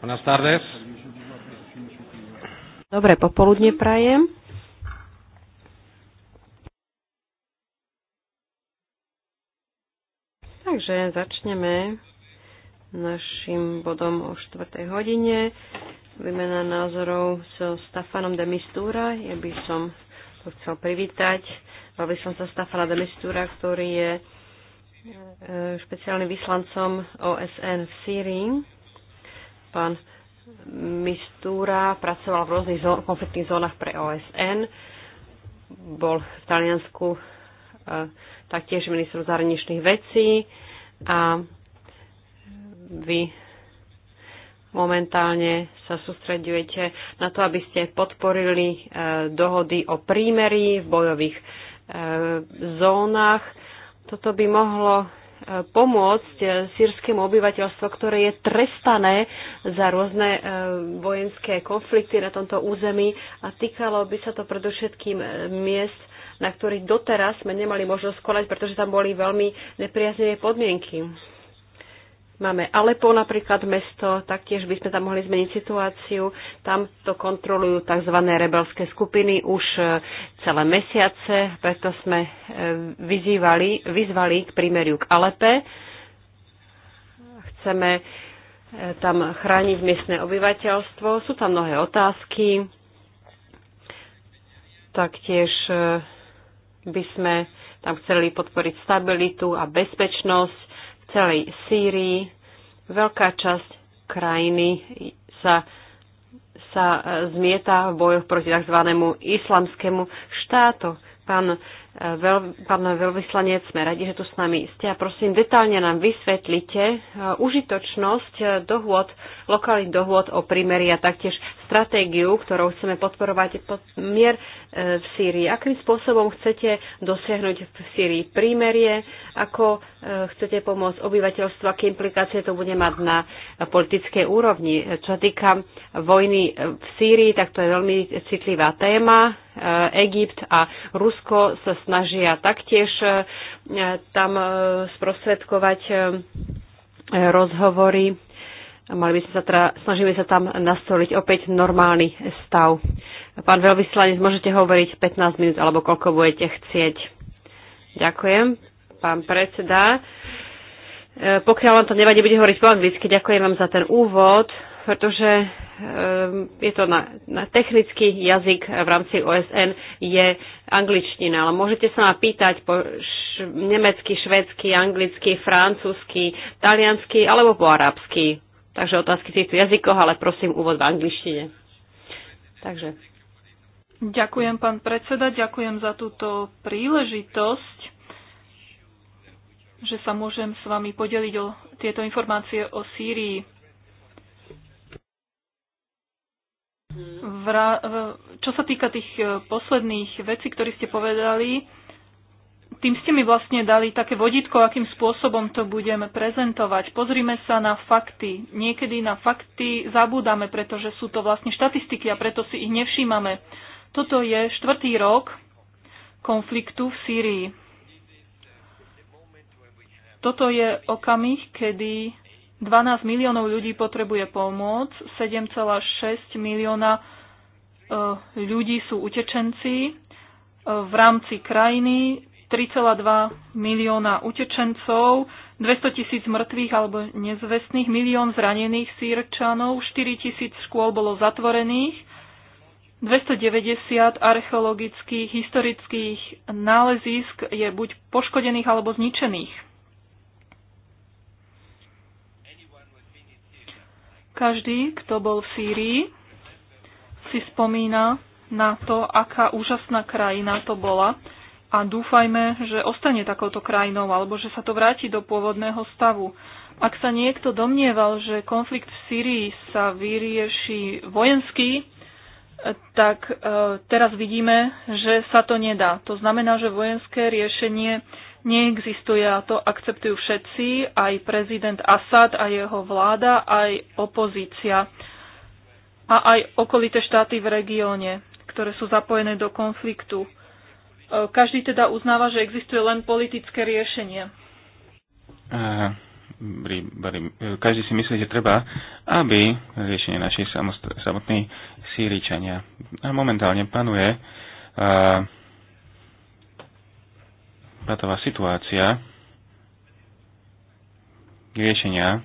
Buenas tardes. Dobre, popoludne prajem. Takže začneme našim bodom o 4. hodine. Vymena názorov so Stefanom de Mistúra. Ja by som to chcel privítať. Bavil som sa Stefana de Mistúra, ktorý je e, špeciálnym vyslancom OSN v Sýrii Pán Mistúra pracoval v rôznych zón, konfliktných zónach pre OSN. Bol v Taliansku e, taktiež ministrom zahraničných vecí a vy momentálne sa sústredujete na to, aby ste podporili e, dohody o prímerí v bojových e, zónach. Toto by mohlo pomôcť sírskému obyvateľstvu, ktoré je trestané za rôzne e, vojenské konflikty na tomto území a týkalo by sa to predovšetkým e, miest, na ktorých doteraz sme nemali možnosť konať, pretože tam boli veľmi nepriaznivé podmienky. Máme Alepo napríklad mesto, taktiež by sme tam mohli zmeniť situáciu. Tam to kontrolujú tzv. rebelské skupiny už e, celé mesiace, preto sme e, vyzývali, vyzvali k prímeriu k Alepe. Chceme e, tam chrániť miestne obyvateľstvo. Sú tam mnohé otázky. Taktiež by sme tam chceli podporiť stabilitu a bezpečnosť celej Sýrii. Veľká časť krajiny sa, sa e, zmieta v bojoch proti tzv. islamskému štátu. Pán, e, veľ, pán veľvyslanec, sme radi, že tu s nami ste a prosím, detálne nám vysvetlite e, užitočnosť dohôd, lokálnych dohôd o primeri a taktiež stratégiu, ktorou chceme podporovať mier e, v Sýrii. Akým spôsobom chcete dosiahnuť v Sýrii prímerie, ako e, chcete pomôcť obyvateľstvu, aké implikácie to bude mať na politickej úrovni. E, čo týka vojny v Sýrii, tak to je veľmi citlivá téma. Egypt a Rusko sa snažia taktiež tam sprostredkovať rozhovory a mali by sme sa teda, snažíme sa tam nastoliť opäť normálny stav. Pán veľvyslanec, môžete hovoriť 15 minút alebo koľko budete chcieť. Ďakujem, pán predseda. E, pokiaľ vám to nevadí, bude hovoriť po anglicky. Ďakujem vám za ten úvod, pretože e, je to na, na technický jazyk v rámci OSN je angličtina, ale môžete sa ma pýtať po š- nemecky, švedsky, anglicky, francúzsky, taliansky alebo po arabsky Takže otázky v týchto jazykoch, ale prosím úvod v angličtine. Takže. Ďakujem, pán predseda, ďakujem za túto príležitosť, že sa môžem s vami podeliť o tieto informácie o Sýrii. Vra- čo sa týka tých posledných vecí, ktoré ste povedali, tým ste mi vlastne dali také vodítko, akým spôsobom to budeme prezentovať. Pozrime sa na fakty. Niekedy na fakty zabúdame, pretože sú to vlastne štatistiky a preto si ich nevšímame. Toto je štvrtý rok konfliktu v Sýrii. Toto je okamih, kedy 12 miliónov ľudí potrebuje pomoc, 7,6 milióna eh, ľudí sú utečenci eh, v rámci krajiny, 3,2 milióna utečencov, 200 tisíc mŕtvych alebo nezvestných, milión zranených sírčanov, 4 tisíc škôl bolo zatvorených, 290 archeologických, historických nálezísk je buď poškodených alebo zničených. Každý, kto bol v Sýrii, si spomína na to, aká úžasná krajina to bola a dúfajme, že ostane takouto krajinou alebo že sa to vráti do pôvodného stavu. Ak sa niekto domnieval, že konflikt v Syrii sa vyrieši vojensky, tak e, teraz vidíme, že sa to nedá. To znamená, že vojenské riešenie neexistuje a to akceptujú všetci, aj prezident Assad a jeho vláda, aj opozícia a aj okolité štáty v regióne, ktoré sú zapojené do konfliktu. Každý teda uznáva, že existuje len politické riešenie. každý si myslí, že treba, aby riešenie našej samotnej síričania. A momentálne panuje patová situácia. Riešenia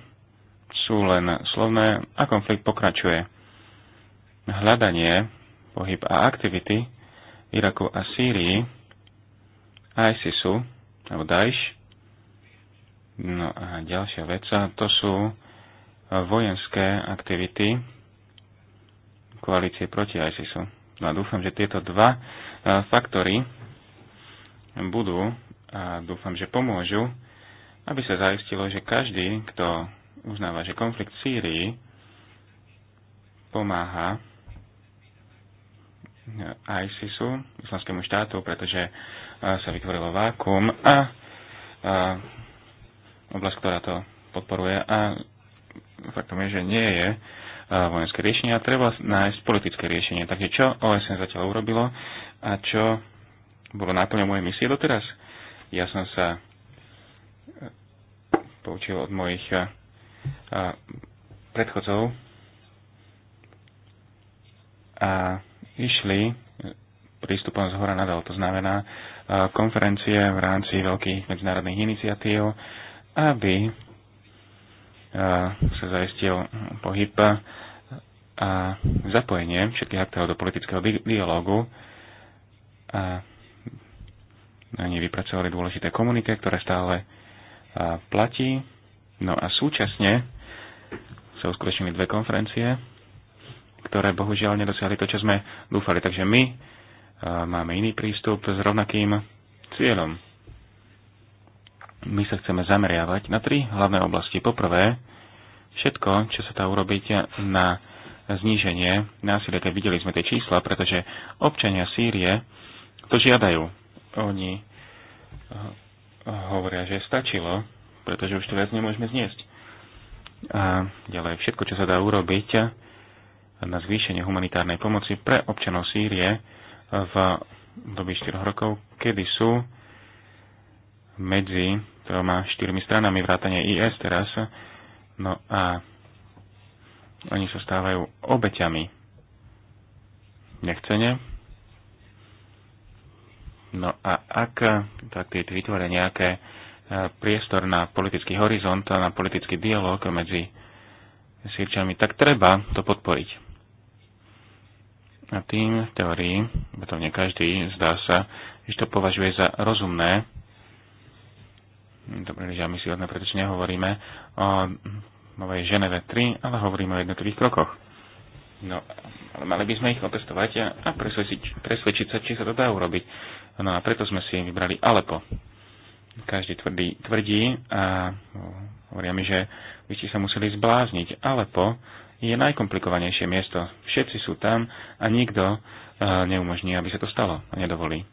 sú len slovné a konflikt pokračuje. Hľadanie, pohyb a aktivity Iraku a Sýrii ISISu, alebo Daesh. No a ďalšia vec, to sú vojenské aktivity koalície proti ISISu. No a dúfam, že tieto dva faktory budú a dúfam, že pomôžu, aby sa zaistilo, že každý, kto uznáva, že konflikt v Sýrii pomáha ISISu, islamskému štátu, pretože sa vytvorilo vákum a, a oblasť, ktorá to podporuje a faktom je, že nie je vojenské riešenie a treba nájsť politické riešenie. Takže čo OSN zatiaľ urobilo a čo bolo náplňou mojej misie doteraz? Ja som sa e, poučil od mojich e, e, predchodcov a išli prístupom z hora nadal. To znamená, konferencie v rámci veľkých medzinárodných iniciatív, aby sa zaistil pohyb a zapojenie všetkých aktérov do politického dialógu a oni vypracovali dôležité komunike, ktoré stále platí. No a súčasne sa uskutočnili dve konferencie, ktoré bohužiaľ nedosiahli to, čo sme dúfali. Takže my máme iný prístup s rovnakým cieľom. My sa chceme zameriavať na tri hlavné oblasti. Poprvé, všetko, čo sa dá urobiť na zníženie násilia, tak videli sme tie čísla, pretože občania Sýrie to žiadajú. Oni eh, hovoria, že stačilo, pretože už to viac nemôžeme zniesť. A ďalej, všetko, čo sa dá urobiť na zvýšenie humanitárnej pomoci pre občanov Sýrie, v dobi 4 rokov, kedy sú medzi troma štyrmi stranami vrátane IS teraz, no a oni sa stávajú obeťami nechcene. No a ak tak tie vytvoria nejaké e, priestor na politický horizont, a na politický dialog medzi Sýrčanmi, tak treba to podporiť. A tým v teórii, to nie každý, zdá sa, že to považuje za rozumné. Dobre, že my si odne, pretože nehovoríme o novej Ženeve 3, ale hovoríme o jednotlivých krokoch. No, ale mali by sme ich otestovať a presvedčiť, presvedčiť sa, či sa to dá urobiť. No a preto sme si vybrali Alepo. Každý tvrdí, tvrdí a hovoria mi, že by ste sa museli zblázniť. Alepo je najkomplikovanejšie miesto. Všetci sú tam a nikto e, neumožní, aby sa to stalo a nedovolí.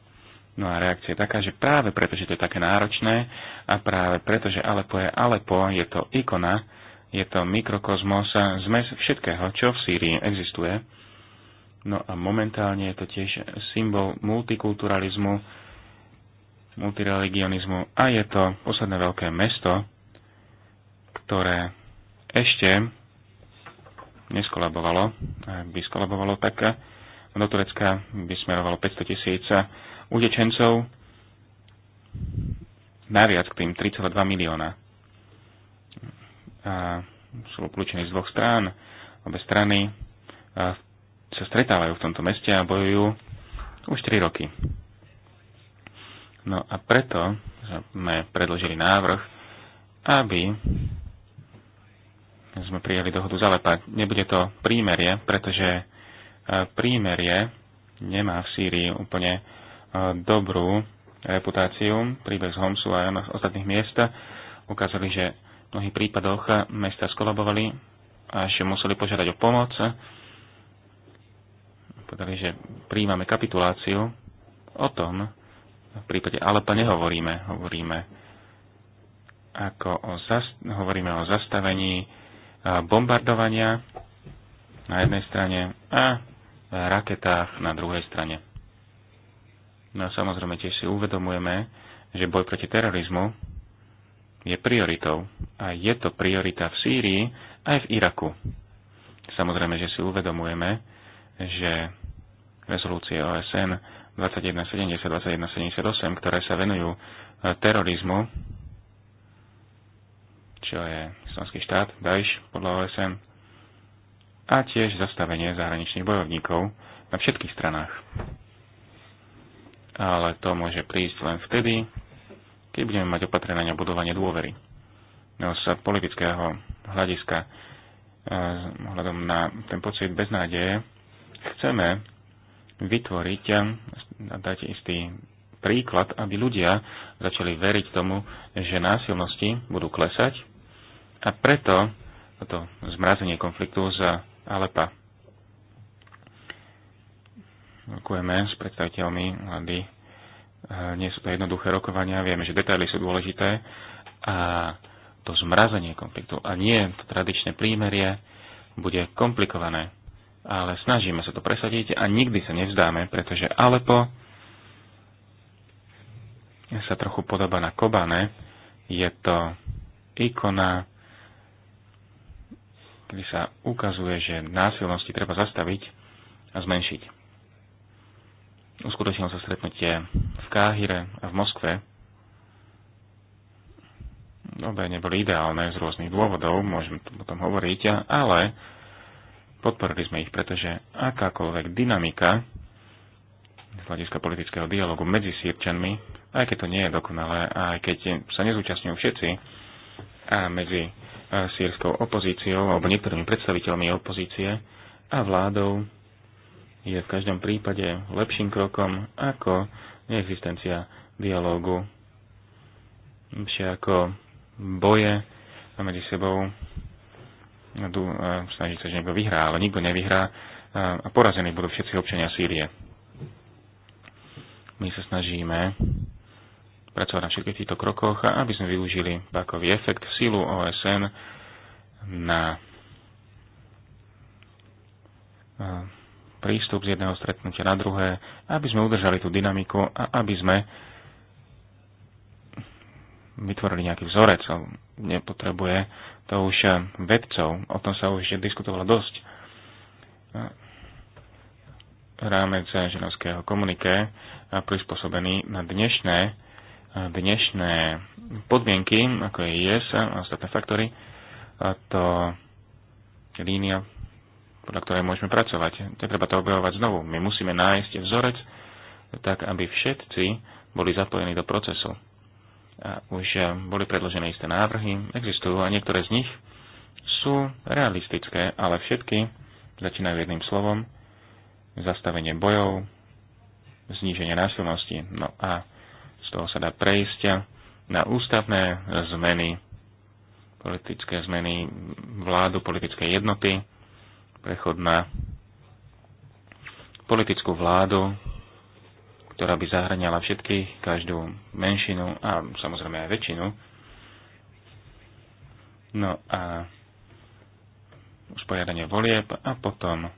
No a reakcia je taká, že práve preto, že to je také náročné a práve preto, že Alepo je Alepo, je to ikona, je to mikrokozmos, zmes všetkého, čo v Sýrii existuje. No a momentálne je to tiež symbol multikulturalizmu, multireligionizmu a je to posledné veľké mesto, ktoré ešte neskolabovalo, by skolabovalo, tak do Turecka by smerovalo 500 tisíc utečencov, naviac k tým 3,2 milióna. A sú obklúčení z dvoch strán, obe strany sa stretávajú v tomto meste a bojujú už 3 roky. No a preto sme predložili návrh, aby sme prijali dohodu z Nebude to prímerie, pretože e, prímerie nemá v Sýrii úplne e, dobrú reputáciu. Príbeh z Homsu a z ostatných miest ukázali, že v mnohých prípadoch mesta skolabovali, že museli požiadať o pomoc. Povedali, že príjmame kapituláciu. O tom v prípade Alepa nehovoríme. Hovoríme, ako o zast- hovoríme o zastavení bombardovania na jednej strane a raketách na druhej strane. No a samozrejme tiež si uvedomujeme, že boj proti terorizmu je prioritou a je to priorita v Sýrii aj v Iraku. Samozrejme, že si uvedomujeme, že rezolúcie OSN 2170-2178, ktoré sa venujú terorizmu, čo je Islamský štát, Daesh podľa OSN a tiež zastavenie zahraničných bojovníkov na všetkých stranách. Ale to môže prísť len vtedy, keď budeme mať opatrené na budovanie dôvery. No sa politického hľadiska, e, hľadom na ten pocit beznádeje, chceme vytvoriť a dať istý príklad, aby ľudia začali veriť tomu, že násilnosti budú klesať a preto to zmrazenie konfliktu z Alepa. Rokujeme s predstaviteľmi vlády. E, nie sú to jednoduché rokovania, vieme, že detaily sú dôležité a to zmrazenie konfliktu a nie to tradičné prímerie bude komplikované. Ale snažíme sa to presadiť a nikdy sa nevzdáme, pretože Alepo sa trochu podoba na Kobane. Je to ikona kedy sa ukazuje, že násilnosti treba zastaviť a zmenšiť. Uskutočnilo sa stretnutie v Káhire a v Moskve. Obe neboli ideálne z rôznych dôvodov, môžeme o tom hovoriť, ale podporili sme ich, pretože akákoľvek dynamika z hľadiska politického dialogu medzi Sýrčanmi, aj keď to nie je dokonalé, aj keď sa nezúčastňujú všetci, a medzi sírskou opozíciou alebo niektorými predstaviteľmi opozície a vládou je v každom prípade lepším krokom ako neexistencia dialógu, Všetko ako boje medzi sebou snaží sa, že niekto vyhrá, ale nikto nevyhrá a porazení budú všetci občania Sýrie. My sa snažíme pracovať na všetkých týchto krokoch, aby sme využili bakový efekt, sílu OSN na e, prístup z jedného stretnutia na druhé, aby sme udržali tú dynamiku a aby sme vytvorili nejaký vzorec. Nepotrebuje to už e, vedcov. O tom sa už diskutovalo dosť. E, rámec ženovského komuniké prispôsobený na dnešné dnešné podmienky, ako je IS a ostatné faktory, a to línia, podľa ktorej môžeme pracovať. Treba to objavovať znovu. My musíme nájsť vzorec, tak aby všetci boli zapojení do procesu. A už boli predložené isté návrhy, existujú a niektoré z nich sú realistické, ale všetky začínajú jedným slovom zastavenie bojov, zníženie násilnosti. No a toho sa dá prejsť na ústavné zmeny, politické zmeny vládu, politické jednoty, prechod na politickú vládu, ktorá by zahraniala všetkých, každú menšinu a samozrejme aj väčšinu. No a usporiadanie volieb a potom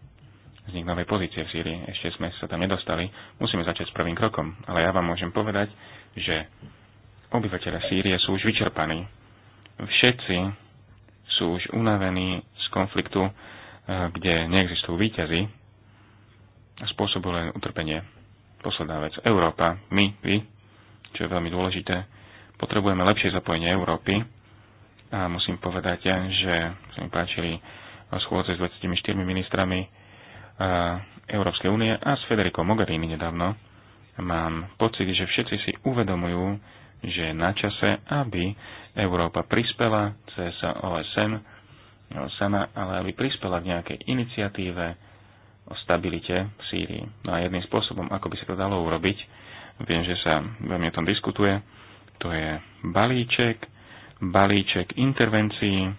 vznik novej pozície v Sýrii. Ešte sme sa tam nedostali. Musíme začať s prvým krokom. Ale ja vám môžem povedať, že obyvateľe Sýrie sú už vyčerpaní. Všetci sú už unavení z konfliktu, eh, kde neexistujú výťazy a spôsobujú len utrpenie. Posledná vec. Európa, my, vy, čo je veľmi dôležité, potrebujeme lepšie zapojenie Európy a musím povedať, eh, že sa mi páčili schôdze s 24 ministrami eh, Európskej únie a s Federikom Mogherini nedávno. Mám pocit, že všetci si uvedomujú, že je na čase, aby Európa prispela cez OSN no, sama, ale aby prispela k nejakej iniciatíve o stabilite v Sýrii. No a jedným spôsobom, ako by sa to dalo urobiť, viem, že sa veľmi o tom diskutuje, to je balíček, balíček intervencií,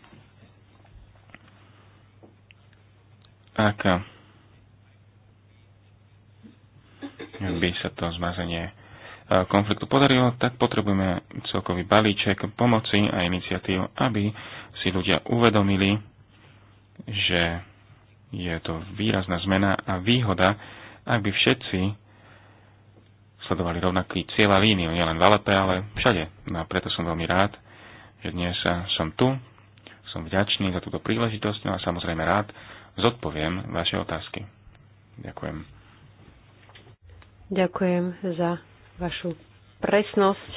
ak by sa to zmazenie e, konfliktu podarilo, tak potrebujeme celkový balíček pomoci a iniciatív, aby si ľudia uvedomili, že je to výrazná zmena a výhoda, ak by všetci sledovali rovnaký cieľ a líniu, nielen v Alepe, ale všade. No a preto som veľmi rád, že dnes som tu, som vďačný za túto príležitosť no a samozrejme rád zodpoviem vaše otázky. Ďakujem. Ďakujem za vašu presnosť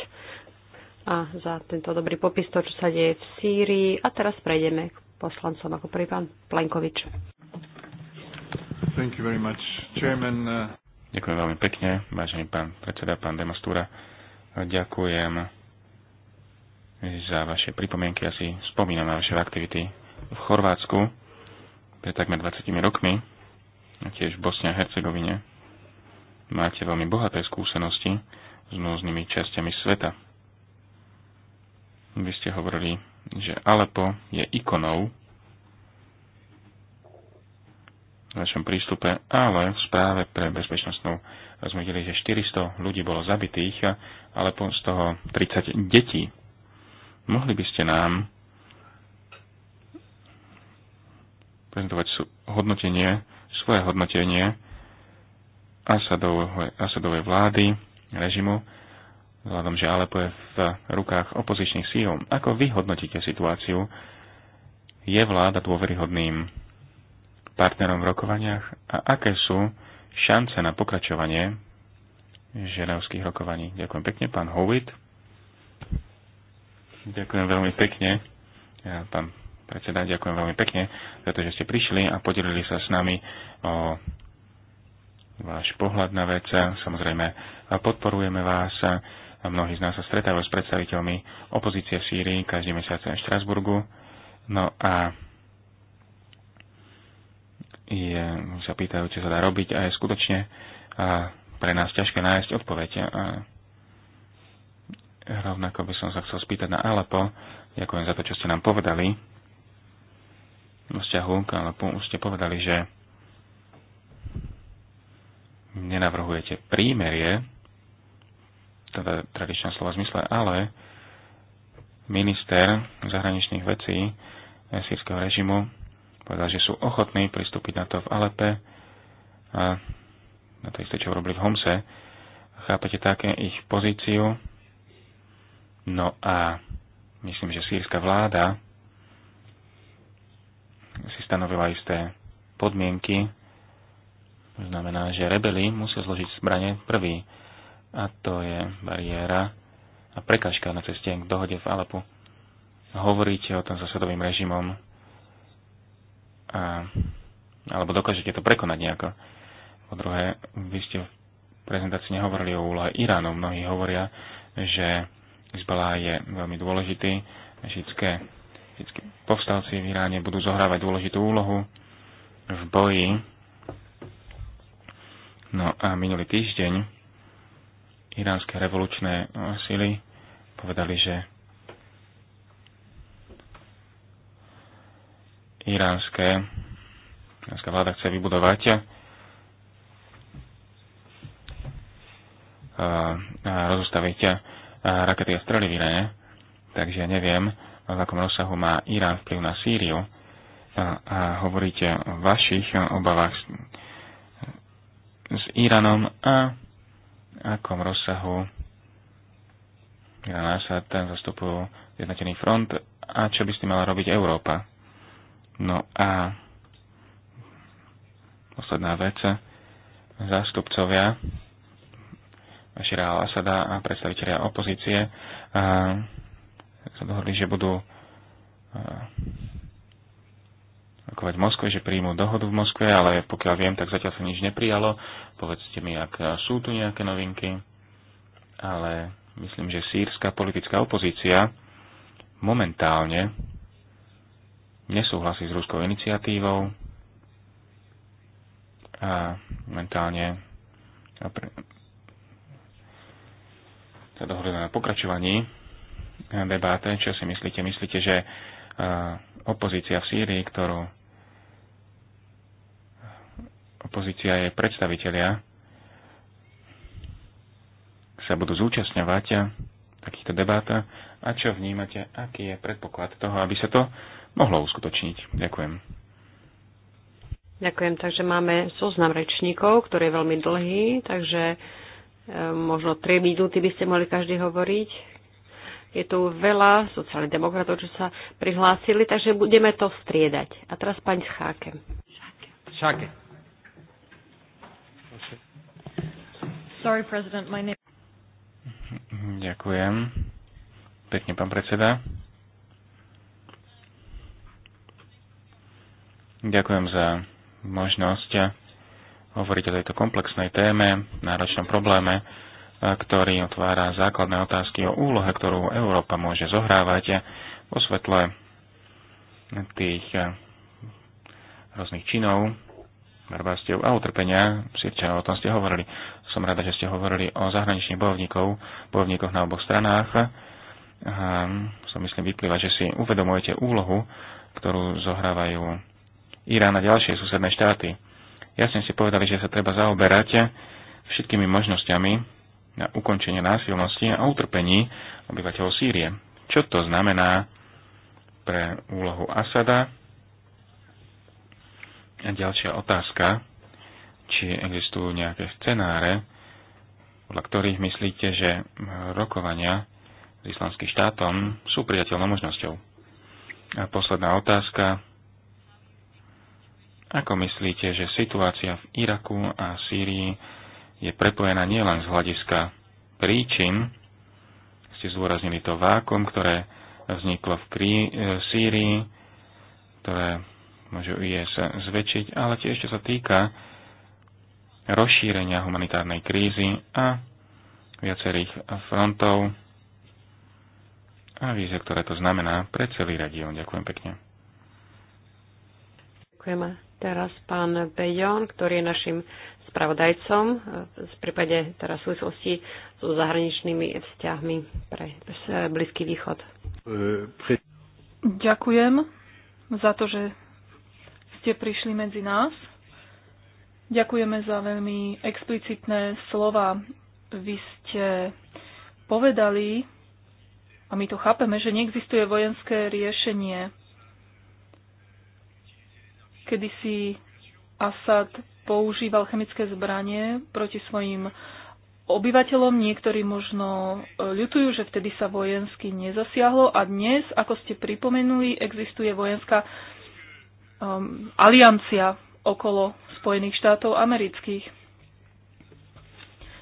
a za tento dobrý popis toho, čo sa deje v Sýrii. A teraz prejdeme k poslancom ako prvý pán Plenkovič. Thank you very much, Chairman. Ďakujem veľmi pekne, vážený pán predseda, pán Demostúra. Ďakujem za vaše pripomienky. Ja spomínam na vaše aktivity v Chorvátsku pred takmer 20 rokmi, tiež v Bosne a Hercegovine máte veľmi bohaté skúsenosti s rôznymi časťami sveta. Vy ste hovorili, že Alepo je ikonou v našom prístupe, ale v správe pre bezpečnostnú sme videli, že 400 ľudí bolo zabitých, ale z toho 30 detí. Mohli by ste nám prezentovať hodnotenie, svoje hodnotenie Asadovej, vlády, režimu, vzhľadom, že Alepo je v rukách opozičných síl. Ako vy hodnotíte situáciu? Je vláda dôveryhodným partnerom v rokovaniach? A aké sú šance na pokračovanie ženevských rokovaní? Ďakujem pekne, pán Howitt. Ďakujem veľmi pekne, ja, pán predseda, ďakujem veľmi pekne za to, že ste prišli a podelili sa s nami o váš pohľad na vec. Samozrejme, podporujeme vás. Mnohí z nás sa stretávajú s predstaviteľmi opozície v Sýrii každý mesiac v Štrasburgu. No a je, sa pýtajú, čo sa dá robiť a je skutočne a pre nás ťažké nájsť odpoveď. A rovnako by som sa chcel spýtať na Alepo. Ďakujem za to, čo ste nám povedali. V vzťahu k Alepo už ste povedali, že nenavrhujete prímerie, teda tradičná slova zmysle, ale minister zahraničných vecí eh, sírskeho režimu povedal, že sú ochotní pristúpiť na to v Alepe a na to isté, čo robili v Homse. Chápete také ich pozíciu? No a myslím, že sírska vláda si stanovila isté podmienky to znamená, že rebeli musia zložiť zbranie prvý. A to je bariéra a prekažka na ceste k dohode v Alepu. Hovoríte o tom zasadovým režimom a, alebo dokážete to prekonať nejako. Po druhé, vy ste v prezentácii nehovorili o úlohe Iránu. Mnohí hovoria, že izbalá je veľmi dôležitý. Židské, židské povstalci v Iráne budú zohrávať dôležitú úlohu v boji No a minulý týždeň iránske revolučné eh, sily povedali, že iránske, iránska vláda chce vybudovať eh, a rozostaviť eh, rakety a strely v Iráne. Takže neviem, v akom rozsahu má Irán vplyv na Sýriu. A, a hovoríte o vašich obavách s Iránom a akom rozsahu Irán Asad tam zastupujú jednotený front a čo by s tým mala robiť Európa. No a posledná vec, zástupcovia Širáho asada a predstaviteľia opozície a sa dohodli, že budú rokovať v Moskve, že príjmu dohodu v Moskve, ale pokiaľ viem, tak zatiaľ sa nič neprijalo. Povedzte mi, ak sú tu nejaké novinky, ale myslím, že sírska politická opozícia momentálne nesúhlasí s ruskou iniciatívou a momentálne sa dohodli na pokračovaní debáte. Čo si myslíte? Myslíte, že eh, opozícia v Sýrii, ktorú opozícia a jej predstavitelia sa budú zúčastňovať eh, takýchto debát a čo vnímate, aký je predpoklad toho, aby sa to mohlo uskutočniť. Ďakujem. Ďakujem, takže máme zoznam rečníkov, ktorý je veľmi dlhý, takže e, možno 3 minúty by ste mohli každý hovoriť. Je tu veľa sociálnych demokratov, čo sa prihlásili, takže budeme to striedať. A teraz pani Scháke. Scháke. Sorry, President, my name... Ďakujem. Pekne, pán predseda. Ďakujem za možnosť hovoriť o tejto komplexnej téme, náročnom probléme, ktorý otvára základné otázky o úlohe, ktorú Európa môže zohrávať vo svetle tých rôznych činov, barbárstiev a utrpenia. Sirčanov o tom ste hovorili som rada, že ste hovorili o zahraničných bojovníkov, bojovníkoch na oboch stranách. A som myslím vyplýva, že si uvedomujete úlohu, ktorú zohrávajú Irán a ďalšie susedné štáty. Jasne si povedali, že sa treba zaoberať všetkými možnosťami na ukončenie násilnosti a utrpení obyvateľov Sýrie. Čo to znamená pre úlohu Asada? A ďalšia otázka či existujú nejaké scenáre, podľa ktorých myslíte, že eh, rokovania s islamským štátom sú priateľnou možnosťou. A posledná otázka. Ako myslíte, že situácia v Iraku a Sýrii je prepojená nielen z hľadiska príčin, ste zúraznili to vákum, ktoré vzniklo v Krí- eh, Sýrii, ktoré môžu IS zväčšiť, ale tiež čo sa týka rozšírenia humanitárnej krízy a viacerých frontov a vízie, ktoré to znamená pre celý región. Ďakujem pekne. Ďakujem. Teraz pán Bejon, ktorý je našim spravodajcom v prípade teraz súvislosti so zahraničnými vzťahmi pre Blízky východ. Ďakujem za to, že ste prišli medzi nás. Ďakujeme za veľmi explicitné slova. Vy ste povedali, a my to chápeme, že neexistuje vojenské riešenie. Kedy si Assad používal chemické zbranie proti svojim obyvateľom. Niektorí možno e, ľutujú, že vtedy sa vojensky nezasiahlo a dnes, ako ste pripomenuli, existuje vojenská um, aliancia okolo Spojených štátov amerických.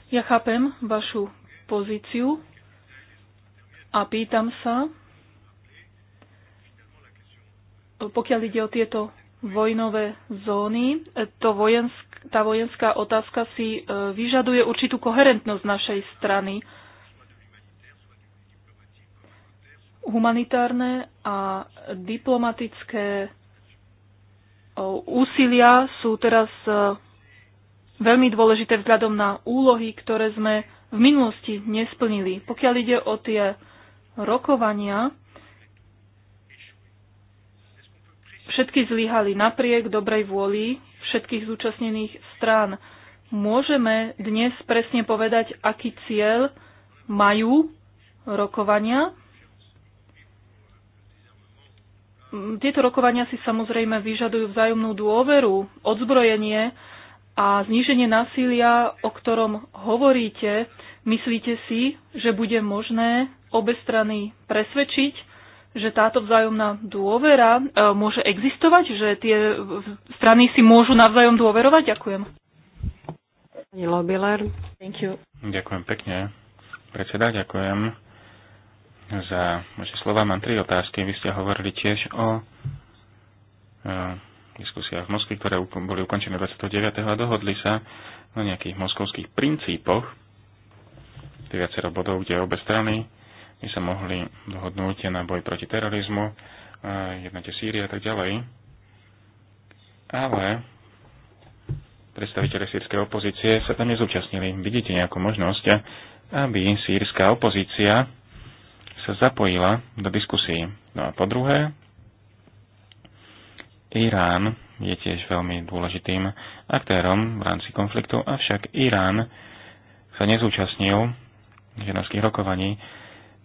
Ja chápem vašu pozíciu a pýtam sa, pokiaľ ide o tieto vojnové zóny, to vojensk, tá vojenská otázka si e, vyžaduje určitú koherentnosť našej strany. Humanitárne a diplomatické úsilia sú teraz e, veľmi dôležité vzhľadom na úlohy, ktoré sme v minulosti nesplnili. Pokiaľ ide o tie rokovania, všetky zlyhali napriek dobrej vôli všetkých zúčastnených strán. Môžeme dnes presne povedať, aký cieľ majú rokovania Mm, tieto rokovania si samozrejme vyžadujú vzájomnú dôveru, odzbrojenie a zníženie násilia, o ktorom hovoríte. Myslíte si, že bude možné obe strany presvedčiť, že táto vzájomná dôvera e, môže existovať, že tie strany si môžu navzájom dôverovať? Ďakujem. Thank you. Ďakujem pekne. Predseda, ďakujem za vaše slova. Mám tri otázky. Vy ste hovorili tiež o e, diskusiách v Moskvi, ktoré boli ukončené 29. a dohodli sa o nejakých moskovských princípoch, Tých viacero bodov, kde obe strany by sa mohli dohodnúť na boj proti terorizmu, jednate Sýrie a tak ďalej. Ale predstaviteľe sírskej opozície sa tam nezúčastnili. Vidíte nejakú možnosť, aby sírska opozícia sa zapojila do diskusí. No a po druhé, Irán je tiež veľmi dôležitým aktérom v rámci konfliktu, avšak Irán sa nezúčastnil ženovských rokovaní.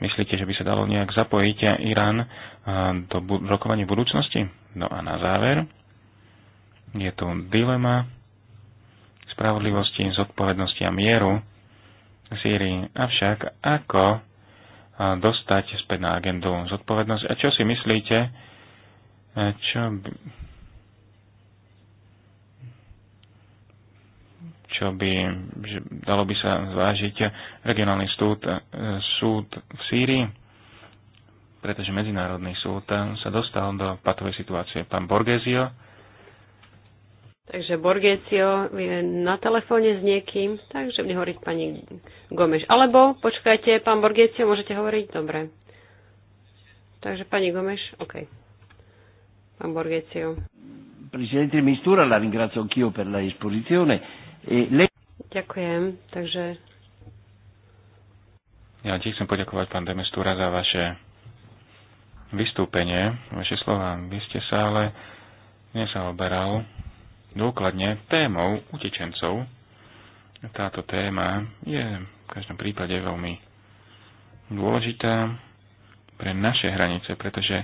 Myslíte, že by sa dalo nejak zapojiť Irán do bu- rokovania budúcnosti? No a na záver je tu dilema spravodlivosti, zodpovednosti a mieru v Sýrii. Avšak ako dostať späť na agendu zodpovednosť. A čo si myslíte, e, čo, by, čo by, že dalo by sa zvážiť regionálny súd, e, súd v Sýrii, pretože medzinárodný súd e, sa dostal do patovej situácie. Pán Borgesio, Takže Borgecio je na telefóne s niekým, takže bude hovoriť pani Gomeš. Alebo počkajte, pán Borgecio, môžete hovoriť? Dobre. Takže pani Gomeš, OK. Pán Borgecio. Presidente Mistura, la ringrazio anch'io per la esposizione. E lei... Ďakujem, takže... Ja ti chcem poďakovať, pán Demestúra, za vaše vystúpenie, vaše slova. Vy ste sa ale nezaoberal dôkladne témou utečencov. Táto téma je v každom prípade veľmi dôležitá pre naše hranice, pretože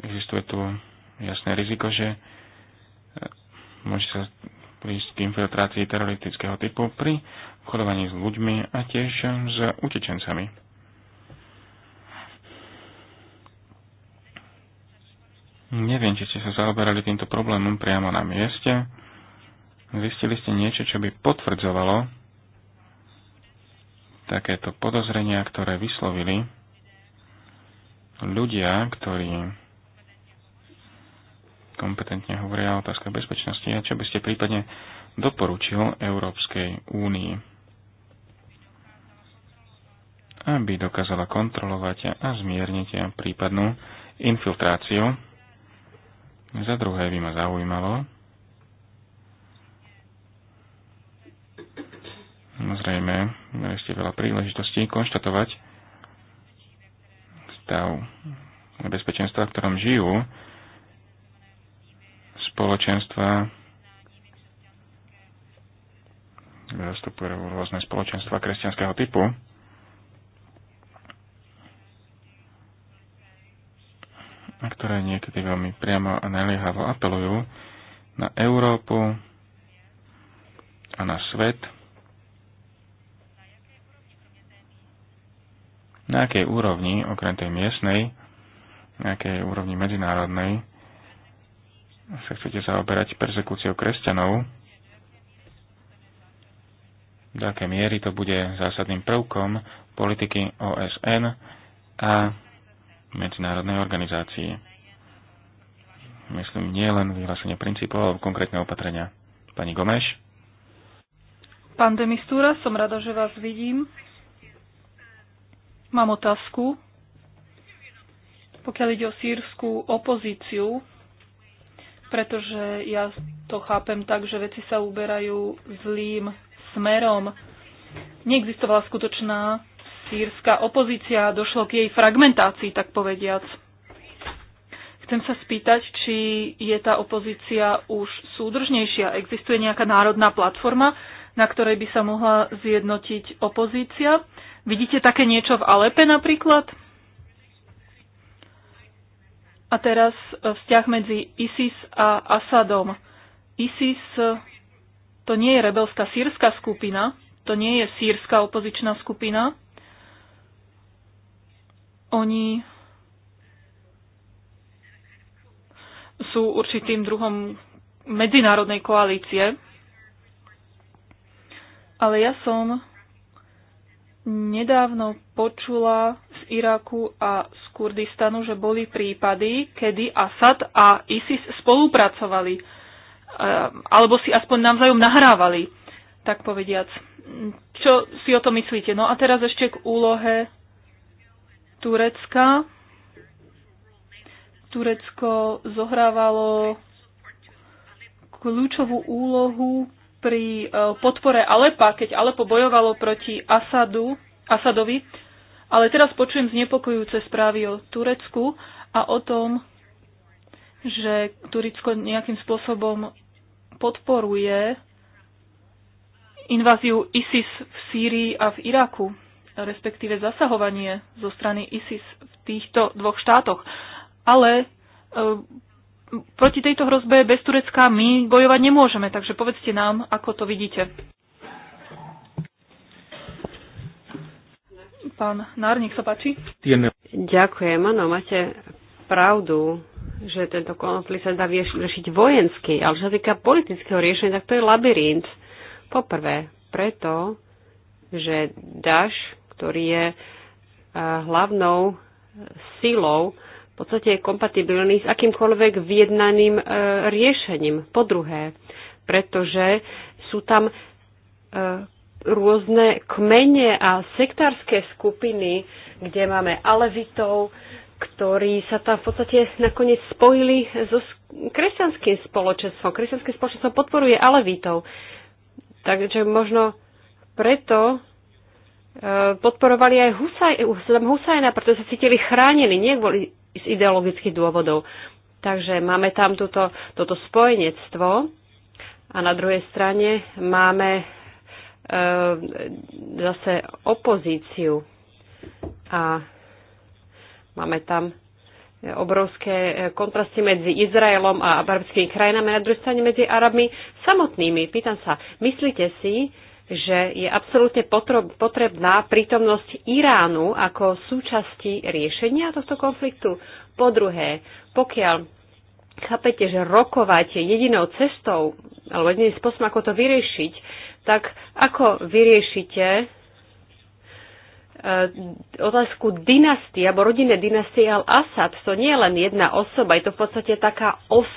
existuje tu jasné riziko, že e, môže sa prísť k infiltrácii teroristického typu pri obchodovaní s ľuďmi a tiež s utečencami. Neviem, či ste sa zaoberali týmto problémom priamo na mieste. Zistili ste niečo, čo by potvrdzovalo takéto podozrenia, ktoré vyslovili ľudia, ktorí kompetentne hovoria o otázke bezpečnosti a čo by ste prípadne doporučil Európskej únii, aby dokázala kontrolovať a zmierniť prípadnú infiltráciu za druhé by ma zaujímalo, no zrejme ešte veľa príležitostí konštatovať stav bezpečenstva, v ktorom žijú spoločenstva, zastupujú rôzne spoločenstva kresťanského typu, ktoré niekedy veľmi priamo a naliehavo apelujú na Európu a na svet, na akej úrovni, okrem tej miestnej, na akej úrovni medzinárodnej, sa chcete zaoberať persekúciou kresťanov, do akej miery to bude zásadným prvkom politiky OSN a medzinárodnej organizácii. Myslím nie len vyhlásenie princípov, ale konkrétne opatrenia. Pani Gomeš? Pán Demistúra, som rada, že vás vidím. Mám otázku. Pokiaľ ide o sírskú opozíciu, pretože ja to chápem tak, že veci sa uberajú zlým smerom. Neexistovala skutočná sírska opozícia, a došlo k jej fragmentácii, tak povediac. Chcem sa spýtať, či je tá opozícia už súdržnejšia. Existuje nejaká národná platforma, na ktorej by sa mohla zjednotiť opozícia? Vidíte také niečo v Alepe napríklad? A teraz e, vzťah medzi ISIS a Asadom. ISIS e, to nie je rebelská sírska skupina, to nie je sírska opozičná skupina, oni sú určitým druhom medzinárodnej koalície, ale ja som nedávno počula z Iraku a z Kurdistanu, že boli prípady, kedy Asad a ISIS spolupracovali, eh, alebo si aspoň navzájom nahrávali, tak povediac. Čo si o to myslíte? No a teraz ešte k úlohe Turecka. Turecko zohrávalo kľúčovú úlohu pri e, podpore Alepa, keď Alepo bojovalo proti Asadu, Asadovi, ale teraz počujem znepokojúce správy o Turecku a o tom, že Turecko nejakým spôsobom podporuje inváziu ISIS v Sýrii a v Iraku respektíve zasahovanie zo strany ISIS v týchto dvoch štátoch. Ale e, proti tejto hrozbe bez Turecka my bojovať nemôžeme, takže povedzte nám, ako to vidíte. Pán Nár, nech sa páči. Ďakujem, áno, máte pravdu, že tento konflikt sa dá riešiť vojensky, ale čo sa týka politického riešenia, tak to je labyrint. Poprvé, preto, že Daš ktorý je e, hlavnou silou, v podstate je kompatibilný s akýmkoľvek vyjednaným e, riešením. Po druhé, pretože sú tam e, rôzne kmene a sektárske skupiny, kde máme alevitov, ktorí sa tam v podstate nakoniec spojili so kresťanským spoločenstvom. Kresťanské spoločenstvo podporuje alevitov. Takže možno preto podporovali aj Husaj, Husajna, pretože sa cítili chránení, nie kvôli z ideologických dôvodov. Takže máme tam túto, toto spojenectvo a na druhej strane máme e, zase opozíciu a máme tam obrovské e, kontrasty medzi Izraelom a arabskými krajinami a na druhej strane medzi Arabmi samotnými. Pýtam sa, myslíte si, že je absolútne potrebná prítomnosť Iránu ako súčasti riešenia tohto konfliktu. Po druhé, pokiaľ chápete, že rokovať je jedinou cestou alebo jediným spôsobom, ako to vyriešiť, tak ako vyriešite e, otázku dynastie alebo rodinné dynastie Al-Assad. To nie je len jedna osoba, je to v podstate taká os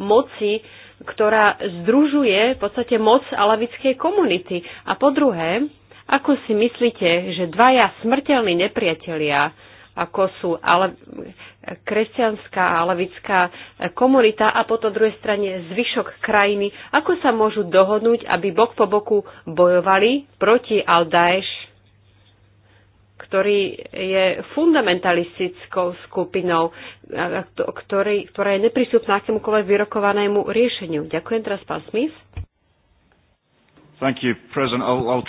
moci, ktorá združuje v podstate moc alavickej komunity. A po druhé, ako si myslíte, že dvaja smrteľní nepriatelia, ako sú ale, kresťanská a alavická komunita a po to druhej strane zvyšok krajiny, ako sa môžu dohodnúť, aby bok po boku bojovali proti Aldaeš ktorý je fundamentalistickou skupinou, ktorý, ktorá je neprístupná akémukoľvek vyrokovanému riešeniu. Ďakujem teraz, pán Smith. Thank you, President. I'll, I'll...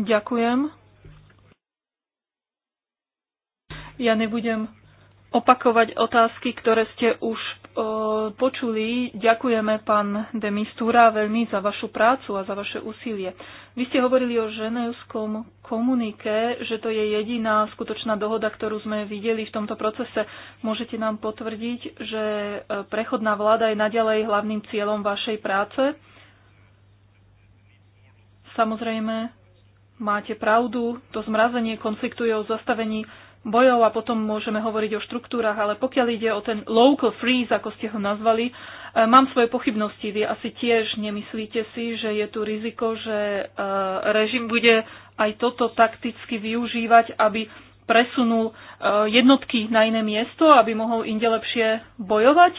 Ďakujem. Ja nebudem opakovať otázky, ktoré ste už e, počuli. Ďakujeme, pán Demistúra, veľmi za vašu prácu a za vaše úsilie. Vy ste hovorili o ženevskom komunike, že to je jediná skutočná dohoda, ktorú sme videli v tomto procese. Môžete nám potvrdiť, že e, prechodná vláda je naďalej hlavným cieľom vašej práce? Samozrejme, máte pravdu, to zmrazenie konfliktu je o zastavení bojov a potom môžeme hovoriť o štruktúrach, ale pokiaľ ide o ten local freeze, ako ste ho nazvali, e, mám svoje pochybnosti. Vy asi tiež nemyslíte si, že je tu riziko, že e, režim bude aj toto takticky využívať, aby presunul e, jednotky na iné miesto, aby mohol inde lepšie bojovať?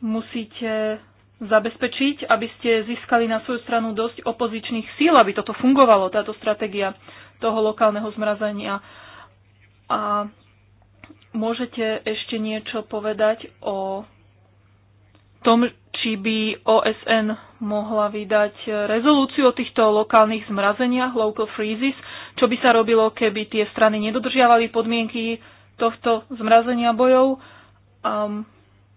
Musíte zabezpečiť, aby ste získali na svoju stranu dosť opozičných síl, aby toto fungovalo, táto stratégia toho lokálneho zmrazenia. A môžete ešte niečo povedať o tom, či by OSN mohla vydať rezolúciu o týchto lokálnych zmrazeniach, local freezes, čo by sa robilo, keby tie strany nedodržiavali podmienky tohto zmrazenia bojov. Um,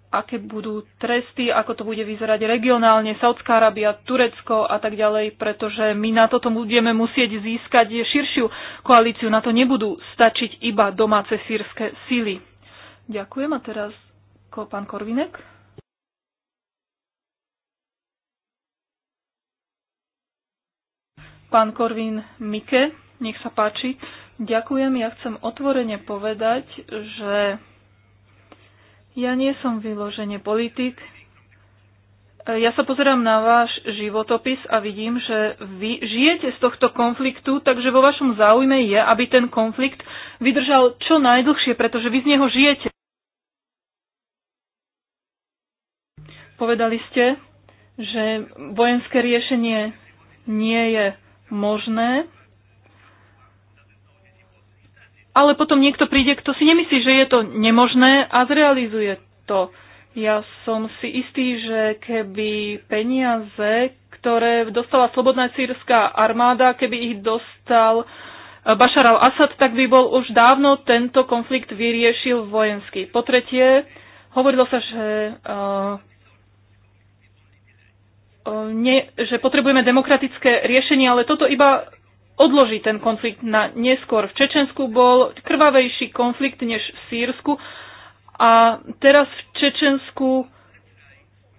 aké budú tresty, ako to bude vyzerať regionálne, Saudská Arábia, Turecko a tak ďalej, pretože my na toto budeme musieť získať širšiu koalíciu. Na to nebudú stačiť iba domáce sírske síly. Ďakujem a teraz ko, pán Korvinek. Pán Korvin Mike, nech sa páči. Ďakujem, ja chcem otvorene povedať, že ja nie som vyložený politik. E, ja sa pozerám na váš životopis a vidím, že vy žijete z tohto konfliktu, takže vo vašom záujme je, aby ten konflikt vydržal čo najdlhšie, pretože vy z neho žijete. Povedali ste, že vojenské riešenie nie je možné, ale potom niekto príde, kto si nemyslí, že je to nemožné a zrealizuje to. Ja som si istý, že keby peniaze, ktoré dostala Slobodná sírska armáda, keby ich dostal eh, Bashar al-Assad, tak by bol už dávno tento konflikt vyriešil vojensky. Po tretie, hovorilo sa, že, uh, eh, eh, ne, že potrebujeme demokratické riešenie, ale toto iba odloží ten konflikt na neskôr. V Čečensku bol krvavejší konflikt než v Sýrsku a teraz v Čečensku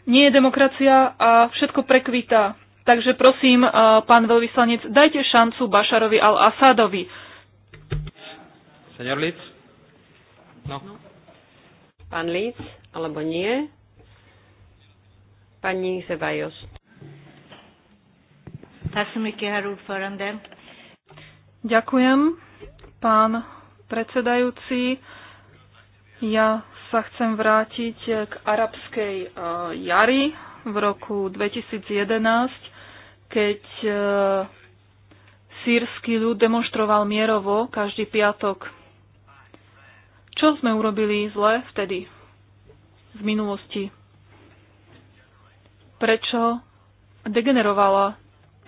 nie je demokracia a všetko prekvitá. Takže prosím, pán veľvyslanec, dajte šancu Bašarovi al-Asadovi. Senior Líc? No. Pán Líc, alebo nie? Pani Zebajos. Tak som mycket, herr ordförande. Ďakujem, pán predsedajúci. Ja sa chcem vrátiť k arabskej e, jari v roku 2011, keď e, sírsky ľud demonstroval mierovo každý piatok. Čo sme urobili zle vtedy, z minulosti? Prečo degenerovala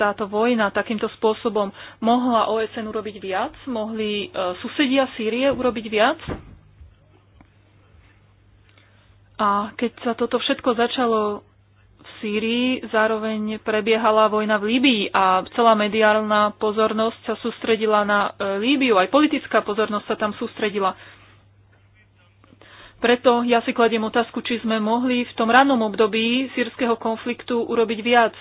táto vojna takýmto spôsobom. Mohla OSN urobiť viac? Mohli uh, susedia Sýrie urobiť viac? A keď sa toto všetko začalo v Sýrii, zároveň prebiehala vojna v Líbii a celá mediálna pozornosť sa sústredila na e, Líbiu, aj politická pozornosť sa tam sústredila. Preto ja si kladiem otázku, či sme mohli v tom rannom období sírskeho konfliktu urobiť viac.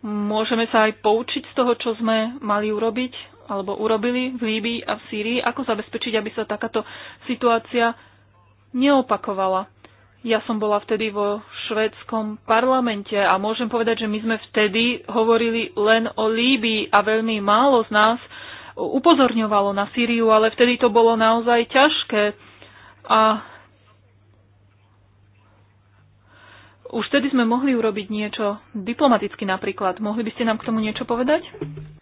Môžeme sa aj poučiť z toho, čo sme mali urobiť alebo urobili v Líbii a v Sýrii, ako zabezpečiť, aby sa takáto situácia neopakovala. Ja som bola vtedy vo švédskom parlamente a môžem povedať, že my sme vtedy hovorili len o Líbii a veľmi málo z nás upozorňovalo na Sýriu, ale vtedy to bolo naozaj ťažké a Už vtedy sme mohli urobiť niečo diplomaticky napríklad. Mohli by ste nám k tomu niečo povedať?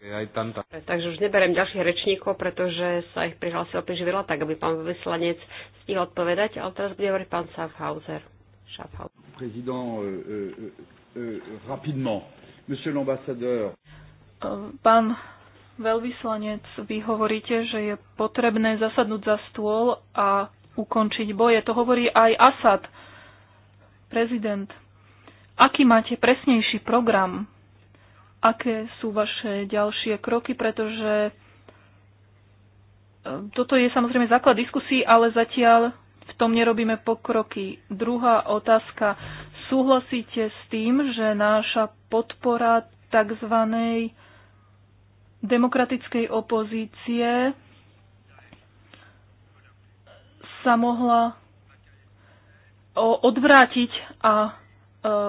Aj tam, tam. Takže už neberiem ďalších rečníkov, pretože sa ich prihlásil opäť živila, tak aby pán vyslanec stihol odpovedať. Ale teraz bude hovoriť pán Schaffhauser. Schaffhauser. Prezident, euh, euh, euh, rapidement. Monsieur l'ambassadeur. Pán veľvyslanec, vy hovoríte, že je potrebné zasadnúť za stôl a ukončiť boje. To hovorí aj Asad prezident, aký máte presnejší program, aké sú vaše ďalšie kroky, pretože e, toto je samozrejme základ diskusí, ale zatiaľ v tom nerobíme pokroky. Druhá otázka. Súhlasíte s tým, že náša podpora tzv. demokratickej opozície sa mohla odvrátiť a e,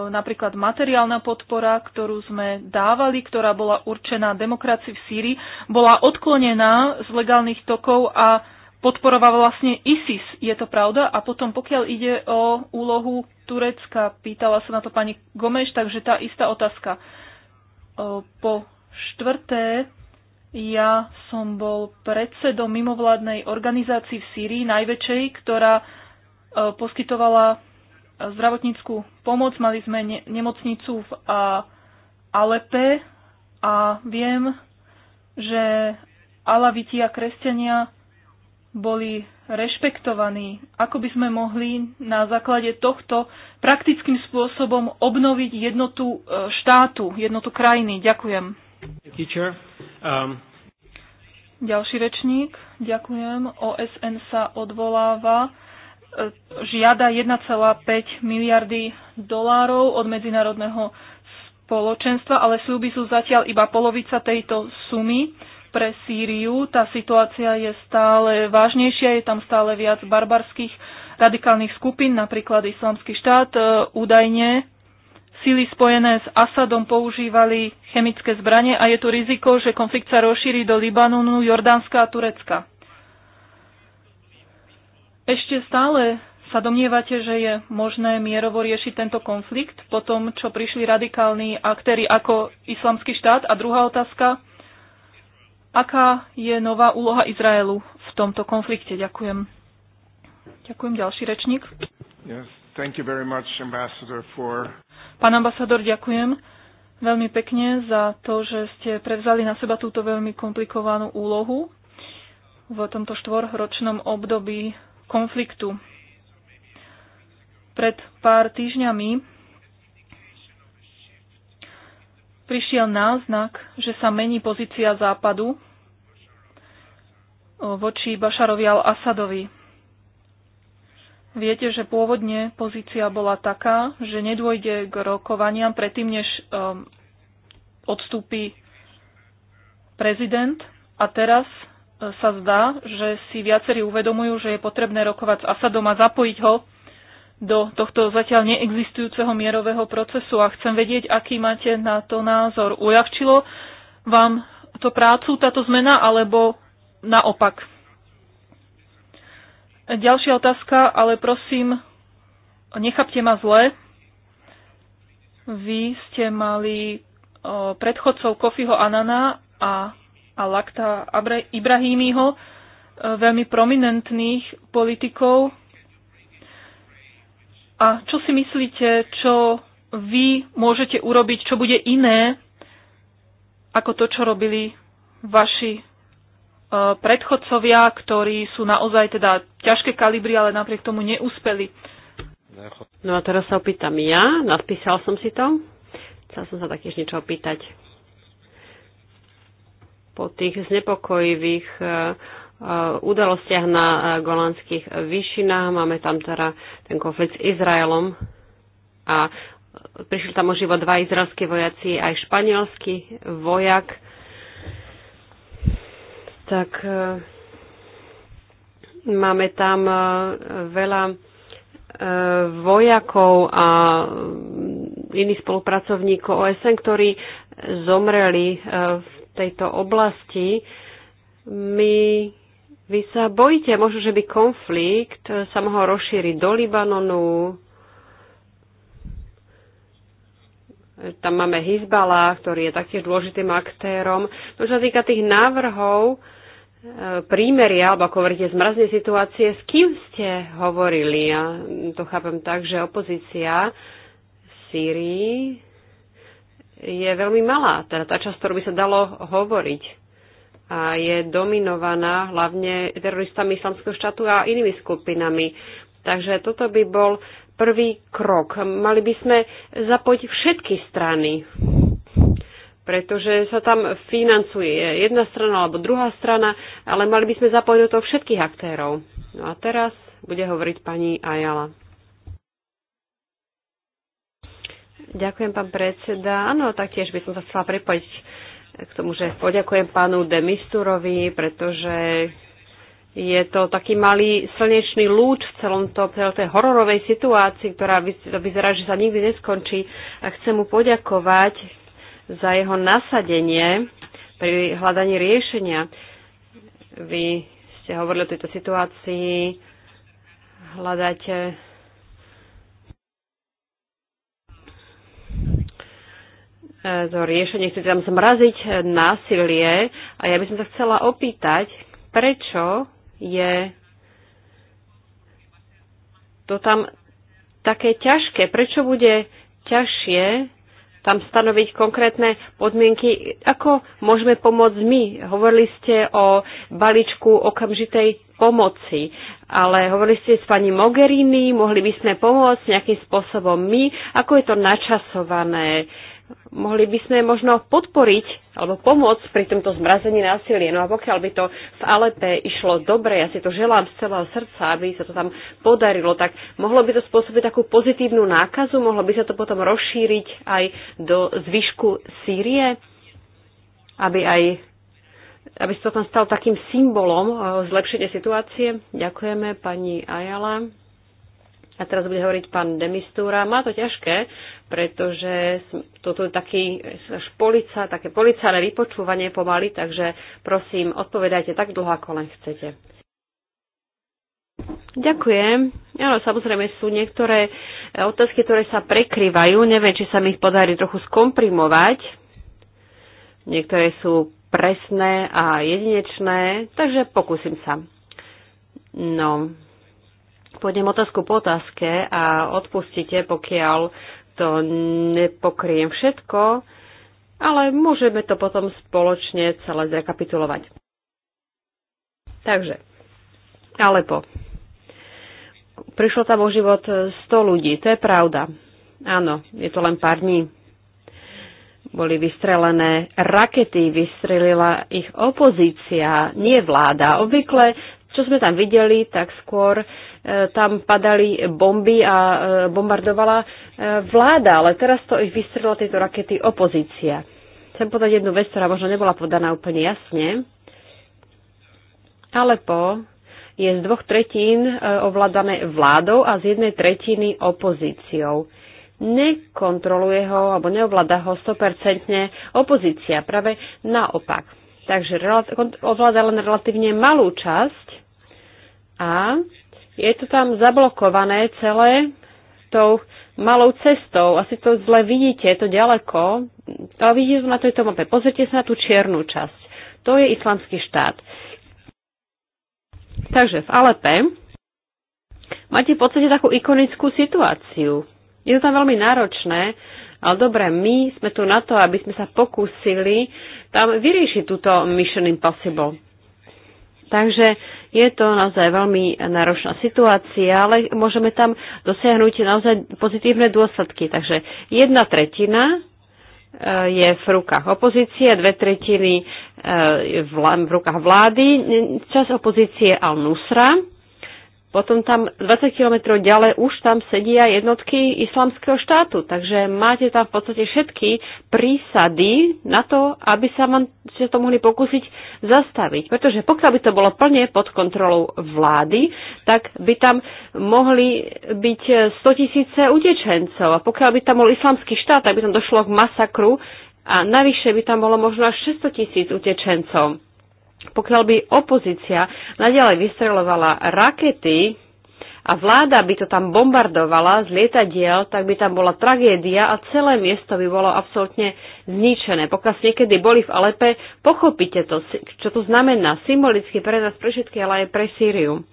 napríklad materiálna podpora, ktorú sme dávali, ktorá bola určená demokracii v Sýrii, bola odklonená z legálnych tokov a podporová vlastne ISIS. Je to pravda? A potom, pokiaľ ide o úlohu Turecka, pýtala sa na to pani Gomeš, takže tá istá otázka. E, po štvrté, ja som bol predsedom mimovládnej organizácii v Sýrii, najväčšej, ktorá E, poskytovala zdravotníckú pomoc. Mali sme ne- nemocnicu v e, Alepe a viem, že Alaviti a kresťania boli rešpektovaní. Ako by sme mohli na základe tohto praktickým spôsobom obnoviť jednotu e, štátu, jednotu krajiny? Ďakujem. Teacher, um... Ďalší rečník, ďakujem. OSN sa odvoláva žiada 1,5 miliardy dolárov od medzinárodného spoločenstva, ale súby sú zatiaľ iba polovica tejto sumy pre Sýriu. Tá situácia je stále vážnejšia, je tam stále viac barbarských radikálnych skupín, napríklad Islamský štát. E, údajne síly spojené s Asadom používali chemické zbranie a je tu riziko, že konflikt sa rozšíri do Libanonu, Jordánska a Turecka. Ešte stále sa domnievate, že je možné mierovo riešiť tento konflikt po tom, čo prišli radikálni aktéry ako Islamský štát? A druhá otázka, aká je nová úloha Izraelu v tomto konflikte? Ďakujem. Ďakujem, ďalší rečník. Yes, thank you very much, ambassador, for... Pán ambasador, ďakujem veľmi pekne za to, že ste prevzali na seba túto veľmi komplikovanú úlohu v tomto štvorročnom období konfliktu. Pred pár týždňami prišiel náznak, že sa mení pozícia Západu voči Bašarovi al-Asadovi. Viete, že pôvodne pozícia bola taká, že nedôjde k rokovaniam predtým, než um, odstúpi prezident a teraz sa zdá, že si viacerí uvedomujú, že je potrebné rokovať s Asadom a zapojiť ho do tohto zatiaľ neexistujúceho mierového procesu a chcem vedieť, aký máte na to názor. Uľahčilo vám to prácu, táto zmena, alebo naopak? Ďalšia otázka, ale prosím, nechápte ma zle. Vy ste mali predchodcov Kofiho Anana a a Lakta Ibrahimiho, e, veľmi prominentných politikov. A čo si myslíte, čo vy môžete urobiť, čo bude iné ako to, čo robili vaši e, predchodcovia, ktorí sú naozaj teda ťažké kalibry, ale napriek tomu neúspeli. No a teraz sa opýtam ja, nadpísal som si to. Chcel som sa taktiež niečo opýtať po tých znepokojivých eh, eh, udalostiach na eh, golandských výšinách. Máme tam teda ten konflikt s Izraelom a prišli tam o život dva izraelskí vojaci aj španielský vojak. Tak máme tam veľa vojakov a mm, iných spolupracovníkov OSN, ktorí zomreli v tejto oblasti. My, vy sa bojíte, možno, že by konflikt sa mohol rozšíriť do Libanonu, tam máme Hizbala, ktorý je taktiež dôležitým aktérom. No, čo sa týka tých návrhov, e, prímeria, alebo ako hovoríte, zmrazne situácie, s kým ste hovorili? Ja to chápem tak, že opozícia v Sýrii je veľmi malá, teda tá časť, ktorú by sa dalo hovoriť. A je dominovaná hlavne teroristami islamského štátu a inými skupinami. Takže toto by bol prvý krok. Mali by sme zapojiť všetky strany, pretože sa tam financuje jedna strana alebo druhá strana, ale mali by sme zapojiť do toho všetkých aktérov. No a teraz bude hovoriť pani Ajala. Ďakujem, pán predseda. Áno, taktiež by som sa chcela pripojiť k tomu, že poďakujem pánu Demisturovi, pretože je to taký malý slnečný lúč v celom to, celom tej hororovej situácii, ktorá vyzerá, že sa nikdy neskončí. A chcem mu poďakovať za jeho nasadenie pri hľadaní riešenia. Vy ste hovorili o tejto situácii, hľadáte to e, riešenie, chcete tam zmraziť e, násilie. A ja by som sa chcela opýtať, prečo je to tam také ťažké? Prečo bude ťažšie tam stanoviť konkrétne podmienky, ako môžeme pomôcť my. Hovorili ste o balíčku okamžitej pomoci, ale hovorili ste s pani Mogherini, mohli by sme pomôcť nejakým spôsobom my, ako je to načasované, mohli by sme možno podporiť alebo pomôcť pri tomto zmrazení násilie. No a pokiaľ by to v Alepe išlo dobre, ja si to želám z celého srdca, aby sa to tam podarilo, tak mohlo by to spôsobiť takú pozitívnu nákazu, mohlo by sa to potom rozšíriť aj do zvyšku Sýrie, aby aj aby sa to tam stal takým symbolom e, zlepšenia situácie. Ďakujeme pani Ajala. A teraz bude hovoriť pán Demistúra. Má to ťažké, pretože toto je taký polica, také policajné vypočúvanie pomaly, takže prosím, odpovedajte tak dlho, ako len chcete. Ďakujem. Áno, samozrejme sú niektoré e, otázky, ktoré sa prekryvajú. Neviem, či sa mi ich podarí trochu skomprimovať. Niektoré sú presné a jedinečné, takže pokúsim sa. No, Pôjdem otázku po otázke a odpustite, pokiaľ to nepokriem všetko, ale môžeme to potom spoločne celé zrekapitulovať. Takže, Alepo. Prišlo tam o život 100 ľudí, to je pravda. Áno, je to len pár dní. Boli vystrelené rakety, vystrelila ich opozícia, nie vláda. Obvykle, čo sme tam videli, tak skôr E, tam padali bomby a e, bombardovala e, vláda, ale teraz to ich vystrelila tieto rakety opozícia. Chcem podať jednu vec, ktorá možno nebola podaná úplne jasne. Alepo je z dvoch tretín ovládané vládou a z jednej tretiny opozíciou. Nekontroluje ho alebo neovláda ho 100% opozícia, práve naopak. Takže ovláda len relatívne malú časť a je to tam zablokované celé tou malou cestou. Asi to zle vidíte, je to ďaleko. To vidíte na tejto mape. Pozrite sa na tú čiernu časť. To je islamský štát. Takže v Alepe máte v podstate takú ikonickú situáciu. Je to tam veľmi náročné, ale dobre, my sme tu na to, aby sme sa pokúsili tam vyriešiť túto Mission Impossible. Takže je to naozaj veľmi náročná situácia, ale môžeme tam dosiahnuť naozaj pozitívne dôsledky. Takže jedna tretina eh, je v rukách opozície, dve tretiny eh, v rukách vlády, čas opozície Al-Nusra potom tam 20 kilometrov ďalej už tam sedia jednotky islamského štátu. Takže máte tam v podstate všetky prísady na to, aby sa vám ste to mohli pokúsiť zastaviť. Pretože pokiaľ by to bolo plne pod kontrolou vlády, tak by tam mohli byť 100 tisíce utečencov. A pokiaľ by tam bol islamský štát, tak by tam došlo k masakru a navyše by tam bolo možno až 600 tisíc utečencov. Pokiaľ by opozícia nadalej vystrelovala rakety a vláda by to tam bombardovala z lietadiel, tak by tam bola tragédia a celé miesto by bolo absolútne zničené. Pokiaľ ste niekedy boli v Alepe, pochopíte to, čo to znamená symbolicky pre nás, pre všetky, ale aj pre Sýriu.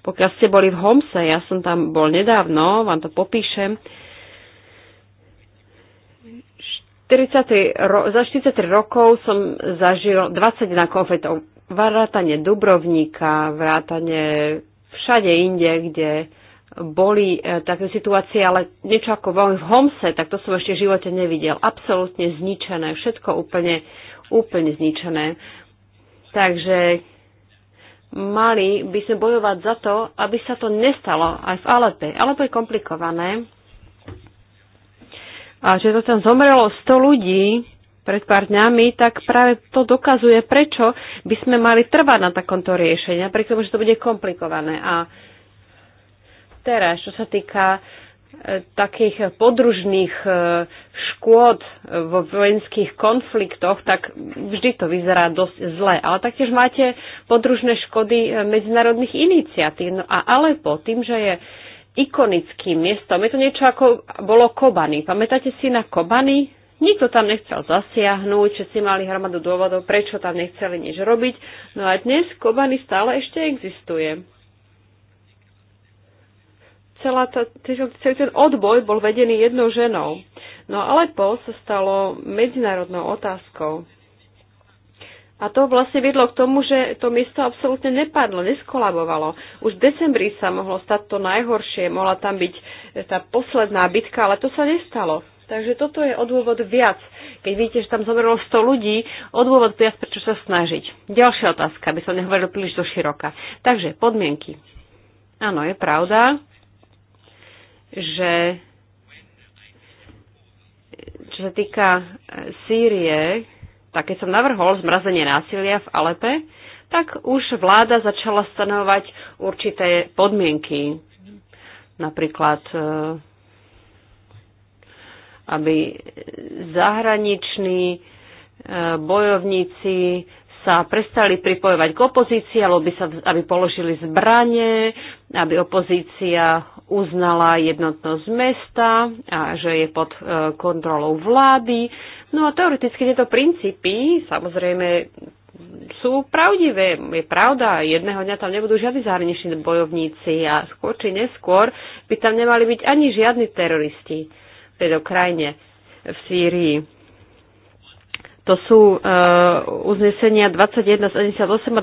Pokiaľ ste boli v Homse, ja som tam bol nedávno, vám to popíšem, 40, ro- za 43 rokov som zažil 20 konfetov. Vrátane Dubrovníka, vrátane všade inde, kde boli e, také situácie, ale niečo ako veľmi v Homse, tak to som ešte v živote nevidel. Absolútne zničené, všetko úplne, úplne zničené. Takže mali by sme bojovať za to, aby sa to nestalo aj v Alepe. Alepo je komplikované, a že to tam zomrelo 100 ľudí pred pár dňami, tak práve to dokazuje, prečo by sme mali trvať na takomto riešení, napriek tomu, že to bude komplikované. A teraz, čo sa týka e, takých podružných e, škôd e, vo vojenských konfliktoch, tak vždy to vyzerá dosť zle. Ale taktiež máte podružné škody medzinárodných iniciatív. No a Alepo, tým, že je ikonickým miestom. Je to niečo ako bolo Kobany. Pamätáte si na Kobany? Nikto tam nechcel zasiahnuť, že si mali hromadu dôvodov, prečo tam nechceli nič robiť. No a dnes Kobany stále ešte existuje. Celá tá, celý ten odboj bol vedený jednou ženou. No ale po sa stalo medzinárodnou otázkou. A to vlastne viedlo k tomu, že to miesto absolútne nepadlo, neskolabovalo. Už v decembri sa mohlo stať to najhoršie, mohla tam byť e, tá posledná bitka, ale to sa nestalo. Takže toto je odôvod viac. Keď vidíte, že tam zomrelo 100 ľudí, odôvod viac, prečo sa snažiť. Ďalšia otázka, aby som nehovoril príliš do široka. Takže podmienky. Áno, je pravda, že čo sa týka e, Sýrie, tak keď som navrhol zmrazenie násilia v Alepe, tak už vláda začala stanovať určité podmienky. Napríklad, e, aby zahraniční e, bojovníci sa prestali pripojovať k opozícii, alebo by sa, aby položili zbranie, aby opozícia uznala jednotnosť mesta a že je pod e, kontrolou vlády. No a teoreticky tieto princípy samozrejme sú pravdivé. Je pravda, jedného dňa tam nebudú žiadni zahraniční bojovníci a skôr či neskôr by tam nemali byť ani žiadni teroristi v tejto krajine v Sýrii. To sú uh, uznesenia 2178 a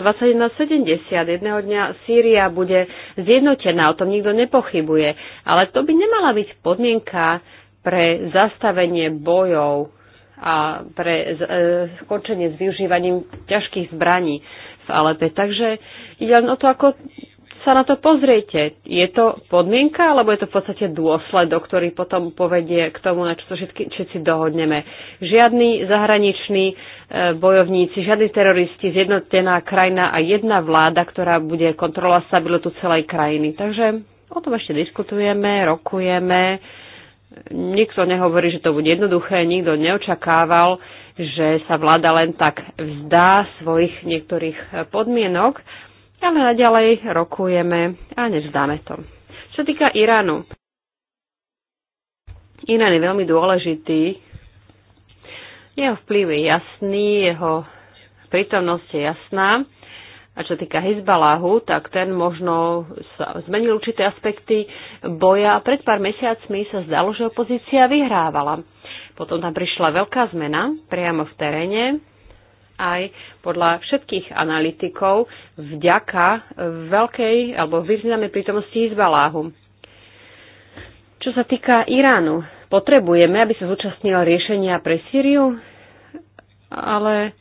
2170. Jedného dňa Sýria bude zjednotená, o tom nikto nepochybuje. Ale to by nemala byť podmienka pre zastavenie bojov a pre uh, skončenie s využívaním ťažkých zbraní v Alepe. Takže ide len o to, ako sa na to pozriete. Je to podmienka, alebo je to v podstate dôsledok, ktorý potom povedie k tomu, na čo sa všetky, všetci dohodneme. Žiadni zahraniční e, bojovníci, žiadni teroristi, zjednotená krajina a jedna vláda, ktorá bude kontrolovať stabilitu celej krajiny. Takže o tom ešte diskutujeme, rokujeme. Nikto nehovorí, že to bude jednoduché, nikto neočakával, že sa vláda len tak vzdá svojich niektorých podmienok, ale naďalej rokujeme a nevzdáme to. Čo týka Iránu, Irán je veľmi dôležitý. Jeho vplyv je jasný, jeho prítomnosť je jasná. A čo týka Hezbaláhu, tak ten možno sa zmenil určité aspekty boja. Pred pár mesiacmi sa zdalo, že opozícia vyhrávala. Potom tam prišla veľká zmena priamo v teréne aj podľa všetkých analytikov vďaka veľkej alebo významnej prítomnosti Izbaláhu. Čo sa týka Iránu, potrebujeme, aby sa zúčastnila riešenia pre Sýriu, ale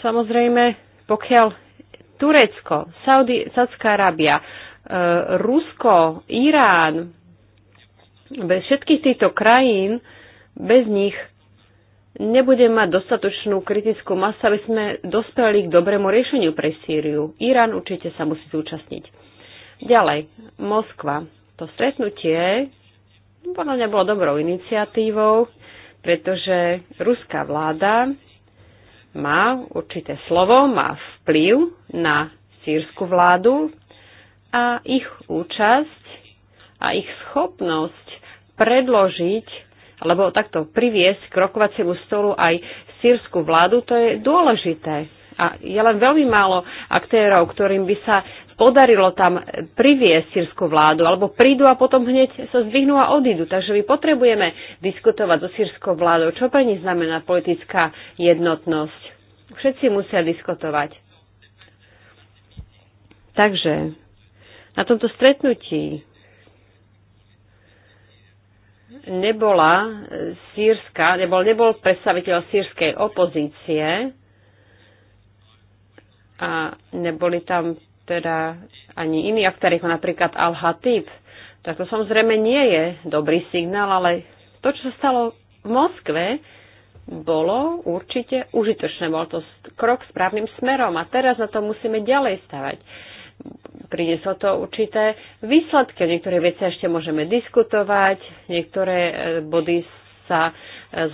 samozrejme, pokiaľ Turecko, Saudi, Saudská Arábia, e, Rusko, Irán, bez všetkých týchto krajín, bez nich nebudeme mať dostatočnú kritickú masu, aby sme dospeli k dobrému riešeniu pre Sýriu. Irán určite sa musí zúčastniť. Ďalej, Moskva. To stretnutie podľa mňa bolo dobrou iniciatívou, pretože ruská vláda má určité slovo, má vplyv na sírskú vládu a ich účasť a ich schopnosť predložiť alebo takto priviesť k rokovaciemu stolu aj sírsku vládu, to je dôležité. A je len veľmi málo aktérov, ktorým by sa podarilo tam priviesť sírskú vládu, alebo prídu a potom hneď sa zdvihnú a odídu. Takže my potrebujeme diskutovať so sírskou vládou, čo pre nich znamená politická jednotnosť. Všetci musia diskutovať. Takže na tomto stretnutí nebola e, sírska, nebol, nebol predstaviteľ sírskej opozície a neboli tam teda ani iní aktéry, ako napríklad Al-Hatib, tak to samozrejme nie je dobrý signál, ale to, čo sa stalo v Moskve, bolo určite užitočné. Bol to krok správnym smerom a teraz na to musíme ďalej stavať prinieslo to určité výsledky. Niektoré veci ešte môžeme diskutovať, niektoré e, body sa e,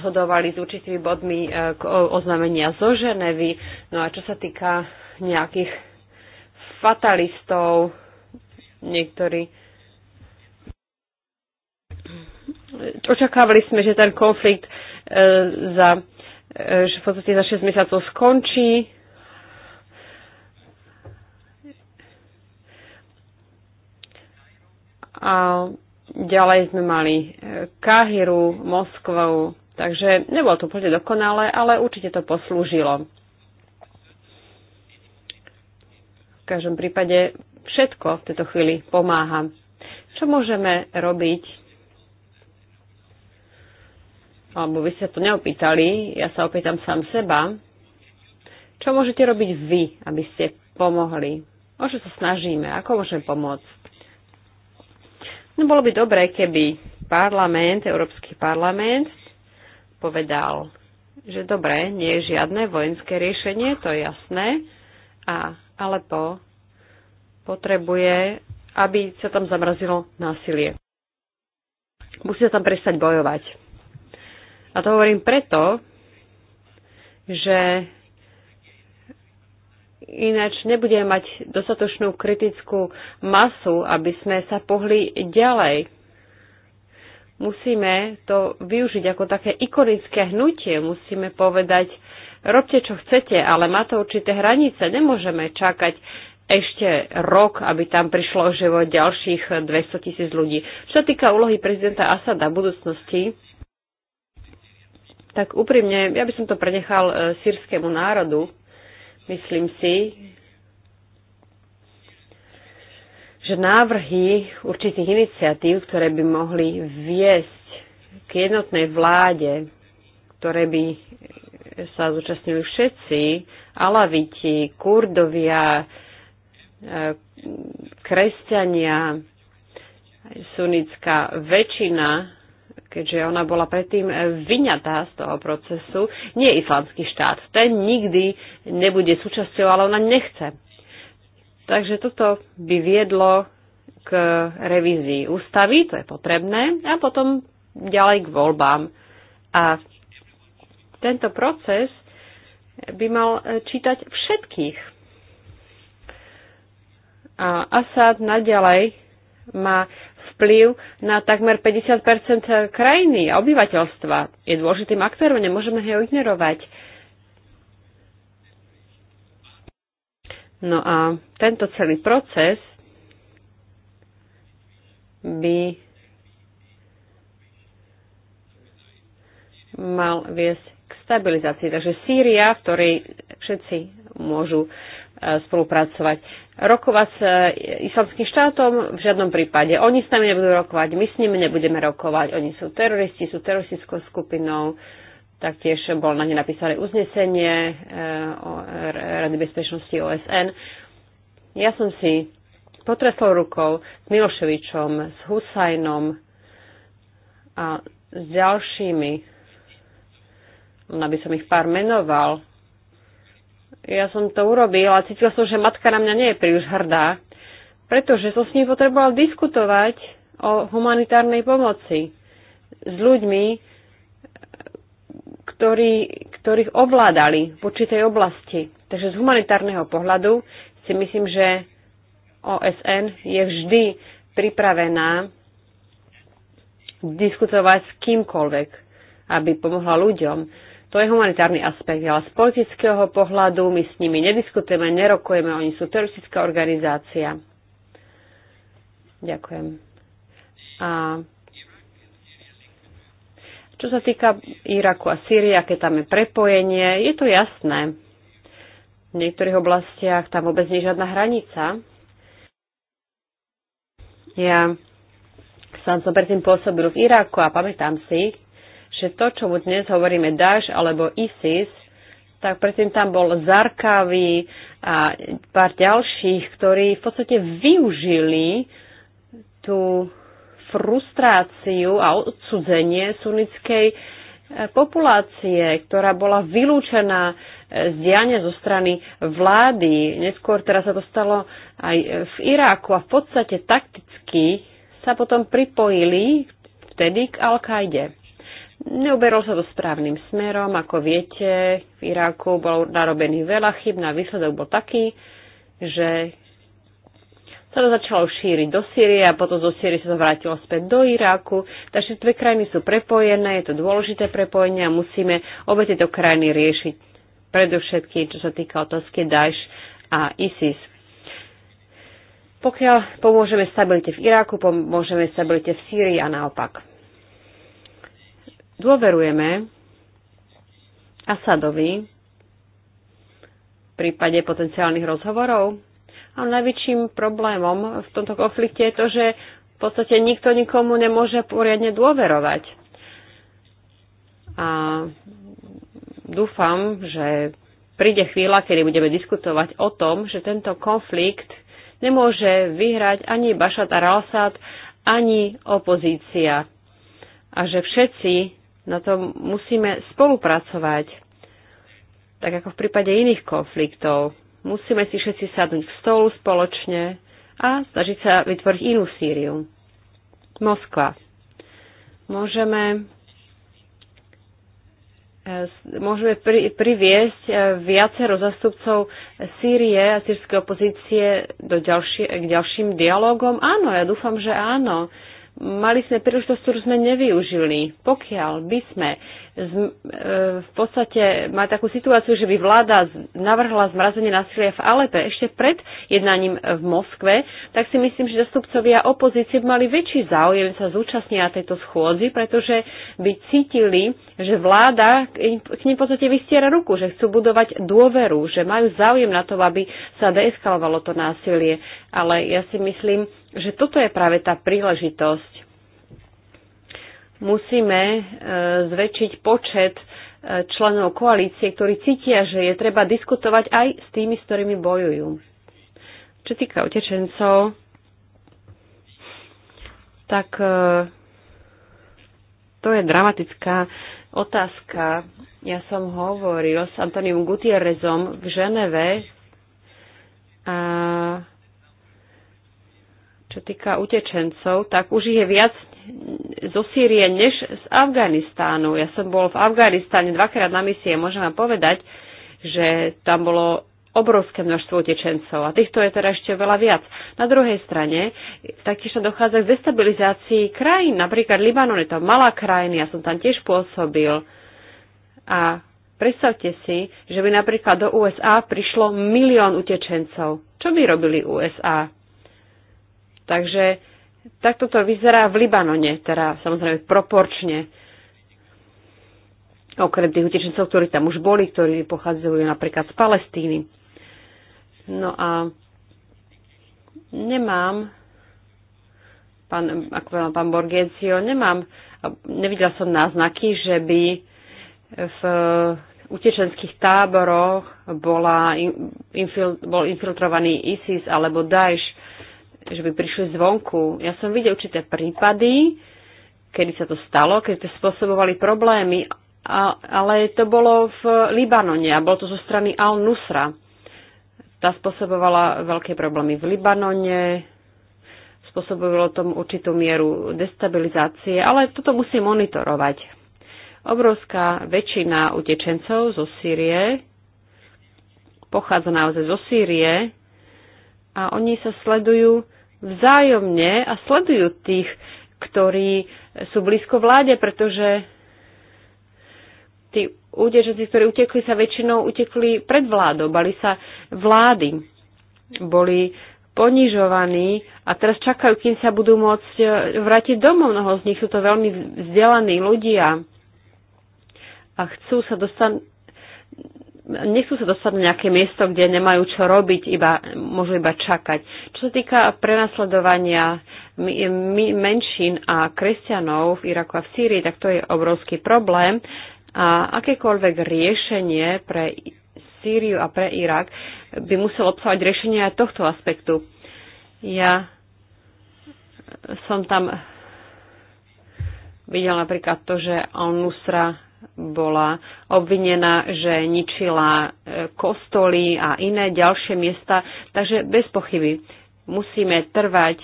zhodovali s určitými bodmi e, oznámenia zo Ženevy. No a čo sa týka nejakých fatalistov, niektorí očakávali sme, že ten konflikt za, že v podstate za 6 mesiacov skončí, a ďalej sme mali e, Kahiru, Moskvu, takže nebolo to úplne dokonalé, ale určite to poslúžilo. V každom prípade všetko v tejto chvíli pomáha. Čo môžeme robiť alebo vy ste to neopýtali, ja sa opýtam sám seba, čo môžete robiť vy, aby ste pomohli? O čo sa snažíme? Ako môžeme pomôcť? No bolo by dobré, keby parlament, Európsky parlament povedal, že dobre, nie je žiadne vojenské riešenie, to je jasné, a to potrebuje, aby sa tam zamrazilo násilie. Musí sa tam prestať bojovať. A to hovorím preto, že ináč nebudeme mať dostatočnú kritickú masu, aby sme sa pohli ďalej. Musíme to využiť ako také ikonické hnutie. Musíme povedať, robte čo chcete, ale má to určité hranice. Nemôžeme čakať ešte rok, aby tam prišlo o život ďalších 200 tisíc ľudí. Čo sa týka úlohy prezidenta Asada v budúcnosti, tak úprimne, ja by som to prenechal e, sírskému národu, Myslím si, že návrhy určitých iniciatív, ktoré by mohli viesť k jednotnej vláde, ktoré by sa zúčastnili všetci, alaviti, kurdovia, e, kresťania, sunická väčšina keďže ona bola predtým vyňatá z toho procesu, nie islamský štát. Ten nikdy nebude súčasťou, ale ona nechce. Takže toto by viedlo k revízii ústavy, to je potrebné, a potom ďalej k voľbám. A tento proces by mal e, čítať všetkých. A Assad naďalej má vplyv na takmer 50 krajiny a obyvateľstva. Je dôležitým aktérom, nemôžeme ho ignorovať. No a tento celý proces by mal viesť k stabilizácii. Takže Sýria, v ktorej všetci môžu spolupracovať. Rokovať s eh, islamským štátom v žiadnom prípade. Oni s nami nebudú rokovať, my s nimi nebudeme rokovať. Oni sú teroristi, sú teroristickou skupinou. Taktiež bolo na ne napísané uznesenie eh, o Rady bezpečnosti OSN. Ja som si potresol rukou s Miloševičom, s Husajnom a s ďalšími, aby som ich pár menoval, ja som to urobil a cítila som, že matka na mňa nie je príliš hrdá, pretože som s ním potreboval diskutovať o humanitárnej pomoci s ľuďmi, ktorí, ktorých ovládali v určitej oblasti. Takže z humanitárneho pohľadu si myslím, že OSN je vždy pripravená diskutovať s kýmkoľvek, aby pomohla ľuďom. To je humanitárny aspekt, ale z politického pohľadu my s nimi nediskutujeme, nerokujeme, oni sú teroristická organizácia. Ďakujem. A čo sa týka Iraku a Sýrie, aké tam je prepojenie, je to jasné. V niektorých oblastiach tam vôbec nie je žiadna hranica. Ja sám som predtým pôsobil v Iraku a pamätám si, že to, čo mu dnes hovoríme Daš alebo ISIS, tak predtým tam bol Zarkavy a pár ďalších, ktorí v podstate využili tú frustráciu a odsudzenie sunnickej eh, populácie, ktorá bola vylúčená eh, z diania zo strany vlády. Neskôr teraz sa to stalo aj eh, v Iráku a v podstate takticky sa potom pripojili vtedy k Al-Kaide neuberol sa to správnym smerom. Ako viete, v Iráku bol narobený veľa chyb, na výsledok bol taký, že sa to začalo šíriť do Sýrie a potom zo Sýrie sa to vrátilo späť do Iráku. Takže dve krajiny sú prepojené, je to dôležité prepojenie a musíme obe tieto krajiny riešiť predovšetkým, čo sa týka otázky Daesh a ISIS. Pokiaľ pomôžeme stabilite v Iráku, pomôžeme stabilite v Sýrii a naopak. Dôverujeme Asadovi v prípade potenciálnych rozhovorov. A najväčším problémom v tomto konflikte je to, že v podstate nikto nikomu nemôže poriadne dôverovať. A dúfam, že príde chvíľa, kedy budeme diskutovať o tom, že tento konflikt nemôže vyhrať ani Bašat a ani opozícia. A že všetci na tom musíme spolupracovať, tak ako v prípade iných konfliktov. Musíme si všetci sadnúť k stolu spoločne a snažiť sa vytvoriť inú Sýriu. Moskva. Môžeme, eh, môžeme pri, priviesť eh, viacero zastupcov Sýrie a sírskej opozície do ďalšie, k ďalším dialogom? Áno, ja dúfam, že áno. Mali sme príležitosť, ktorú sme nevyužili. Pokiaľ by sme E, v podstate má takú situáciu, že by vláda navrhla zmrazenie násilia v Alepe ešte pred jednaním v Moskve, tak si myslím, že zastupcovia opozície by mali väčší záujem sa zúčastniť na tejto schôdzi, pretože by cítili, že vláda k nim v podstate vystiera ruku, že chcú budovať dôveru, že majú záujem na to, aby sa deeskalovalo to násilie. Ale ja si myslím, že toto je práve tá príležitosť, musíme e, zväčšiť počet e, členov koalície, ktorí cítia, že je treba diskutovať aj s tými, s ktorými bojujú. Čo týka utečencov, tak e, to je dramatická otázka. Ja som hovoril s Antoniom Gutierrezom v Ženeve a čo týka utečencov, tak už ich je viac zo Sýrie než z Afganistánu. Ja som bol v Afganistáne dvakrát na misie. Môžem vám povedať, že tam bolo obrovské množstvo utečencov a týchto je teda ešte veľa viac. Na druhej strane taktiež sa dochádza k destabilizácii krajín. Napríklad Libanon je to malá krajina, ja som tam tiež pôsobil. A predstavte si, že by napríklad do USA prišlo milión utečencov. Čo by robili USA? Takže tak toto vyzerá v Libanone, teda samozrejme proporčne. Okrem tých utečencov, ktorí tam už boli, ktorí pochádzajú napríklad z Palestíny. No a nemám, pán, ako povedal pán Borgencio, nemám, nevidela som náznaky, že by v utečenských táboroch bola, infil, bol infiltrovaný ISIS alebo Daesh že by prišli zvonku. Ja som videl určité prípady, kedy sa to stalo, keď to spôsobovali problémy, a, ale to bolo v Libanone a bolo to zo strany Al-Nusra. Tá spôsobovala veľké problémy v Libanone, spôsobovalo tomu určitú mieru destabilizácie, ale toto musí monitorovať. Obrovská väčšina utečencov zo Sýrie pochádza naozaj zo Sýrie a oni sa sledujú vzájomne a sledujú tých, ktorí sú blízko vláde, pretože tí údeženci, ktorí utekli, sa väčšinou utekli pred vládou, bali sa vlády, boli ponižovaní a teraz čakajú, kým sa budú môcť e, vrátiť domov. Mnoho z nich sú to veľmi vzdelaní ľudia a chcú sa dostať nechcú sa dostať na nejaké miesto, kde nemajú čo robiť, iba, môžu iba čakať. Čo sa týka prenasledovania menšín a kresťanov v Iraku a v Sýrii, tak to je obrovský problém a akékoľvek riešenie pre Sýriu a pre Irak by muselo obsahovať riešenie aj tohto aspektu. Ja som tam videl napríklad to, že Al-Nusra bola obvinená, že ničila e, kostoly a iné ďalšie miesta. Takže bez pochyby musíme trvať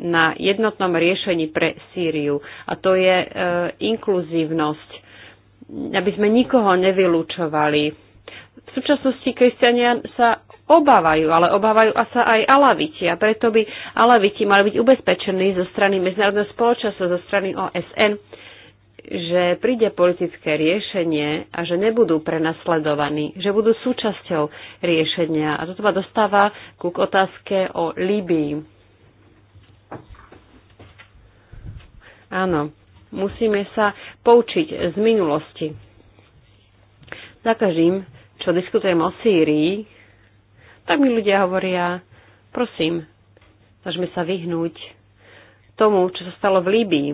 na jednotnom riešení pre Sýriu. A to je e, inkluzívnosť, aby sme nikoho nevylúčovali. V súčasnosti kresťania sa obávajú, ale obávajú a sa aj alaviti. A preto by alaviti mali byť ubezpečení zo strany medzinárodného spoločenstva, zo strany OSN, že príde politické riešenie a že nebudú prenasledovaní, že budú súčasťou riešenia. A toto ma dostáva ku otázke o Líbii. Áno, musíme sa poučiť z minulosti. Za každým, čo diskutujem o Sýrii, tak mi ľudia hovoria, prosím, snažme sa vyhnúť tomu, čo sa stalo v Líbii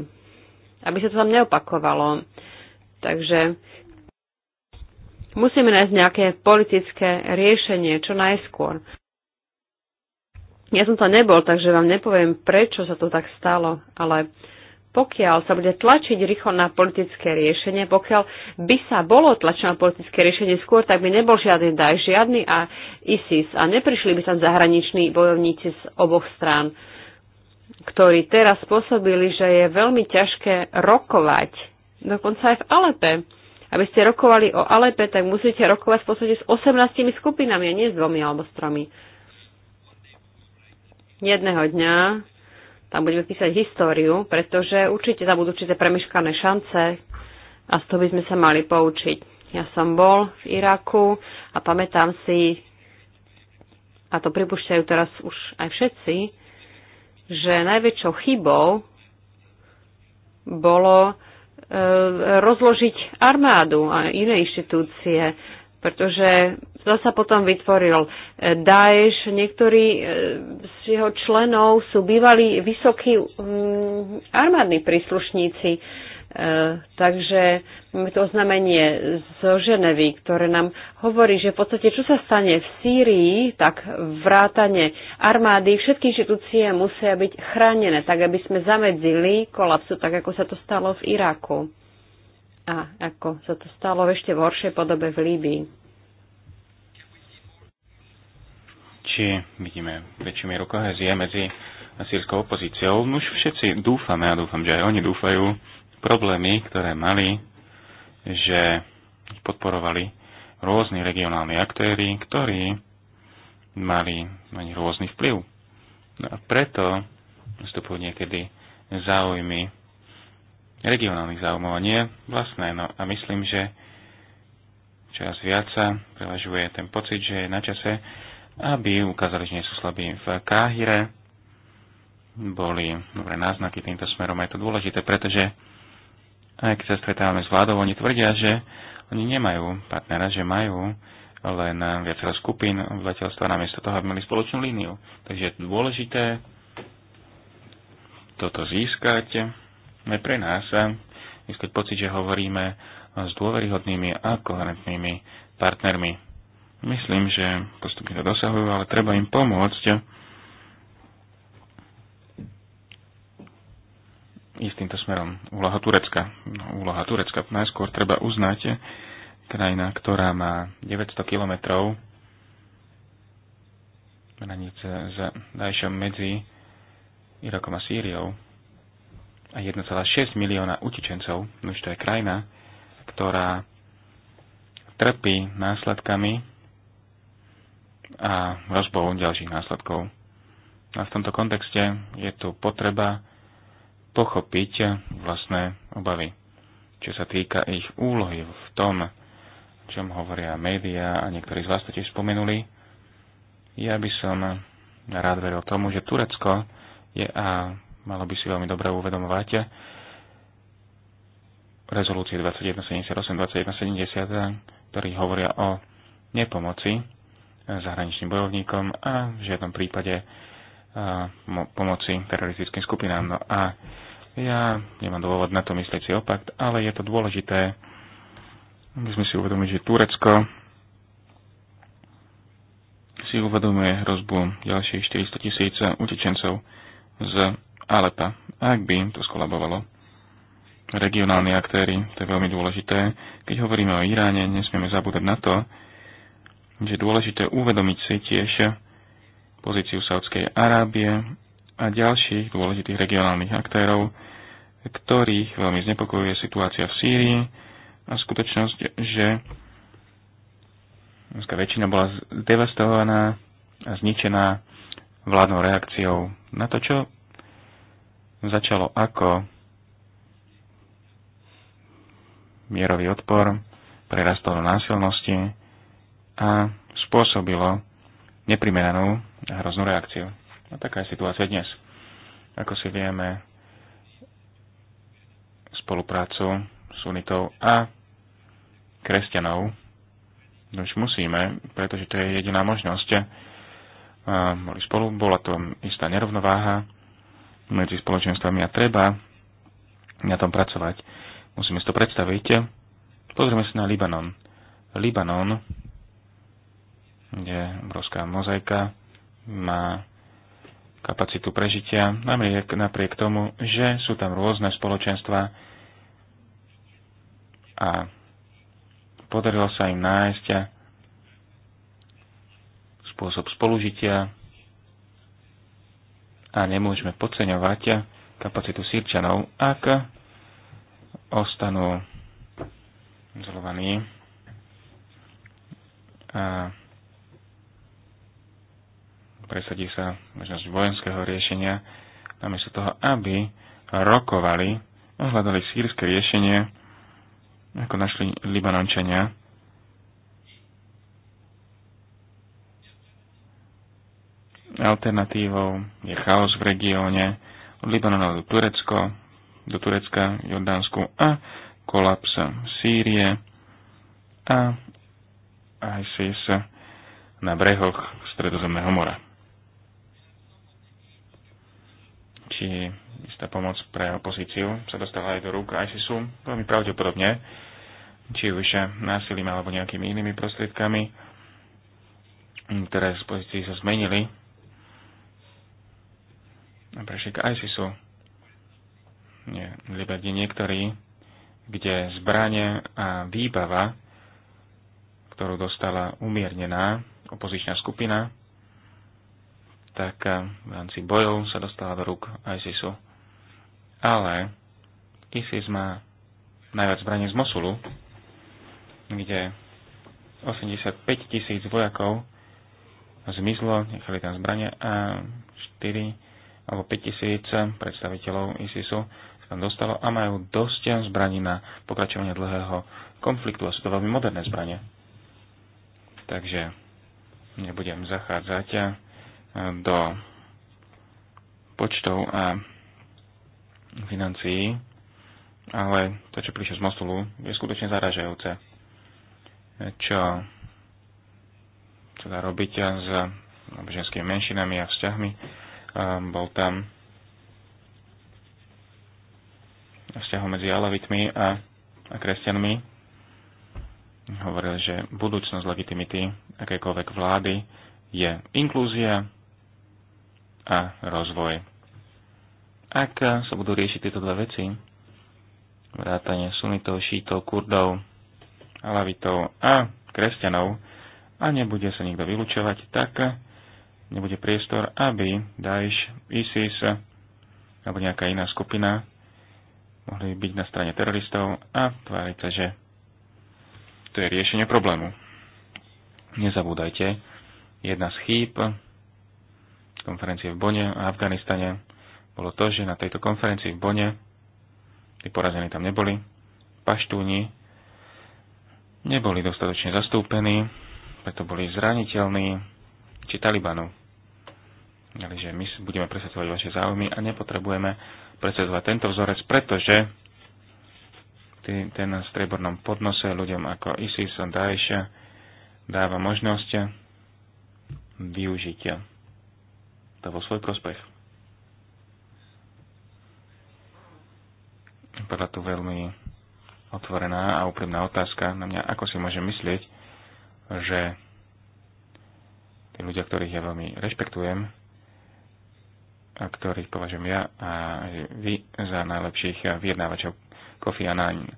aby sa to tam neopakovalo. Takže musíme nájsť nejaké politické riešenie čo najskôr. Ja som to nebol, takže vám nepoviem, prečo sa to tak stalo, ale pokiaľ sa bude tlačiť rýchlo na politické riešenie, pokiaľ by sa bolo tlačené na politické riešenie skôr, tak by nebol žiadny daj, žiadny a ISIS a neprišli by tam zahraniční bojovníci z oboch strán ktorí teraz spôsobili, že je veľmi ťažké rokovať, dokonca aj v Alepe. Aby ste rokovali o Alepe, tak musíte rokovať v podstate s 18 skupinami, a nie s dvomi alebo s tromi. Jedného dňa tam budeme písať históriu, pretože určite tam budú určite premeškané šance a z toho by sme sa mali poučiť. Ja som bol v Iraku a pamätám si, a to pripúšťajú teraz už aj všetci, že najväčšou chybou bolo e, rozložiť armádu a iné inštitúcie, pretože to sa potom vytvoril e, Daesh. Niektorí e, z jeho členov sú bývali vysokí mm, armádni príslušníci takže máme to oznámenie zo Ženevy, ktoré nám hovorí, že v podstate čo sa stane v Sýrii, tak vrátane armády, všetky inštitúcie musia byť chránené, tak aby sme zamedzili kolapsu, tak ako sa to stalo v Iraku a ako sa to stalo v ešte v horšej podobe v Líbii. Či vidíme väčšiu mieru kohezie medzi sírskou opozíciou? No už všetci dúfame a dúfam, že aj oni dúfajú, problémy, ktoré mali, že podporovali rôzni regionálni aktéry, ktorí mali, rôzny vplyv. No a preto vstupujú niekedy záujmy regionálnych záujmov a nie vlastné. No a myslím, že čas viac sa prevažuje ten pocit, že je na čase, aby ukázali, že nie sú slabí v Káhire. Boli dobré náznaky týmto smerom, je to dôležité, pretože a keď sa stretávame s vládou, oni tvrdia, že oni nemajú partnera, že majú len viacero skupín obyvateľstva namiesto toho, aby mali spoločnú líniu. Takže je dôležité toto získať. Aj pre nás získať pocit, že hovoríme s dôveryhodnými a koherentnými partnermi. Myslím, že postupne to dosahujú, ale treba im pomôcť ísť týmto smerom. Úloha Turecka. No, úloha Turecka najskôr treba uznať eh, krajina, ktorá má 900 kilometrov hranice za Dajšom medzi Irakom a Sýriou a 1,6 milióna utečencov. No už to je krajina, ktorá trpí následkami a rozbou ďalších následkov. A v tomto kontexte je tu potreba pochopiť vlastné obavy. Čo sa týka ich úlohy v tom, čom hovoria médiá a niektorí z vás to tiež spomenuli, ja by som rád veril tomu, že Turecko je a malo by si veľmi dobre uvedomovať rezolúcie 2178, 2170, ktorí hovoria o nepomoci zahraničným bojovníkom a v žiadnom prípade pomoci teroristickým skupinám. No a ja nemám dôvod na to myslieť si opak, ale je to dôležité, aby sme si uvedomili, že Turecko si uvedomuje hrozbu ďalších 400 tisíc utečencov z Alepa, ak by to skolabovalo. Regionálni aktéry, to je veľmi dôležité. Keď hovoríme o Iráne, nesmieme zabúdať na to, že je dôležité uvedomiť si tiež pozíciu Saudskej Arábie a ďalších dôležitých regionálnych aktérov, ktorých veľmi znepokojuje situácia v Sýrii a skutočnosť, že väčšina bola devastovaná a zničená vládnou reakciou na to, čo začalo ako mierový odpor, prerastol do násilnosti a spôsobilo neprimeranú a hroznú reakciu. A taká je situácia dnes. Ako si vieme spoluprácu s unitou a kresťanov. No už musíme, pretože to je jediná možnosť. Boli spolu, bola to istá nerovnováha medzi spoločenstvami a treba na tom pracovať. Musíme si to predstaviť. Pozrieme sa na Libanon. Libanon, kde obrovská mozaika má kapacitu prežitia, napriek, napriek tomu, že sú tam rôzne spoločenstva, a podarilo sa im nájsť spôsob spolužitia a nemôžeme podceňovať kapacitu sírčanov, ak ostanú zlovaní. a presadí sa možnosť vojenského riešenia, namiesto toho, aby rokovali a hľadali sírske riešenie, ako našli Libanončania. Alternatívou je chaos v regióne od Libanona do Turecko, do Turecka, Jordánsku a kolaps Sýrie a ISIS na brehoch Stredozemného mora. Či istá pomoc pre opozíciu sa dostala aj do rúk ISISu? Veľmi pravdepodobne či už násilím alebo nejakými inými prostriedkami, ktoré z pozícií sa zmenili a prešli k ISISu. Nie, kde niektorí, kde zbranie a výbava, ktorú dostala umiernená opozičná skupina, tak eh, v rámci bojov sa dostala do rúk ISISu. Ale ISIS má najviac zbranie z Mosulu, kde 85 tisíc vojakov zmizlo, nechali tam zbrania a 4 alebo 5 tisíc predstaviteľov ISISu sa tam dostalo a majú dosť zbraní na pokračovanie dlhého konfliktu a sú to veľmi moderné zbranie. Takže nebudem zachádzať eh, do počtov a financií, ale to, čo prišlo z Mosulu, je skutočne zaražajúce čo teda robiť s ženskými menšinami a vzťahmi. Bol tam vzťahov medzi alavitmi a, a kresťanmi. Hovoril, že budúcnosť legitimity akékoľvek vlády je inklúzia a rozvoj. Ak sa budú riešiť tieto dve veci, vrátanie sunitov, šítov, kurdov, alavitov a kresťanov a nebude sa nikto vylúčovať, tak nebude priestor, aby Daesh, ISIS alebo nejaká iná skupina mohli byť na strane teroristov a tváriť sa, že to je riešenie problému. Nezabúdajte, jedna z chýb konferencie v Bone a Afganistane bolo to, že na tejto konferencii v Bone, tí porazení tam neboli, paštúni neboli dostatočne zastúpení, preto boli zraniteľní či Talibanov. Takže my budeme presadzovať vaše záujmy a nepotrebujeme presadzovať tento vzorec, pretože ten na strebornom podnose ľuďom ako ISIS a Daesh dáva možnosť využiť to vo svoj prospech. Podľa tu veľmi otvorená a úprimná otázka na mňa, ako si môžem myslieť, že tí ľudia, ktorých ja veľmi rešpektujem, a ktorých považujem ja a vy za najlepších vyjednávačov Kofi Annan,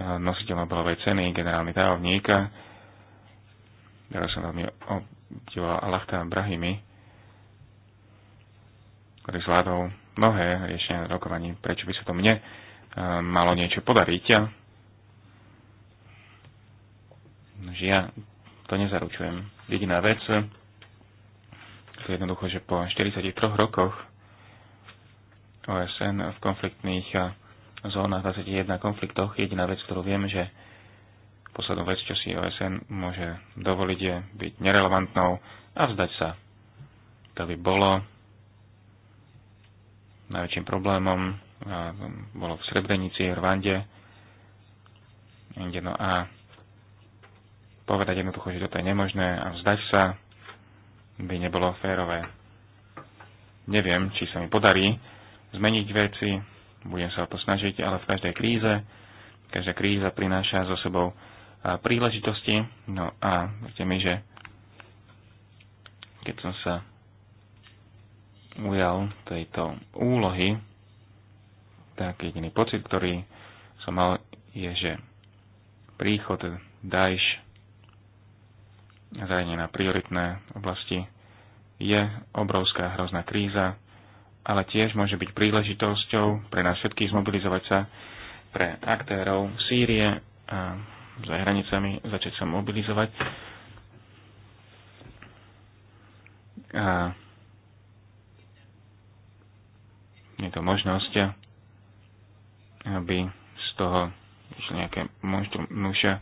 nositeľ Nobelovej ceny, generálny tajomník, ktorého som veľmi obdivoval Alachta Brahimi, ktorý zvládol mnohé riešenia rokovaní, prečo by sa to mne malo niečo podariť. Že ja to nezaručujem. Jediná vec, to je jednoducho, že po 43 rokoch OSN v konfliktných zónach 21 konfliktoch, jediná vec, ktorú viem, že poslednú vec, čo si OSN môže dovoliť, je byť nerelevantnou a vzdať sa. To by bolo najväčším problémom a um, bolo v Srebrenici, Rwande, no a povedať jednoducho, že toto je nemožné a vzdať sa by nebolo férové. Neviem, či sa mi podarí zmeniť veci, budem sa o to snažiť, ale v každej kríze, každá kríza prináša so sebou príležitosti, no a verte mi, že keď som sa ujal tejto úlohy, tak jediný pocit, ktorý som mal, je, že príchod Daesh zrejme na prioritné oblasti je obrovská hrozná kríza, ale tiež môže byť príležitosťou pre nás všetkých zmobilizovať sa pre aktérov Sýrie a za hranicami začať sa mobilizovať. A je to možnosť aby z toho išlo nejaké monštrum. Nuša,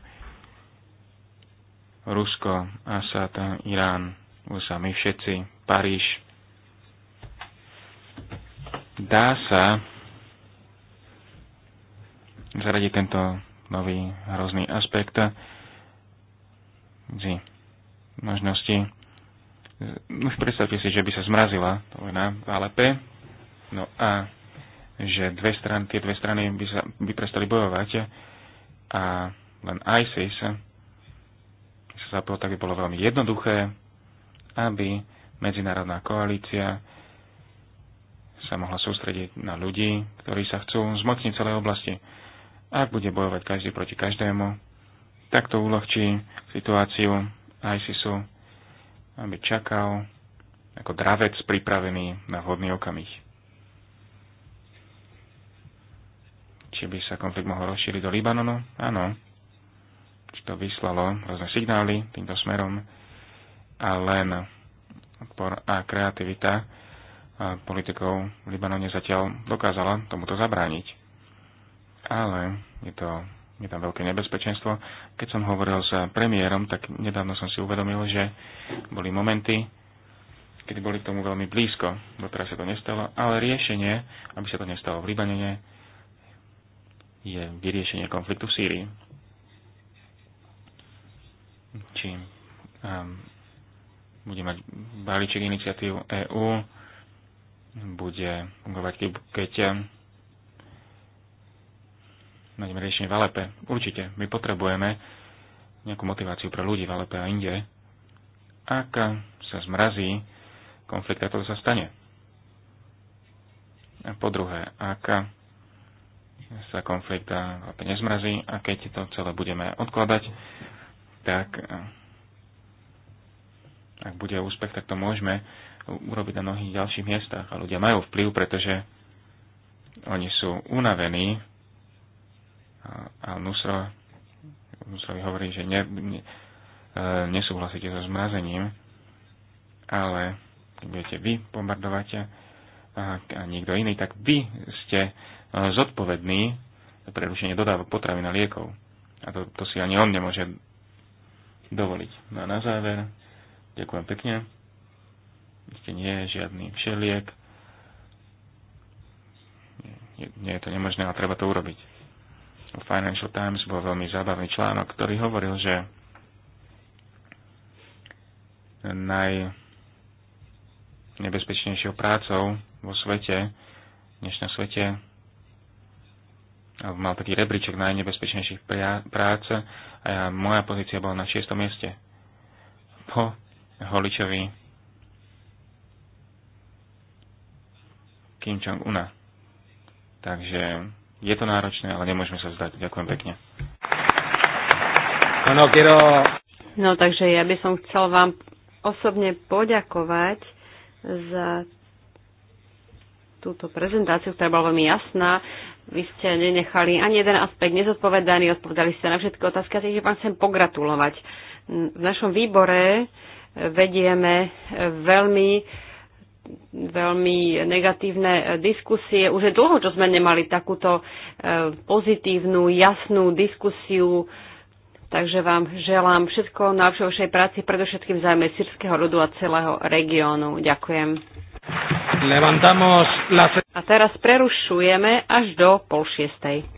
Rusko, Asad, Irán, USA, my všetci, Paríž. Dá sa zaradiť tento nový hrozný aspekt z možnosti. Už predstavte si, že by sa zmrazila to vojna v Alepe. No a že dve strany, tie dve strany by, sa, by prestali bojovať a len ISIS sa zapol, tak by bolo veľmi jednoduché, aby medzinárodná koalícia sa mohla sústrediť na ľudí, ktorí sa chcú zmocniť celej oblasti. Ak bude bojovať každý proti každému, tak to uľahčí situáciu ISISu, aby čakal ako dravec pripravený na vhodný okamih. či by sa konflikt mohol rozšíriť do Libanonu. Áno, či to vyslalo rôzne signály týmto smerom a len odpor a kreativita politikov v Libanone zatiaľ dokázala tomuto zabrániť. Ale je, to, je tam veľké nebezpečenstvo. Keď som hovoril s premiérom, tak nedávno som si uvedomil, že boli momenty, kedy boli k tomu veľmi blízko. Doteraz sa to nestalo, ale riešenie, aby sa to nestalo v Libanene je vyriešenie konfliktu v Sýrii. Či um, bude mať balíček iniciatív EÚ, bude fungovať, keď ehm, nájdeme riešenie v Alepe. Určite, my potrebujeme nejakú motiváciu pre ľudí v Alepe a inde. Ak sa zmrazí konflikt, a to sa stane. A po druhé, ak sa konflikt nezmrazí a keď to celé budeme odkladať, tak e, ak bude úspech, tak to môžeme urobiť na mnohých ďalších miestach. A ľudia majú vplyv, pretože oni sú unavení. A Nusro, Nusrovi hovorí, že ne, ne, e, nesúhlasíte so zmrazením, ale budete vy bombardovať a niekto iný, tak vy ste e, zodpovední za prerušenie dodávok potravy na liekov. A to, to si ani on nemôže dovoliť. No a na záver, ďakujem pekne. Ste nie je žiadny všeliek. Nie, nie je to nemožné, ale treba to urobiť. V Financial Times bol veľmi zábavný článok, ktorý hovoril, že naj nebezpečnejšou prácou vo svete, než na svete. Alebo mal taký rebríček najnebezpečnejších prác a ja, moja pozícia bola na 6. mieste. Po Holičovi Kim Jong-una. Takže je to náročné, ale nemôžeme sa vzdať. Ďakujem pekne. No, takže ja by som chcel vám osobne poďakovať za túto prezentáciu, ktorá bola veľmi jasná. Vy ste nenechali ani jeden aspekt nezodpovedaný, odpovedali ste na všetky otázky, takže vám chcem pogratulovať. V našom výbore vedieme veľmi veľmi negatívne diskusie. Už je dlho, čo sme nemali takúto eh, pozitívnu, jasnú diskusiu Takže vám želám všetko na vo vašej práci, predovšetkým zájme sírskeho ľudu a celého regiónu. Ďakujem. A teraz prerušujeme až do pol šiestej.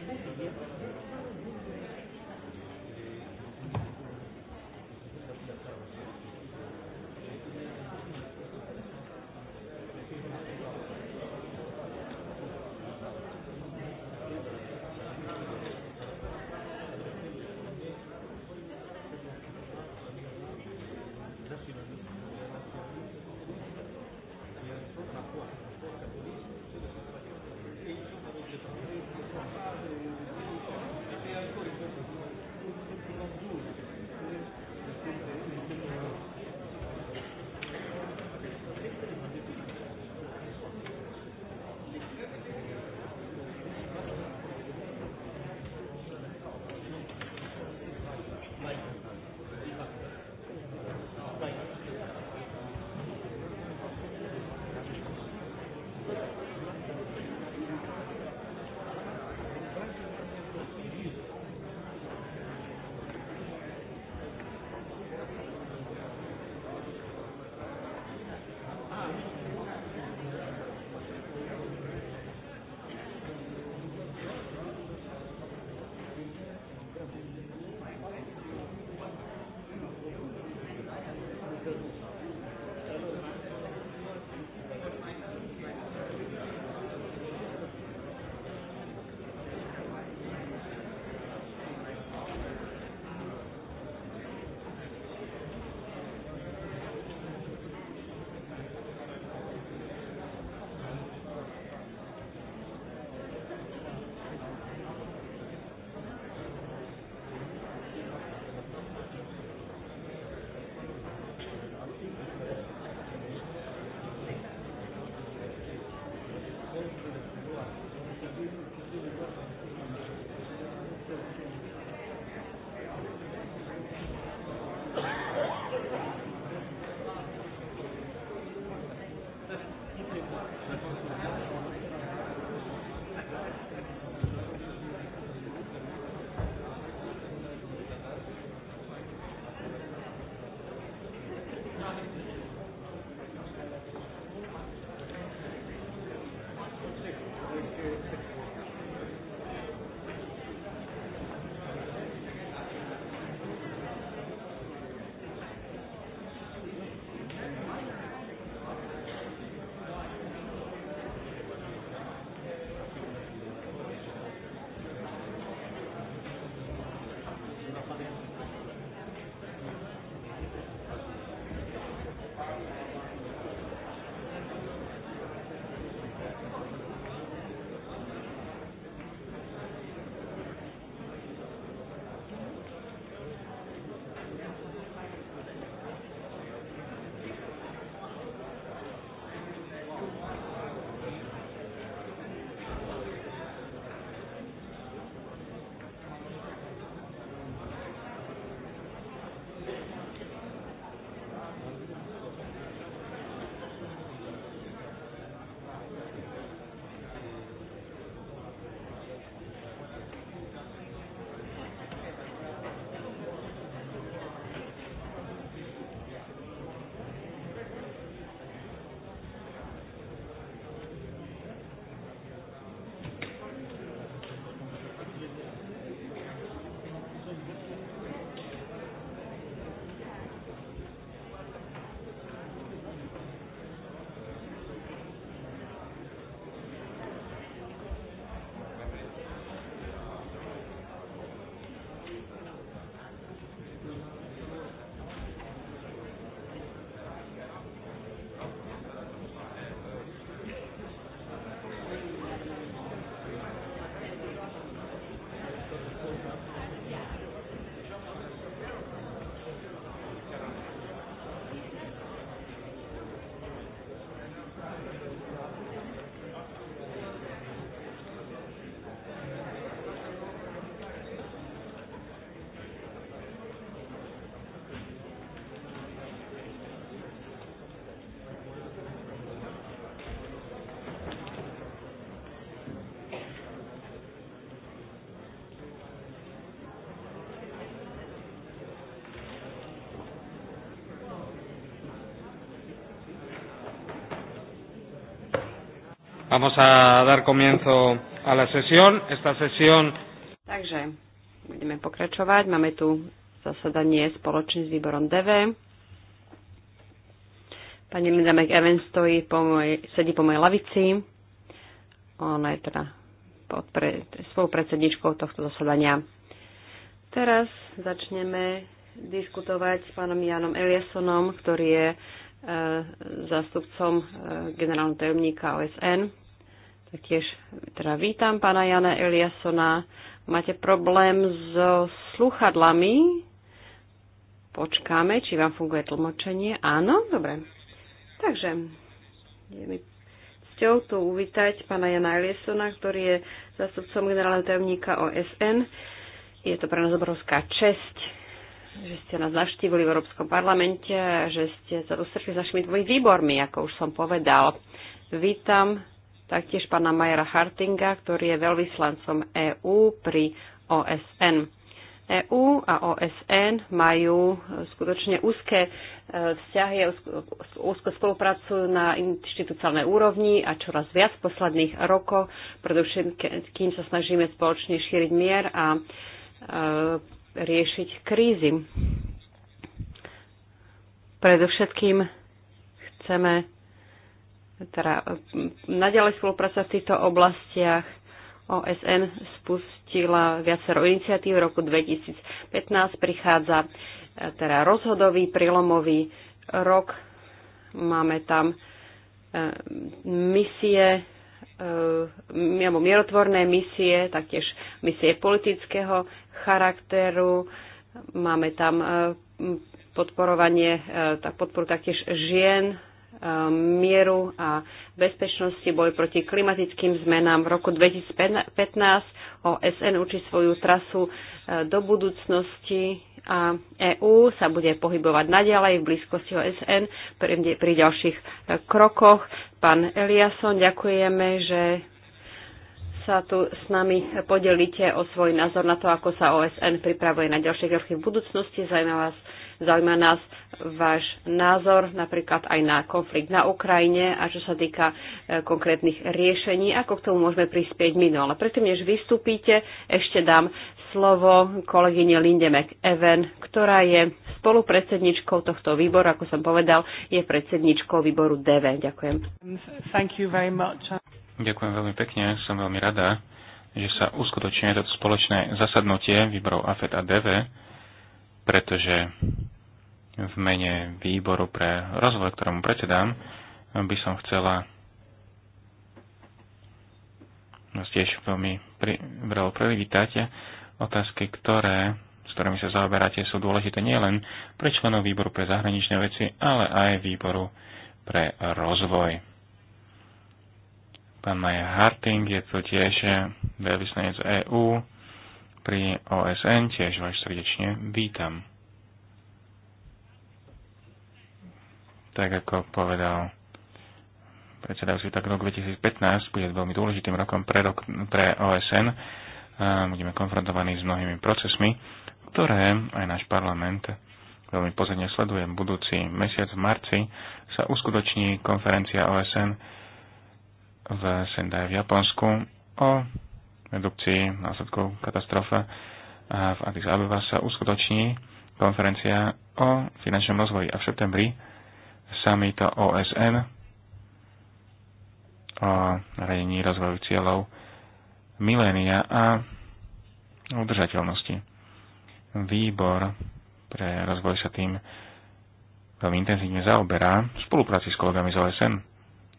people. Vamos a dar comienzo a la sesión. Esta sesión... Takže budeme pokračovať. Máme tu zasadanie spoločne s výborom DV. Pani Linda McEwen stojí po mojej, sedí po mojej lavici. Ona je teda pod pre, svojou predsedničkou tohto zasadania. Teraz začneme diskutovať s pánom Janom Eliassonom, ktorý je e, zástupcom e, generálneho tajomníka OSN. Tiež teda vítam pána Jana Eliasona. Máte problém so sluchadlami? Počkáme, či vám funguje tlmočenie. Áno, dobre. Takže je mi cťou tu uvítať pána Jana Eliasona, ktorý je zastupcom generálneho tajomníka OSN. Je to pre nás obrovská čest, že ste nás navštívili v Európskom parlamente, že ste sa dostretli s našimi dvojmi výbormi, ako už som povedal. Vítam taktiež pána Majera Hartinga, ktorý je veľvyslancom EÚ pri OSN. EÚ a OSN majú e, skutočne úzke e, vzťahy, úzko spolupracujú na inštitúciálnej úrovni a čoraz viac posledných rokov, predovšetkým sa snažíme spoločne šíriť mier a e, riešiť krízy. Predovšetkým chceme teda e, naďalej spolupráca v týchto oblastiach. OSN spustila viacero iniciatív v roku 2015. Prichádza e, teda rozhodový, prilomový rok. Máme tam e, misie, alebo mierotvorné misie, taktiež misie politického charakteru. Máme tam podporovanie, podporu taktiež žien Um, mieru a bezpečnosti, boj proti klimatickým zmenám. V roku 2015 OSN učí svoju trasu uh, do budúcnosti a EÚ sa bude pohybovať naďalej v blízkosti OSN pri, pri ďalších uh, krokoch. Pán Eliasson, ďakujeme, že sa tu s nami podelíte o svoj názor na to, ako sa OSN pripravuje na ďalšie kroky v budúcnosti. zajme vás Zaujíma nás váš názor napríklad aj na konflikt na Ukrajine a čo sa týka e, konkrétnych riešení, ako k tomu môžeme prispieť my. No ale predtým, než vystúpite, ešte dám slovo kolegyne Linde McEwen, ktorá je spolupredsedničkou tohto výboru, ako som povedal, je predsedničkou výboru DV. Ďakujem. Thank you very much. Ďakujem veľmi pekne, som veľmi rada, že sa uskutočne toto spoločné zasadnutie výborov AFED a e DV, pretože v mene výboru pre rozvoj, ktorému predsedám, by som chcela no, tiež veľmi pri, veľmi privítať. Otázky, ktoré, s ktorými sa zaoberáte, sú dôležité nielen pre členov výboru pre zahraničné veci, ale aj výboru pre rozvoj. Pán Maja Harting je tu tiež veľvyslanec EÚ pri OSN, tiež vás srdečne vítam. tak ako povedal predsedajúci, tak rok 2015 bude veľmi dôležitým rokom pre, rok, pre OSN. Budeme konfrontovaní s mnohými procesmi, ktoré aj náš parlament veľmi pozorne sleduje. Budúci mesiac v marci sa uskutoční konferencia OSN v Sendai v Japonsku o redukcii následkov katastrofa a v Addis Abeba sa uskutoční konferencia o finančnom rozvoji a v septembri summit OSN o radení rozvoju cieľov milénia a udržateľnosti. Výbor pre rozvoj sa tým veľmi intenzívne zaoberá v spolupráci s kolegami z OSN.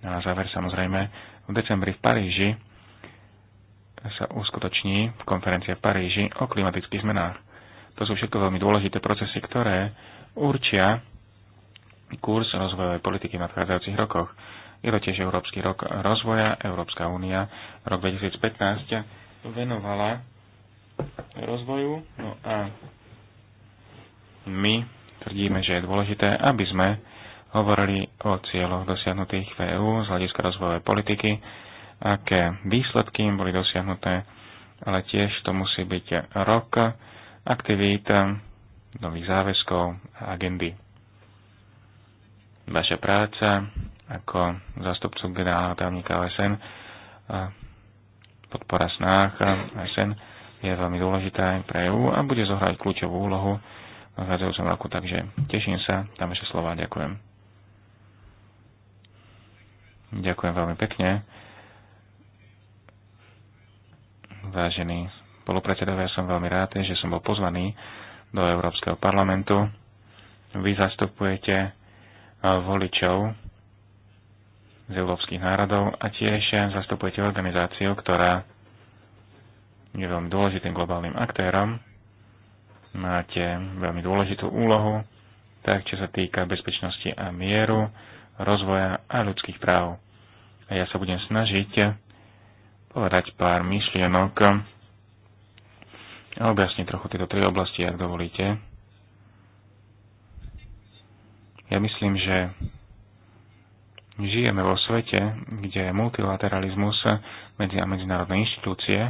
A na záver samozrejme v decembri v Paríži sa uskutoční konferencia v Paríži o klimatických zmenách. To sú všetko veľmi dôležité procesy, ktoré určia kurz rozvojovej politiky v nadchádzajúcich rokoch. Je to tiež Európsky rok rozvoja. Európska únia rok 2015 venovala rozvoju. No a my tvrdíme, že je dôležité, aby sme hovorili o cieľoch dosiahnutých v EÚ z hľadiska rozvojovej politiky, aké výsledky im boli dosiahnuté, ale tiež to musí byť rok aktivít nových záväzkov a agendy vaša práca ako zástupcu generálneho tajomníka OSN, podpora snách OSN je veľmi dôležitá aj pre EU a bude zohrať kľúčovú úlohu v nadchádzajúcom roku, takže teším sa, tam ešte slova, ďakujem. Ďakujem veľmi pekne. Vážení spolupredsedovia, som veľmi rád, že som bol pozvaný do Európskeho parlamentu. Vy zastupujete voličov z európskych národov a tiež zastupujete organizáciu, ktorá je veľmi dôležitým globálnym aktérom. Máte veľmi dôležitú úlohu, tak čo sa týka bezpečnosti a mieru, rozvoja a ľudských práv. A ja sa budem snažiť povedať pár myšlienok a objasniť trochu tieto tri oblasti, ak dovolíte. Ja myslím, že žijeme vo svete, kde multilateralizmus medzi a medzinárodné inštitúcie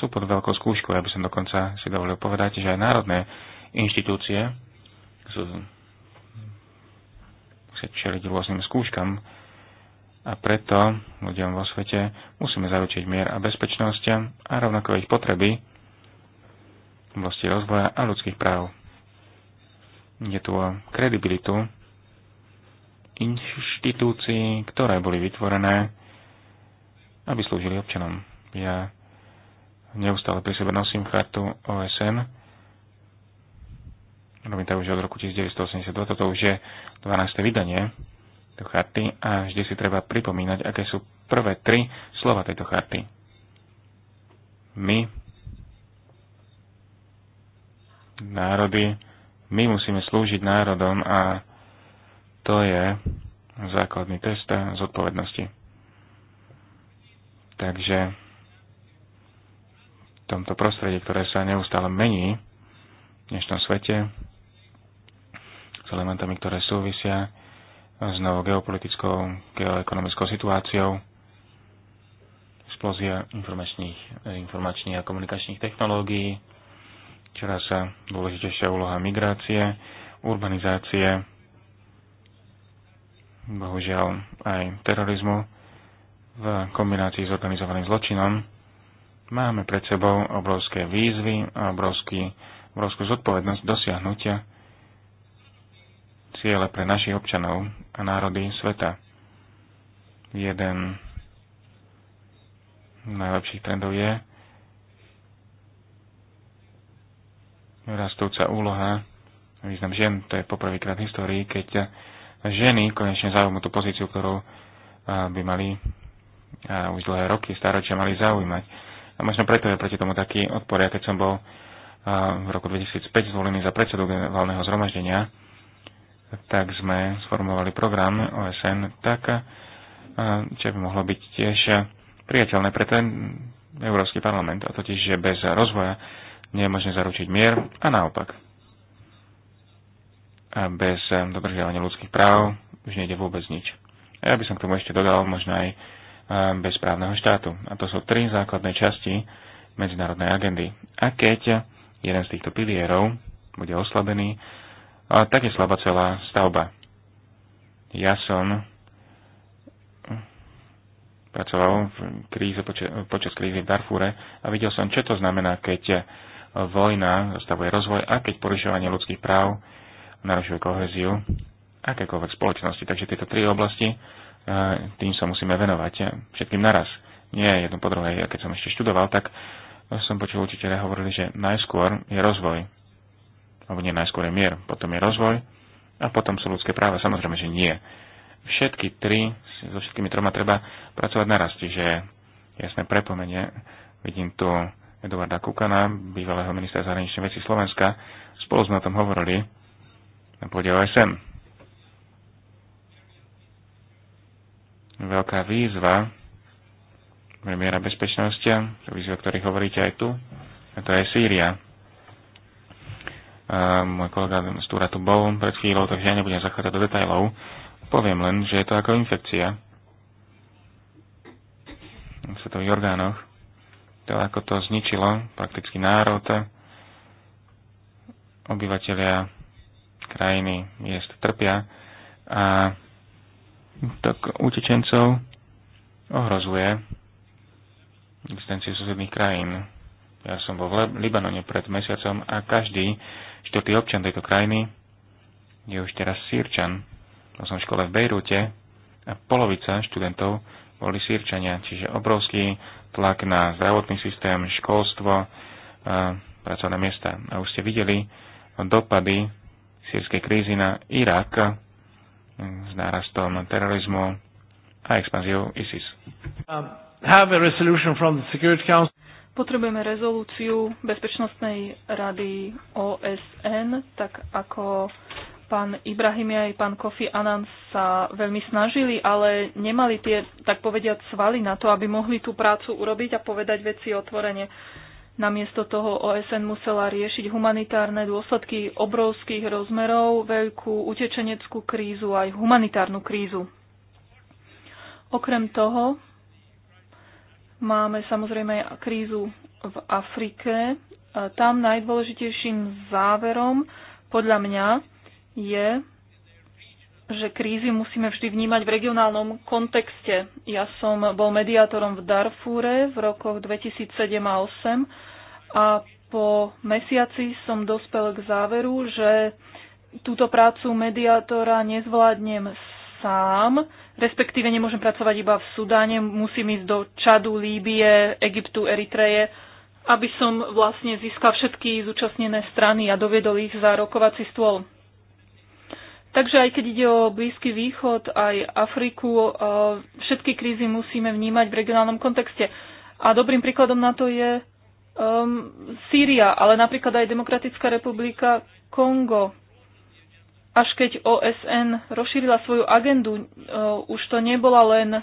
sú pod veľkou skúškou. Ja by som dokonca si dovolil povedať, že aj národné inštitúcie sú musia čeliť rôznym skúškam a preto ľuďom vo svete musíme zaručiť mier a bezpečnosť a rovnako ich potreby v oblasti rozvoja a ľudských práv je tu o kredibilitu inštitúcií, ktoré boli vytvorené, aby slúžili občanom. Ja neustále pri sebe nosím chartu OSN, robím to už od roku 1982, toto už je 12. vydanie tejto charty a vždy si treba pripomínať, aké sú prvé tri slova tejto charty. My, národy, my musíme slúžiť národom a to je základný test zodpovednosti. Takže v tomto prostredí, ktoré sa neustále mení v dnešnom svete, s elementami, ktoré súvisia s novou geopolitickou, geoekonomickou situáciou, explózia informačných, informačných a komunikačných technológií, sa dôležitejšia úloha migrácie, urbanizácie, bohužiaľ aj terorizmu v kombinácii s organizovaným zločinom. Máme pred sebou obrovské výzvy a obrovský, obrovskú zodpovednosť dosiahnutia ciele pre našich občanov a národy sveta. Jeden z najlepších trendov je, rastúca úloha, význam žien, to je poprvýkrát v histórii, keď ženy konečne zaujímajú tú pozíciu, ktorú eh, by mali a eh, už dlhé roky, staročia mali zaujímať. A možno preto je proti tomu taký odpor. Ja keď som bol eh, v roku 2005 zvolený za predsedu generálneho zhromaždenia, tak sme sformovali program OSN tak, čo by mohlo byť tiež priateľné pre ten Európsky parlament, a totiž, že bez rozvoja nie je možné zaručiť mier a naopak. A bez eh, dodržiavania ľudských práv už nejde vôbec nič. A ja by som k tomu ešte dodal možno aj eh, bez právneho štátu. A to sú tri základné časti medzinárodnej agendy. A keď jeden z týchto pilierov bude oslabený, a tak je slabá celá stavba. Ja som eh, pracoval v kríze, počas, počas krízy v Darfúre a videl som, čo to znamená, keď vojna zastavuje rozvoj a keď porušovanie ľudských práv narušuje koheziu akékoľvek spoločnosti. Takže tieto tri oblasti, e, tým sa musíme venovať všetkým naraz. Nie jedno po druhej. Ja keď som ešte študoval, tak som počul učiteľe hovorili, že najskôr je rozvoj. Alebo nie, najskôr je mier, potom je rozvoj a potom sú ľudské práva. Samozrejme, že nie. Všetky tri, so všetkými troma treba pracovať naraz, čiže jasné prepomenie. Vidím tu Eduarda Kukana, bývalého ministra zahraničných vecí Slovenska. Spolu sme o tom hovorili na pôde OSN. Veľká výzva premiéra bezpečnosti, výzva, o ktorých hovoríte aj tu, a to je Sýria. A môj kolega Túra tu bol pred chvíľou, takže ja nebudem zachádzať do detajlov. Poviem len, že je to ako infekcia v svetových orgánoch to, ako to zničilo prakticky národ, obyvateľia krajiny miest trpia a tak utečencov ohrozuje existenciu susedných krajín. Ja som bol v Libanone pred mesiacom a každý štvrtý občan tejto krajiny je už teraz sírčan. Bol som v škole v Bejrúte a polovica študentov boli sírčania, čiže obrovský tlak na zdravotný systém, školstvo, e, pracovné miesta. A už ste videli dopady sírskej krízy na Irak e, s nárastom terorizmu a expanziou ISIS. Um, Potrebujeme rezolúciu Bezpečnostnej rady OSN, tak ako Pán Ibrahim aj pán Kofi Annan sa veľmi snažili, ale nemali tie, tak povediať, svaly na to, aby mohli tú prácu urobiť a povedať veci otvorene. Namiesto toho OSN musela riešiť humanitárne dôsledky obrovských rozmerov, veľkú utečeneckú krízu aj humanitárnu krízu. Okrem toho máme samozrejme krízu v Afrike. Tam najdôležitejším záverom podľa mňa je, že krízy musíme vždy vnímať v regionálnom kontexte. Ja som bol mediátorom v Darfúre v rokoch 2007 a 2008 a po mesiaci som dospel k záveru, že túto prácu mediátora nezvládnem sám, respektíve nemôžem pracovať iba v Sudáne, musím ísť do Čadu, Líbie, Egyptu, Eritreje, aby som vlastne získal všetky zúčastnené strany a dovedol ich za rokovací stôl. Takže aj keď ide o Blízky východ, aj Afriku, všetky krízy musíme vnímať v regionálnom kontexte. A dobrým príkladom na to je um, Sýria, ale napríklad aj Demokratická republika Kongo. Až keď OSN rozšírila svoju agendu, uh, už to nebola len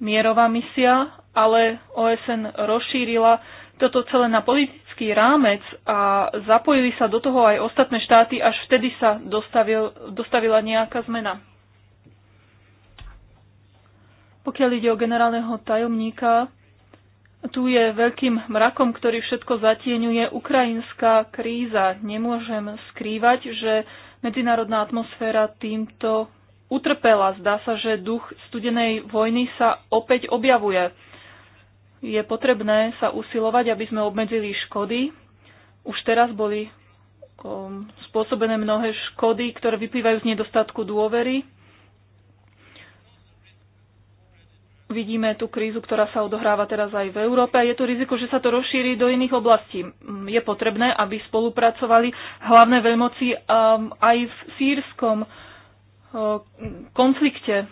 mierová misia, ale OSN rozšírila toto celé na politi- európsky rámec a zapojili sa do toho aj ostatné štáty, až vtedy sa dostavil, dostavila nejaká zmena. Pokiaľ ide o generálneho tajomníka, tu je veľkým mrakom, ktorý všetko zatieňuje ukrajinská kríza. Nemôžem skrývať, že medzinárodná atmosféra týmto utrpela. Zdá sa, že duch studenej vojny sa opäť objavuje je potrebné sa usilovať, aby sme obmedzili škody. Už teraz boli um, spôsobené mnohé škody, ktoré vyplývajú z nedostatku dôvery. Vidíme tú krízu, ktorá sa odohráva teraz aj v Európe. Je tu riziko, že sa to rozšíri do iných oblastí. Mm, je potrebné, aby spolupracovali hlavné veľmoci um, aj v sírskom um, konflikte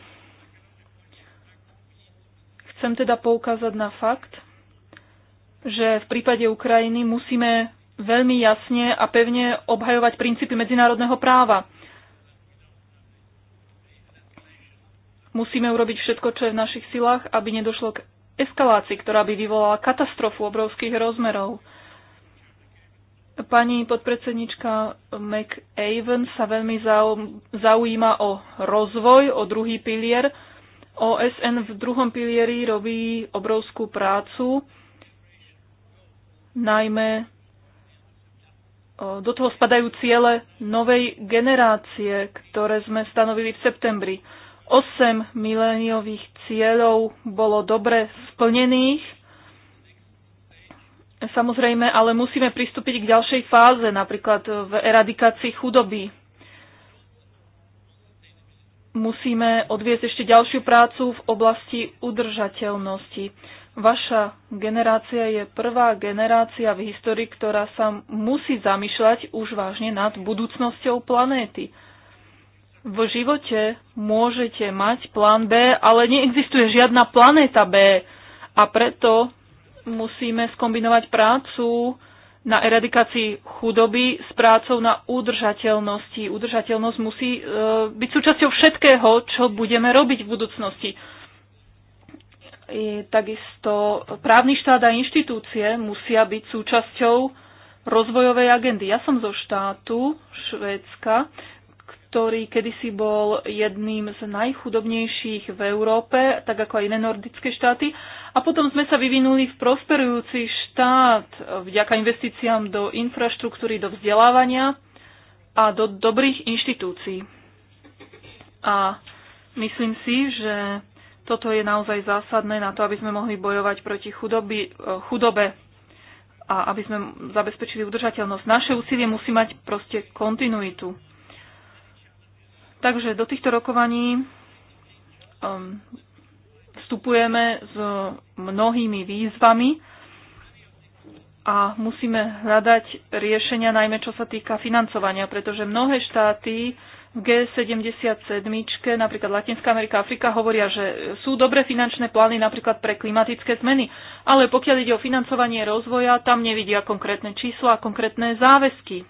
Chcem teda poukázať na fakt, že v prípade Ukrajiny musíme veľmi jasne a pevne obhajovať princípy medzinárodného práva. Musíme urobiť všetko, čo je v našich silách, aby nedošlo k eskalácii, ktorá by vyvolala katastrofu obrovských rozmerov. Pani podpredsednička McAven sa veľmi zaujíma o rozvoj, o druhý pilier OSN v druhom pilieri robí obrovskú prácu, najmä do toho spadajú ciele novej generácie, ktoré sme stanovili v septembri. 8 miléniových cieľov bolo dobre splnených. Samozrejme, ale musíme pristúpiť k ďalšej fáze, napríklad v eradikácii chudoby musíme odviesť ešte ďalšiu prácu v oblasti udržateľnosti. Vaša generácia je prvá generácia v histórii, ktorá sa musí zamýšľať už vážne nad budúcnosťou planéty. V živote môžete mať plán B, ale neexistuje žiadna planéta B a preto musíme skombinovať prácu na eradikácii chudoby s prácou na udržateľnosti. Udržateľnosť musí e, byť súčasťou všetkého, čo budeme robiť v budúcnosti. I, takisto právny štát a inštitúcie musia byť súčasťou rozvojovej agendy. Ja som zo štátu Švédska, ktorý kedysi bol jedným z najchudobnejších v Európe, tak ako aj iné nordické štáty. A potom sme sa vyvinuli v prosperujúci štát vďaka investíciám do infraštruktúry, do vzdelávania a do dobrých inštitúcií. A myslím si, že toto je naozaj zásadné na to, aby sme mohli bojovať proti chudoby, eh, chudobe a aby sme zabezpečili udržateľnosť. Naše úsilie musí mať proste kontinuitu. Takže do týchto rokovaní um, vstupujeme s mnohými výzvami a musíme hľadať riešenia najmä čo sa týka financovania, pretože mnohé štáty v G77, napríklad Latinská Amerika, Afrika, hovoria, že sú dobré finančné plány napríklad pre klimatické zmeny, ale pokiaľ ide o financovanie rozvoja, tam nevidia konkrétne čísla a konkrétne záväzky.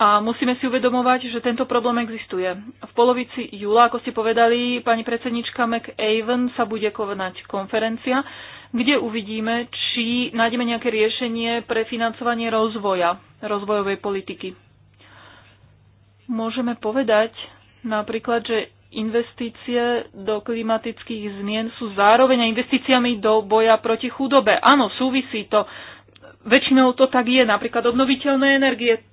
A musíme si uvedomovať, že tento problém existuje. V polovici júla, ako ste povedali, pani predsednička McAven sa bude konať konferencia, kde uvidíme, či nájdeme nejaké riešenie pre financovanie rozvoja, rozvojovej politiky. Môžeme povedať napríklad, že investície do klimatických zmien sú zároveň investíciami do boja proti chudobe. Áno, súvisí to. Väčšinou to tak je. Napríklad obnoviteľné energie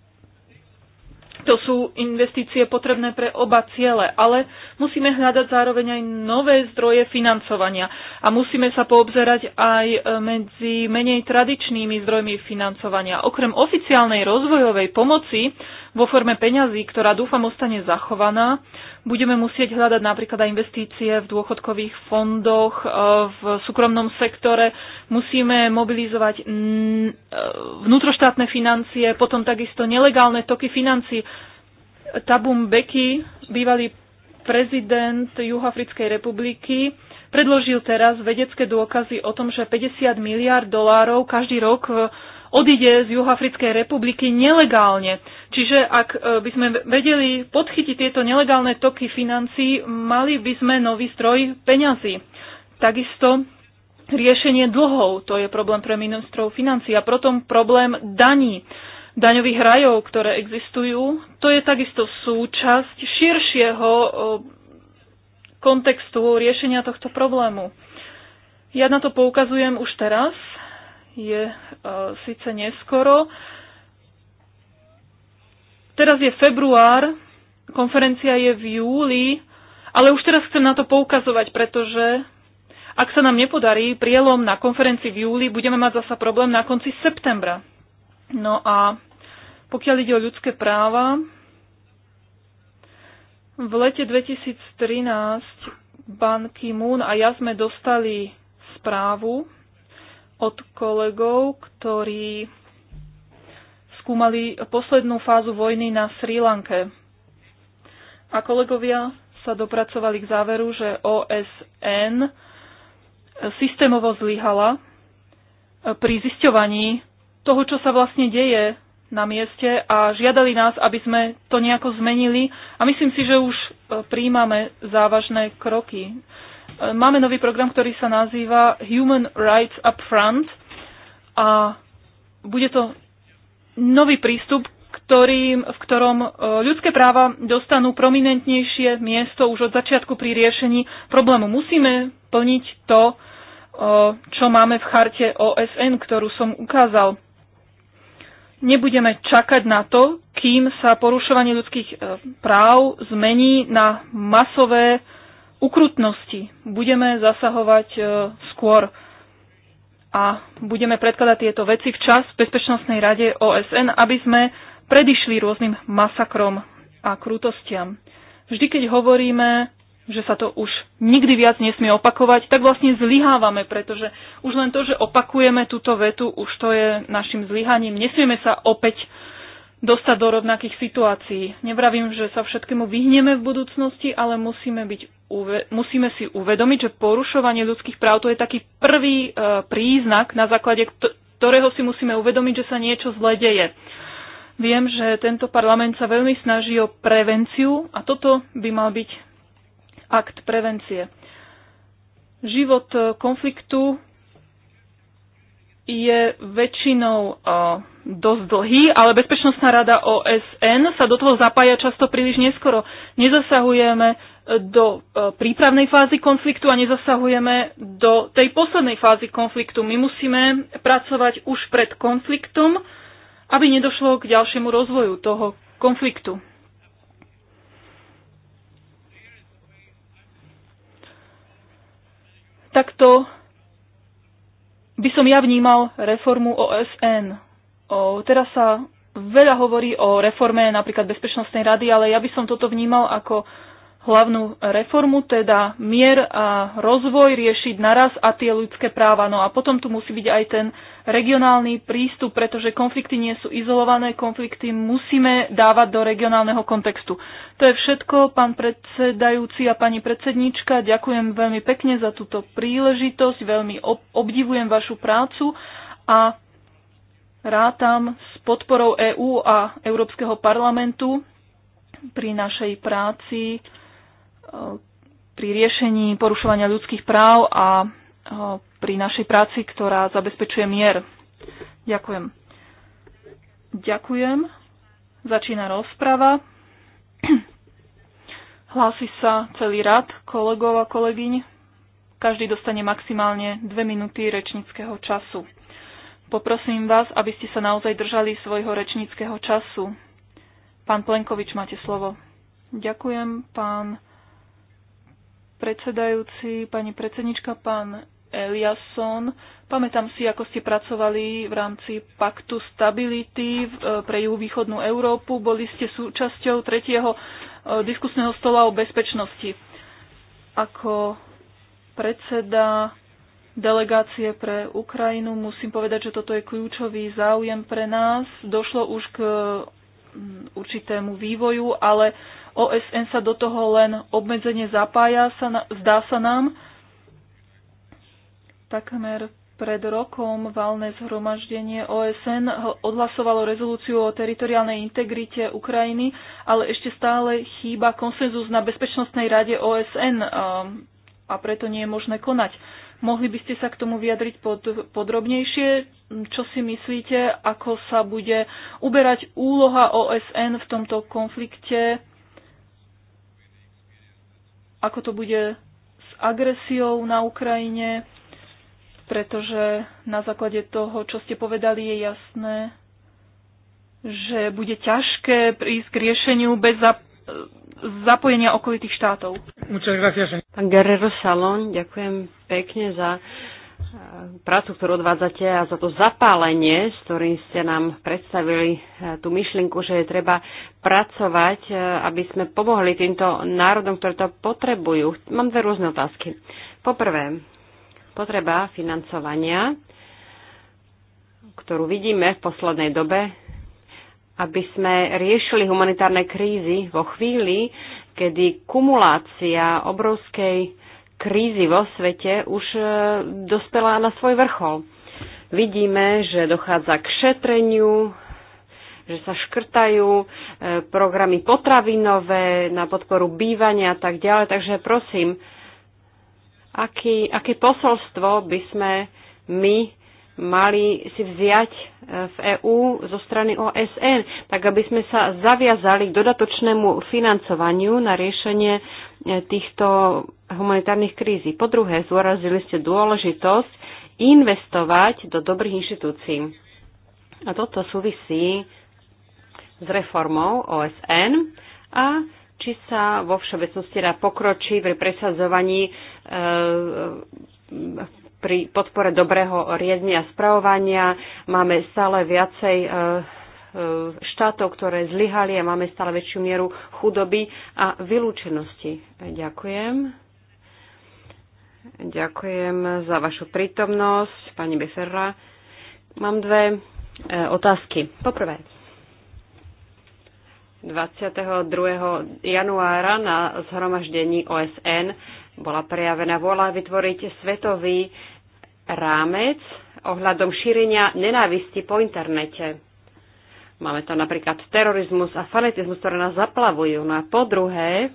to sú investície potrebné pre oba ciele, ale musíme hľadať zároveň aj nové zdroje financovania a musíme sa poobzerať aj e, medzi menej tradičnými zdrojmi financovania. Okrem oficiálnej rozvojovej pomoci vo forme peňazí, ktorá dúfam ostane zachovaná. Budeme musieť hľadať napríklad aj investície v dôchodkových fondoch, e, v súkromnom sektore. Musíme mobilizovať mm, e, vnútroštátne financie, potom takisto nelegálne toky financí. Tabum Beki, bývalý prezident Juhoafrickej republiky, predložil teraz vedecké dôkazy o tom, že 50 miliard dolárov každý rok e, odíde z Juhoafrickej republiky nelegálne. Čiže ak e, by sme vedeli podchytiť tieto nelegálne toky financí, mali by sme nový stroj peňazí. Takisto riešenie dlhov, to je problém pre ministrov financí a potom problém daní daňových rajov, ktoré existujú, to je takisto súčasť širšieho e, kontextu riešenia tohto problému. Ja na to poukazujem už teraz je e, síce neskoro. Teraz je február, konferencia je v júli, ale už teraz chcem na to poukazovať, pretože ak sa nám nepodarí prielom na konferencii v júli, budeme mať zasa problém na konci septembra. No a pokiaľ ide o ľudské práva, v lete 2013 Ban Ki-moon a ja sme dostali správu od kolegov, ktorí skúmali poslednú fázu vojny na Sri Lanke. A kolegovia sa dopracovali k záveru, že OSN systémovo zlyhala pri zisťovaní toho, čo sa vlastne deje na mieste a žiadali nás, aby sme to nejako zmenili a myslím si, že už príjmame závažné kroky. Máme nový program, ktorý sa nazýva Human Rights Upfront a bude to nový prístup, ktorým, v ktorom e, ľudské práva dostanú prominentnejšie miesto už od začiatku pri riešení problému. Musíme plniť to, e, čo máme v charte OSN, ktorú som ukázal. Nebudeme čakať na to, kým sa porušovanie ľudských e, práv zmení na masové ukrutnosti. Budeme zasahovať e, skôr a budeme predkladať tieto veci včas v Bezpečnostnej rade OSN, aby sme predišli rôznym masakrom a krutostiam. Vždy, keď hovoríme, že sa to už nikdy viac nesmie opakovať, tak vlastne zlyhávame, pretože už len to, že opakujeme túto vetu, už to je našim zlyhaním. Nesmieme sa opäť dostať do rovnakých situácií. Nevravím, že sa všetkému vyhneme v budúcnosti, ale musíme, byť, musíme si uvedomiť, že porušovanie ľudských práv to je taký prvý uh, príznak, na základe ktorého si musíme uvedomiť, že sa niečo zle deje. Viem, že tento parlament sa veľmi snaží o prevenciu a toto by mal byť akt prevencie. Život e, konfliktu je väčšinou eh, dosť dlhý, ale Bezpečnostná rada OSN sa do toho zapája často príliš neskoro. Nezasahujeme eh, do eh, prípravnej fázy konfliktu a nezasahujeme do tej poslednej fázy konfliktu. My musíme pracovať už pred konfliktom, aby nedošlo k ďalšiemu rozvoju toho konfliktu. Takto by som ja vnímal reformu OSN. O, teraz sa veľa hovorí o reforme napríklad Bezpečnostnej rady, ale ja by som toto vnímal ako hlavnú reformu, teda mier a rozvoj riešiť naraz a tie ľudské práva. No a potom tu musí byť aj ten regionálny prístup, pretože konflikty nie sú izolované, konflikty musíme dávať do regionálneho kontextu. To je všetko, pán predsedajúci a pani predsednička. Ďakujem veľmi pekne za túto príležitosť, veľmi obdivujem vašu prácu a rátam s podporou EÚ a Európskeho parlamentu pri našej práci pri riešení porušovania ľudských práv a pri našej práci, ktorá zabezpečuje mier. Ďakujem. Ďakujem. Začína rozprava. Hlási sa celý rad kolegov a kolegyň. Každý dostane maximálne dve minúty rečníckého času. Poprosím vás, aby ste sa naozaj držali svojho rečníckého času. Pán Plenkovič, máte slovo. Ďakujem, pán predsedajúci, pani predsednička, pán Eliasson. Pamätám si, ako ste pracovali v rámci Paktu Stability e, pre východnú Európu. Boli ste súčasťou tretieho e, diskusného stola o bezpečnosti. Ako predseda delegácie pre Ukrajinu musím povedať, že toto je kľúčový záujem pre nás. Došlo už k určitému vývoju, ale OSN sa do toho len obmedzenie zapája, sa na, zdá sa nám. Takmer pred rokom valné zhromaždenie OSN odhlasovalo rezolúciu o teritoriálnej integrite Ukrajiny, ale ešte stále chýba konsenzus na Bezpečnostnej rade OSN a preto nie je možné konať. Mohli by ste sa k tomu vyjadriť pod, podrobnejšie? Čo si myslíte, ako sa bude uberať úloha OSN v tomto konflikte? ako to bude s agresiou na Ukrajine, pretože na základe toho, čo ste povedali, je jasné, že bude ťažké prísť k riešeniu bez zap- zapojenia okolitých štátov. Pán Guerrero Salón, ďakujem pekne za prácu, ktorú odvádzate a za to zapálenie, s ktorým ste nám predstavili eh, tú myšlienku, že je treba pracovať, eh, aby sme pomohli týmto národom, ktoré to potrebujú. Mám dve rôzne otázky. Poprvé, potreba financovania, ktorú vidíme v poslednej dobe, aby sme riešili humanitárne krízy vo chvíli, kedy kumulácia obrovskej krízy vo svete už e, dospela na svoj vrchol. Vidíme, že dochádza k šetreniu, že sa škrtajú e, programy potravinové na podporu bývania a tak ďalej. Takže prosím, aký, aké posolstvo by sme my mali si vziať e, v EÚ zo strany OSN, tak aby sme sa zaviazali k dodatočnému financovaniu na riešenie týchto humanitárnych krízy. Po druhé, zdôrazili ste dôležitosť investovať do dobrých inštitúcií. A toto súvisí s reformou OSN a či sa vo všeobecnosti dá pokročí pri presadzovaní e, pri podpore dobrého riadenia a spravovania. Máme stále viacej e, e štátov, ktoré zlyhali a máme stále väčšiu mieru chudoby a vylúčenosti. Ďakujem. Ďakujem za vašu prítomnosť, pani Beferra. Mám dve e, otázky. Poprvé, 22. januára na zhromaždení OSN bola prejavená vola vytvoriť svetový rámec ohľadom šírenia nenávisti po internete. Máme tam napríklad terorizmus a fanatizmus, ktoré nás zaplavujú. No a po druhé,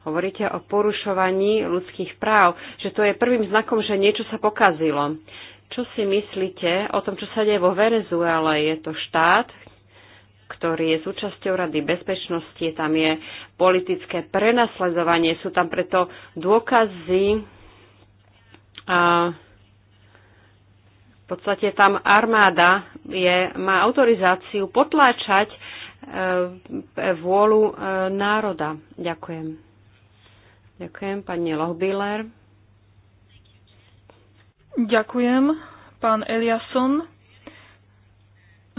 Hovoríte o porušovaní ľudských práv, že to je prvým znakom, že niečo sa pokazilo. Čo si myslíte o tom, čo sa deje vo Venezuele? Je to štát, ktorý je súčasťou Rady bezpečnosti, tam je politické prenasledovanie, sú tam preto dôkazy. A v podstate tam armáda je, má autorizáciu potláčať e, vôľu e, národa. Ďakujem. Ďakujem. Pani Lohbiller. Ďakujem, pán Eliasson,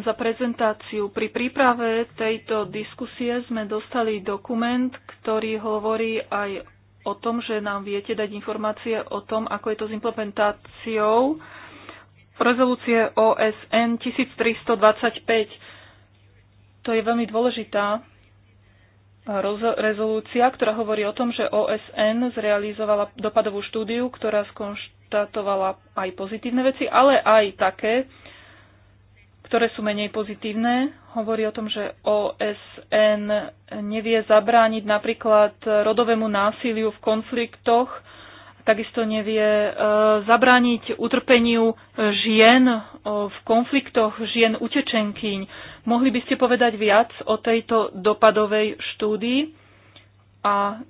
za prezentáciu. Pri príprave tejto diskusie sme dostali dokument, ktorý hovorí aj o tom, že nám viete dať informácie o tom, ako je to s implementáciou rezolúcie OSN 1325. To je veľmi dôležitá rezolúcia, ktorá hovorí o tom, že OSN zrealizovala dopadovú štúdiu, ktorá skonštatovala aj pozitívne veci, ale aj také, ktoré sú menej pozitívne. Hovorí o tom, že OSN nevie zabrániť napríklad rodovému násiliu v konfliktoch takisto nevie e, zabrániť utrpeniu žien e, v konfliktoch, žien utečenkyň. Mohli by ste povedať viac o tejto dopadovej štúdii a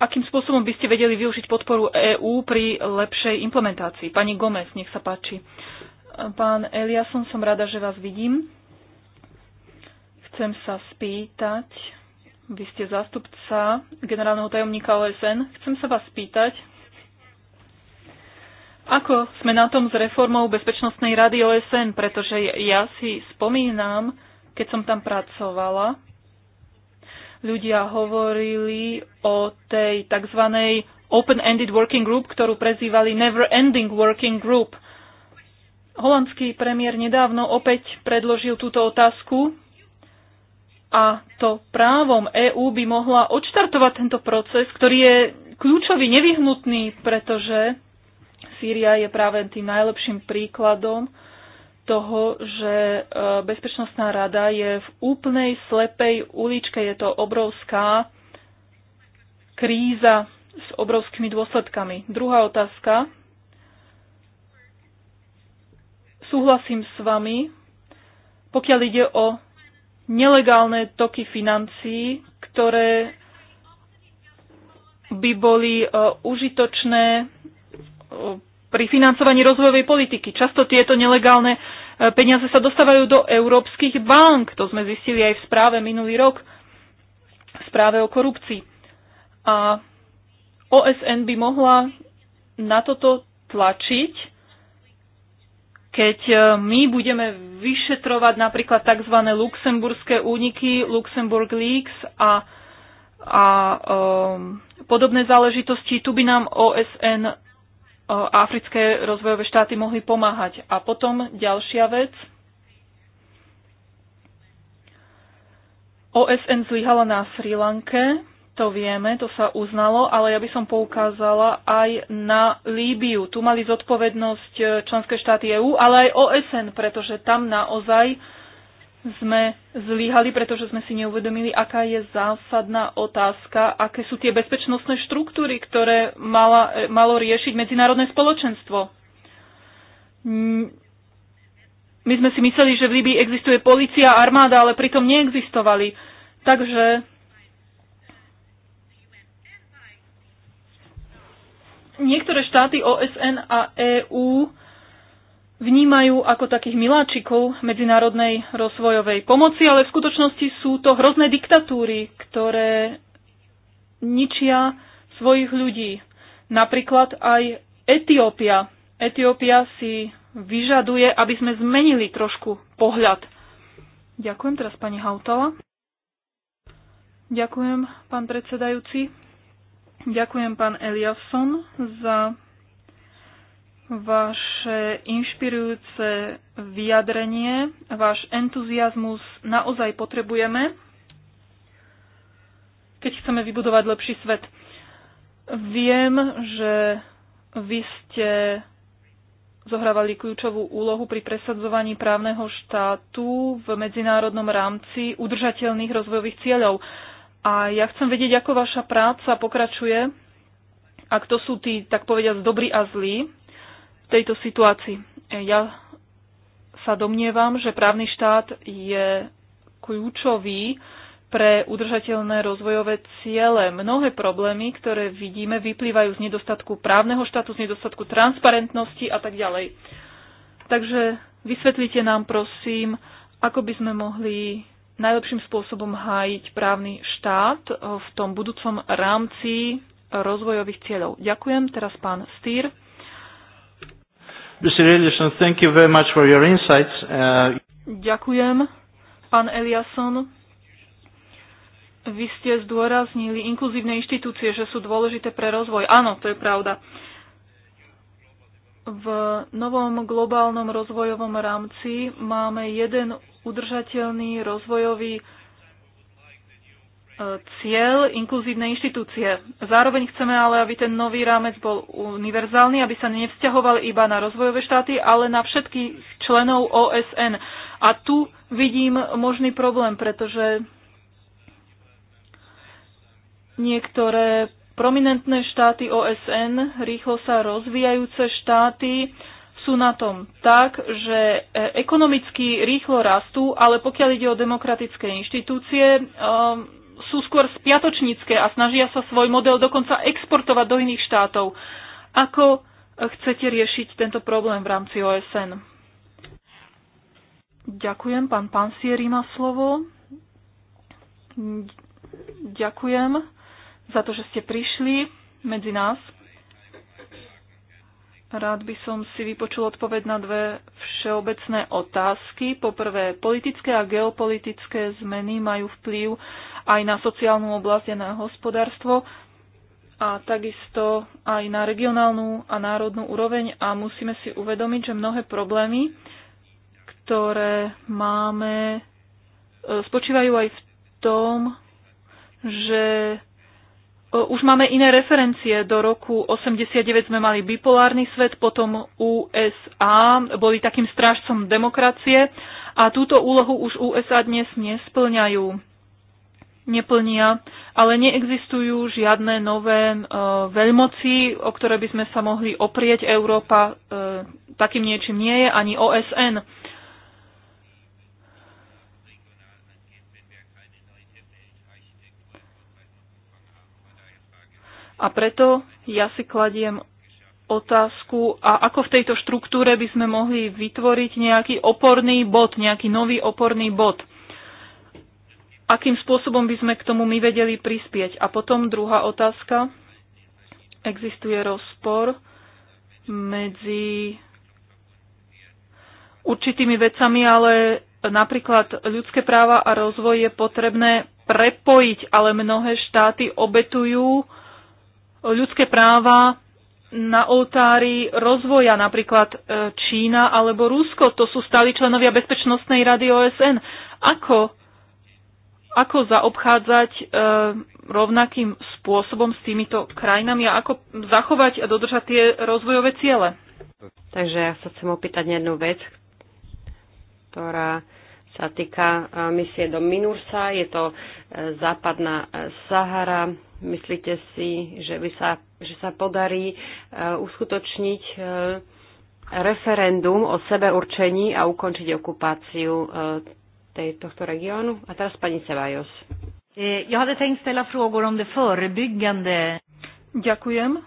akým spôsobom by ste vedeli využiť podporu EÚ pri lepšej implementácii? Pani Gomez, nech sa páči. Pán Eliasson, som rada, že vás vidím. Chcem sa spýtať, vy ste zástupca generálneho tajomníka OSN. Chcem sa vás spýtať, ako sme na tom s reformou Bezpečnostnej rady OSN, pretože ja si spomínam, keď som tam pracovala, ľudia hovorili o tej tzv. open-ended working group, ktorú prezývali never-ending working group. Holandský premiér nedávno opäť predložil túto otázku a to právom EÚ by mohla odštartovať tento proces, ktorý je kľúčový, nevyhnutný, pretože Sýria je práve tým najlepším príkladom toho, že e, Bezpečnostná rada je v úplnej slepej uličke. Je to obrovská kríza s obrovskými dôsledkami. Druhá otázka. Súhlasím s vami, pokiaľ ide o nelegálne toky financií, ktoré by boli e, užitočné e, pri financovaní rozvojovej politiky. Často tieto nelegálne e, peniaze sa dostávajú do európskych bank. To sme zistili aj v správe minulý rok, v správe o korupcii. A OSN by mohla na toto tlačiť, keď e, my budeme vyšetrovať napríklad tzv. luxemburské úniky, Luxemburg Leaks a, a um, podobné záležitosti. Tu by nám OSN africké rozvojové štáty mohli pomáhať. A potom ďalšia vec. OSN zlyhala na Sri Lanke, to vieme, to sa uznalo, ale ja by som poukázala aj na Líbiu. Tu mali zodpovednosť eh, členské štáty EÚ, ale aj OSN, pretože tam naozaj sme zlíhali, pretože sme si neuvedomili, aká je zásadná otázka, aké sú tie bezpečnostné štruktúry, ktoré mala, e, malo riešiť medzinárodné spoločenstvo. Mm, my sme si mysleli, že v Líbii existuje policia a armáda, ale pritom neexistovali. Takže niektoré štáty OSN a EÚ vnímajú ako takých miláčikov medzinárodnej rozvojovej pomoci, ale v skutočnosti sú to hrozné diktatúry, ktoré ničia svojich ľudí. Napríklad aj Etiópia. Etiópia si vyžaduje, aby sme zmenili trošku pohľad. Ďakujem teraz pani Hautala. Ďakujem, pán predsedajúci. Ďakujem, pán Eliasson, za vaše inšpirujúce vyjadrenie, váš entuziasmus naozaj potrebujeme, keď chceme vybudovať lepší svet. Viem, že vy ste zohrávali kľúčovú úlohu pri presadzovaní právneho štátu v medzinárodnom rámci udržateľných rozvojových cieľov. A ja chcem vedieť, ako vaša práca pokračuje, ak to sú tí, tak povediať, dobrí a zlí tejto situácii. Ja sa domnievam, že právny štát je kľúčový pre udržateľné rozvojové ciele. Mnohé problémy, ktoré vidíme, vyplývajú z nedostatku právneho štátu, z nedostatku transparentnosti a tak ďalej. Takže vysvetlite nám prosím, ako by sme mohli najlepším spôsobom hájiť právny štát v tom budúcom rámci rozvojových cieľov. Ďakujem. Teraz pán Stýr. Uh, Ďakujem, pán Eliasson. Vy ste zdôraznili inkluzívne inštitúcie, že sú dôležité pre rozvoj. Áno, to je pravda. V novom globálnom rozvojovom rámci máme jeden udržateľný rozvojový cieľ inkluzívnej inštitúcie. Zároveň chceme ale, aby ten nový rámec bol univerzálny, aby sa nevzťahoval iba na rozvojové štáty, ale na všetkých členov OSN. A tu vidím možný problém, pretože niektoré prominentné štáty OSN, rýchlo sa rozvíjajúce štáty, sú na tom tak, že e, ekonomicky rýchlo rastú, ale pokiaľ ide o demokratické inštitúcie, e, sú skôr spiatočnícke a snažia sa svoj model dokonca exportovať do iných štátov. Ako chcete riešiť tento problém v rámci OSN? Ďakujem. Pán Pansieri má slovo. Ďakujem za to, že ste prišli medzi nás. Rád by som si vypočul odpoveď na dve všeobecné otázky. Poprvé, politické a geopolitické zmeny majú vplyv aj na sociálnu oblasť a na hospodárstvo a takisto aj na regionálnu a národnú úroveň a musíme si uvedomiť, že mnohé problémy, ktoré máme, e, spočívajú aj v tom, že E, už máme iné referencie. Do roku 89 sme mali bipolárny svet, potom USA boli takým strážcom demokracie a túto úlohu už USA dnes nesplňajú. Neplnia, ale neexistujú žiadne nové e, veľmoci, o ktoré by sme sa mohli oprieť. Európa e, takým niečím nie je, ani OSN. A preto ja si kladiem otázku, a ako v tejto štruktúre by sme mohli vytvoriť nejaký oporný bod, nejaký nový oporný bod. Akým spôsobom by sme k tomu my vedeli prispieť? A potom druhá otázka. Existuje rozpor medzi určitými vecami, ale napríklad ľudské práva a rozvoj je potrebné prepojiť, ale mnohé štáty obetujú ľudské práva na oltári rozvoja, napríklad e, Čína alebo Rusko. To sú stáli členovia Bezpečnostnej rady OSN. Ako, ako zaobchádzať e, rovnakým spôsobom s týmito krajinami a ako zachovať a dodržať tie rozvojové ciele? Takže ja sa chcem opýtať jednu vec, ktorá sa týka e, misie do Minursa. Je to e, západná Sahara, Myslíte si, že, by sa, že sa podarí e, uskutočniť e, referendum o sebeurčení a ukončiť okupáciu e, tohto regiónu? A teraz pani Sevajos. Eh, ja hade tänkt ställa frågor om det förebyggande. Ďakujem.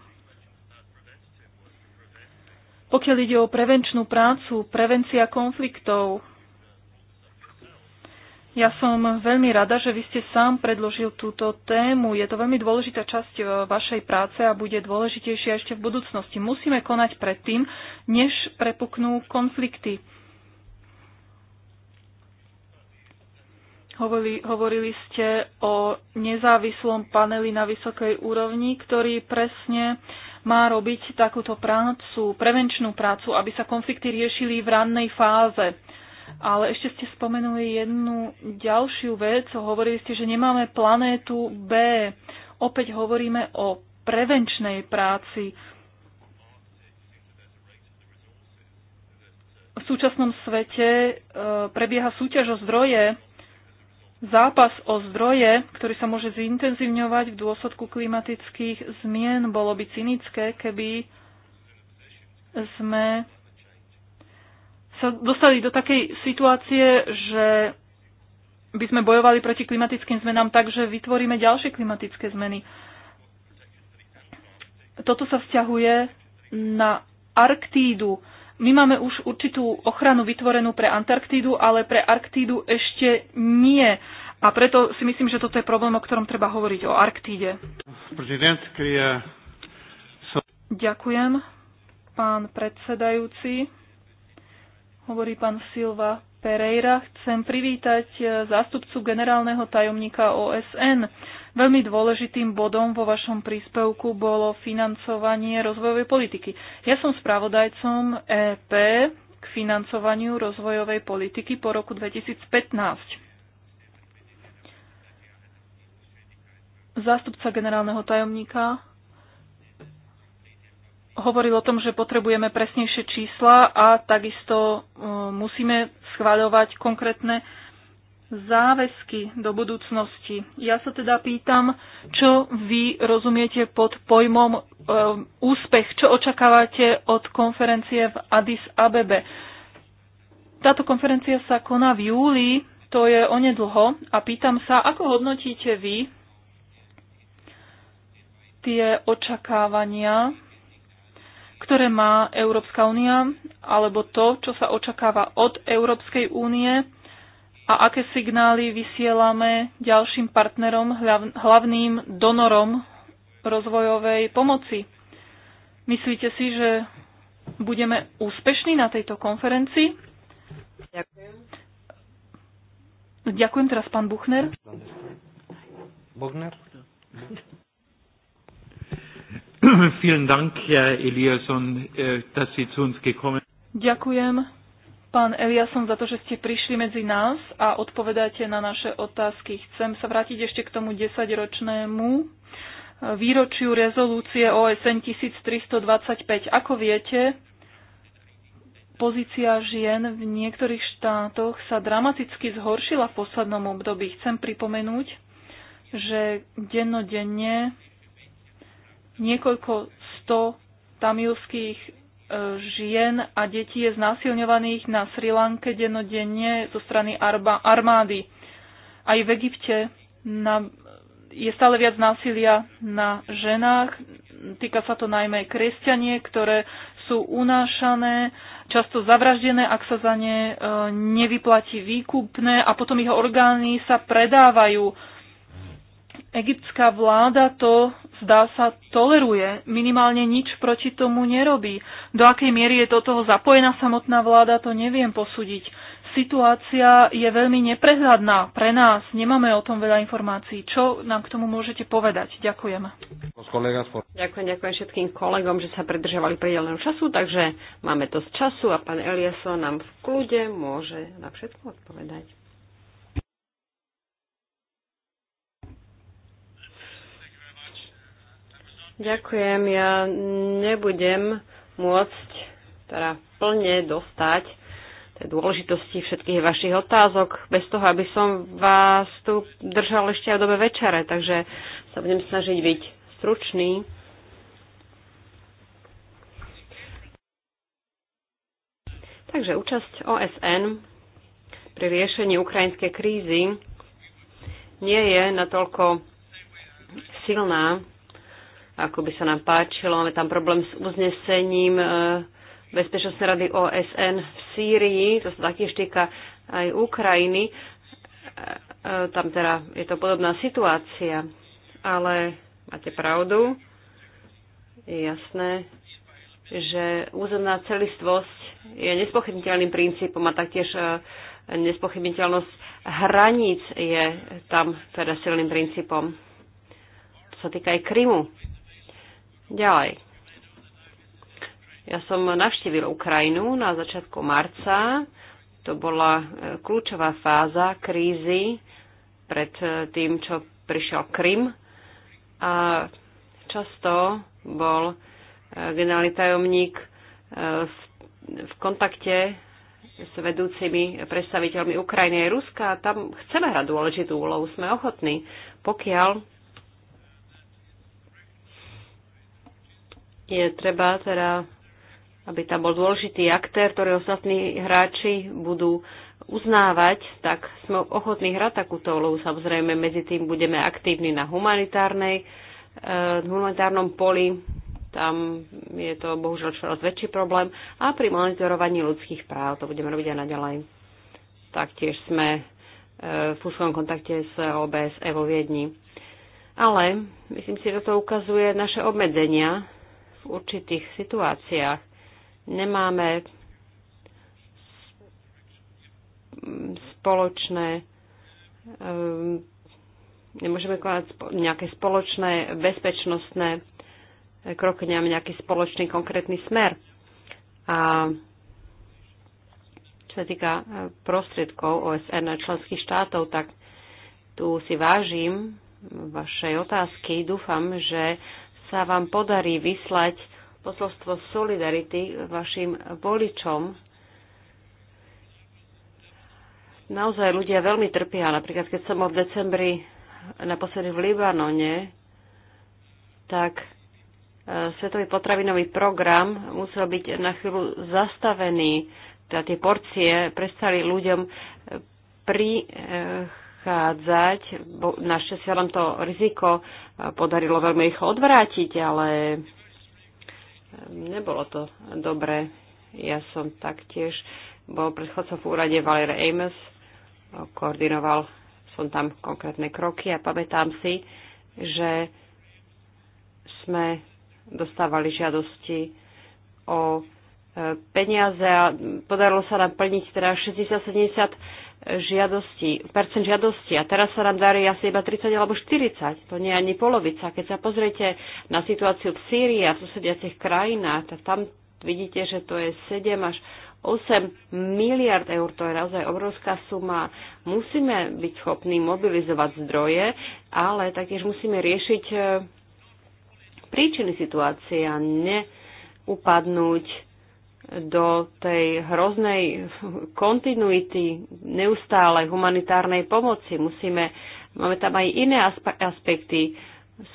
Pokiaľ ide o prevenčnú prácu, prevencia konfliktov, ja som veľmi rada, že vy ste sám predložil túto tému. Je to veľmi dôležitá časť e, vašej práce a bude dôležitejšia ešte v budúcnosti. Musíme konať predtým, než prepuknú konflikty. Hovorili, hovorili ste o nezávislom paneli na vysokej úrovni, ktorý presne má robiť takúto prácu, prevenčnú prácu, aby sa konflikty riešili v rannej fáze ale ešte ste spomenuli jednu ďalšiu vec. Hovorili ste, že nemáme planétu B. Opäť hovoríme o prevenčnej práci. V súčasnom svete e, prebieha súťaž o zdroje, zápas o zdroje, ktorý sa môže zintenzívňovať v dôsledku klimatických zmien. Bolo by cynické, keby sme sa dostali do takej situácie, že by sme bojovali proti klimatickým zmenám tak, že vytvoríme ďalšie klimatické zmeny. Toto sa vzťahuje na Arktídu. My máme už určitú ochranu vytvorenú pre Antarktídu, ale pre Arktídu ešte nie. A preto si myslím, že toto je problém, o ktorom treba hovoriť, o Arktíde. Ďakujem, pán predsedajúci hovorí pán Silva Pereira. Chcem privítať e, zástupcu generálneho tajomníka OSN. Veľmi dôležitým bodom vo vašom príspevku bolo financovanie rozvojovej politiky. Ja som spravodajcom EP k financovaniu rozvojovej politiky po roku 2015. Zástupca generálneho tajomníka hovoril o tom, že potrebujeme presnejšie čísla a takisto e, musíme schváľovať konkrétne záväzky do budúcnosti. Ja sa teda pýtam, čo vy rozumiete pod pojmom e, úspech, čo očakávate od konferencie v Addis Abebe. Táto konferencia sa koná v júli, to je onedlho, a pýtam sa, ako hodnotíte vy tie očakávania ktoré má Európska únia, alebo to, čo sa očakáva od Európskej únie a aké signály vysielame ďalším partnerom, hlavným donorom rozvojovej pomoci. Myslíte si, že budeme úspešní na tejto konferencii? Ďakujem. Ďakujem teraz pán Buchner. Buchner? Vielen Dank, Herr Eliasson, äh, dass Sie zu uns gekommen Ďakujem, pán Eliasson, za to, že ste prišli medzi nás a odpovedáte na naše otázky. Chcem sa vrátiť ešte k tomu desaťročnému e, výročiu rezolúcie OSN 1325. Ako viete, pozícia žien v niektorých štátoch sa dramaticky zhoršila v poslednom období. Chcem pripomenúť, že dennodenne niekoľko sto tamilských e, žien a detí je znásilňovaných na Sri Lanke denodenne zo strany armády. Aj v Egypte na, je stále viac násilia na ženách. Týka sa to najmä kresťanie, ktoré sú unášané, často zavraždené, ak sa za ne e, nevyplatí výkupné a potom ich orgány sa predávajú. Egyptská vláda to zdá sa, toleruje. Minimálne nič proti tomu nerobí. Do akej miery je do toho zapojená samotná vláda, to neviem posúdiť. Situácia je veľmi neprehľadná pre nás. Nemáme o tom veľa informácií. Čo nám k tomu môžete povedať? Ďakujem. Ďakujem, ďakujem všetkým kolegom, že sa predržiavali prideleného času, takže máme dosť času a pán Eliasson nám v kľude môže na všetko odpovedať. Ďakujem. Ja nebudem môcť teda plne dostať tej dôležitosti všetkých vašich otázok, bez toho, aby som vás tu držal ešte aj v dobe večere, takže sa budem snažiť byť stručný. Takže účasť OSN pri riešení ukrajinskej krízy nie je natoľko silná, ako by sa nám páčilo. Máme tam problém s uznesením e, Bezpečnostnej rady OSN v Sýrii, to sa taktiež týka aj Ukrajiny. E, e, tam teda je to podobná situácia, ale máte pravdu, je jasné, že územná celistvosť je nespochybniteľným princípom a taktiež nespochybniteľnosť hraníc je tam teda silným princípom. To sa týka aj Krymu. Ďalej. Ja som navštívil Ukrajinu na začiatku marca. To bola e, kľúčová fáza krízy pred e, tým, čo prišiel Krym. A často bol e, generálny tajomník v, v kontakte s vedúcimi predstaviteľmi Ukrajiny a Ruska a tam chceme hrať dôležitú úlohu, sme ochotní, pokiaľ je treba teda, aby tam bol dôležitý aktér, ktorý ostatní hráči budú uznávať, tak sme ochotní hrať takúto úlohu. Samozrejme, medzi tým budeme aktívni na humanitárnej, eh, humanitárnom poli, tam je to bohužiaľ čoraz väčší problém a pri monitorovaní ľudských práv to budeme robiť aj naďalej. Taktiež sme eh, v úzkom kontakte s OBS e vo Viedni. Ale myslím si, že to ukazuje naše obmedzenia, v určitých situáciách. Nemáme spoločné nemôžeme kladať nejaké spoločné bezpečnostné kroky, nemáme nejaký spoločný konkrétny smer. A čo sa týka eh, prostriedkov OSN a členských štátov, tak tu si vážim vašej otázky. Dúfam, že sa vám podarí vyslať posolstvo solidarity vašim voličom. Naozaj ľudia veľmi trpia. Napríklad, keď som v decembri naposledy v Libanone, tak e, Svetový potravinový program musel byť na chvíľu zastavený. Teda tie porcie prestali ľuďom pri, e, predchádzať. Našťastie sa nám to riziko e, podarilo veľmi rýchlo odvrátiť, ale e, nebolo to dobre. Ja som taktiež bol predchodcov v úrade Valer Ames, e, koordinoval som tam konkrétne kroky a pamätám si, že sme dostávali žiadosti o peniaze a podarilo sa nám plniť teda 60-70 žiadosti, percent žiadosti a teraz sa nám darí asi iba 30 alebo 40. To nie je ani polovica. Keď sa pozriete na situáciu v Sýrii a v susediacich krajinách, tak tam vidíte, že to je 7 až 8 miliard eur, to je naozaj obrovská suma. Musíme byť schopní mobilizovať zdroje, ale taktiež musíme riešiť eh, príčiny situácie a neupadnúť do tej hroznej kontinuity neustále humanitárnej pomoci. Musíme, máme tam aj iné aspekty.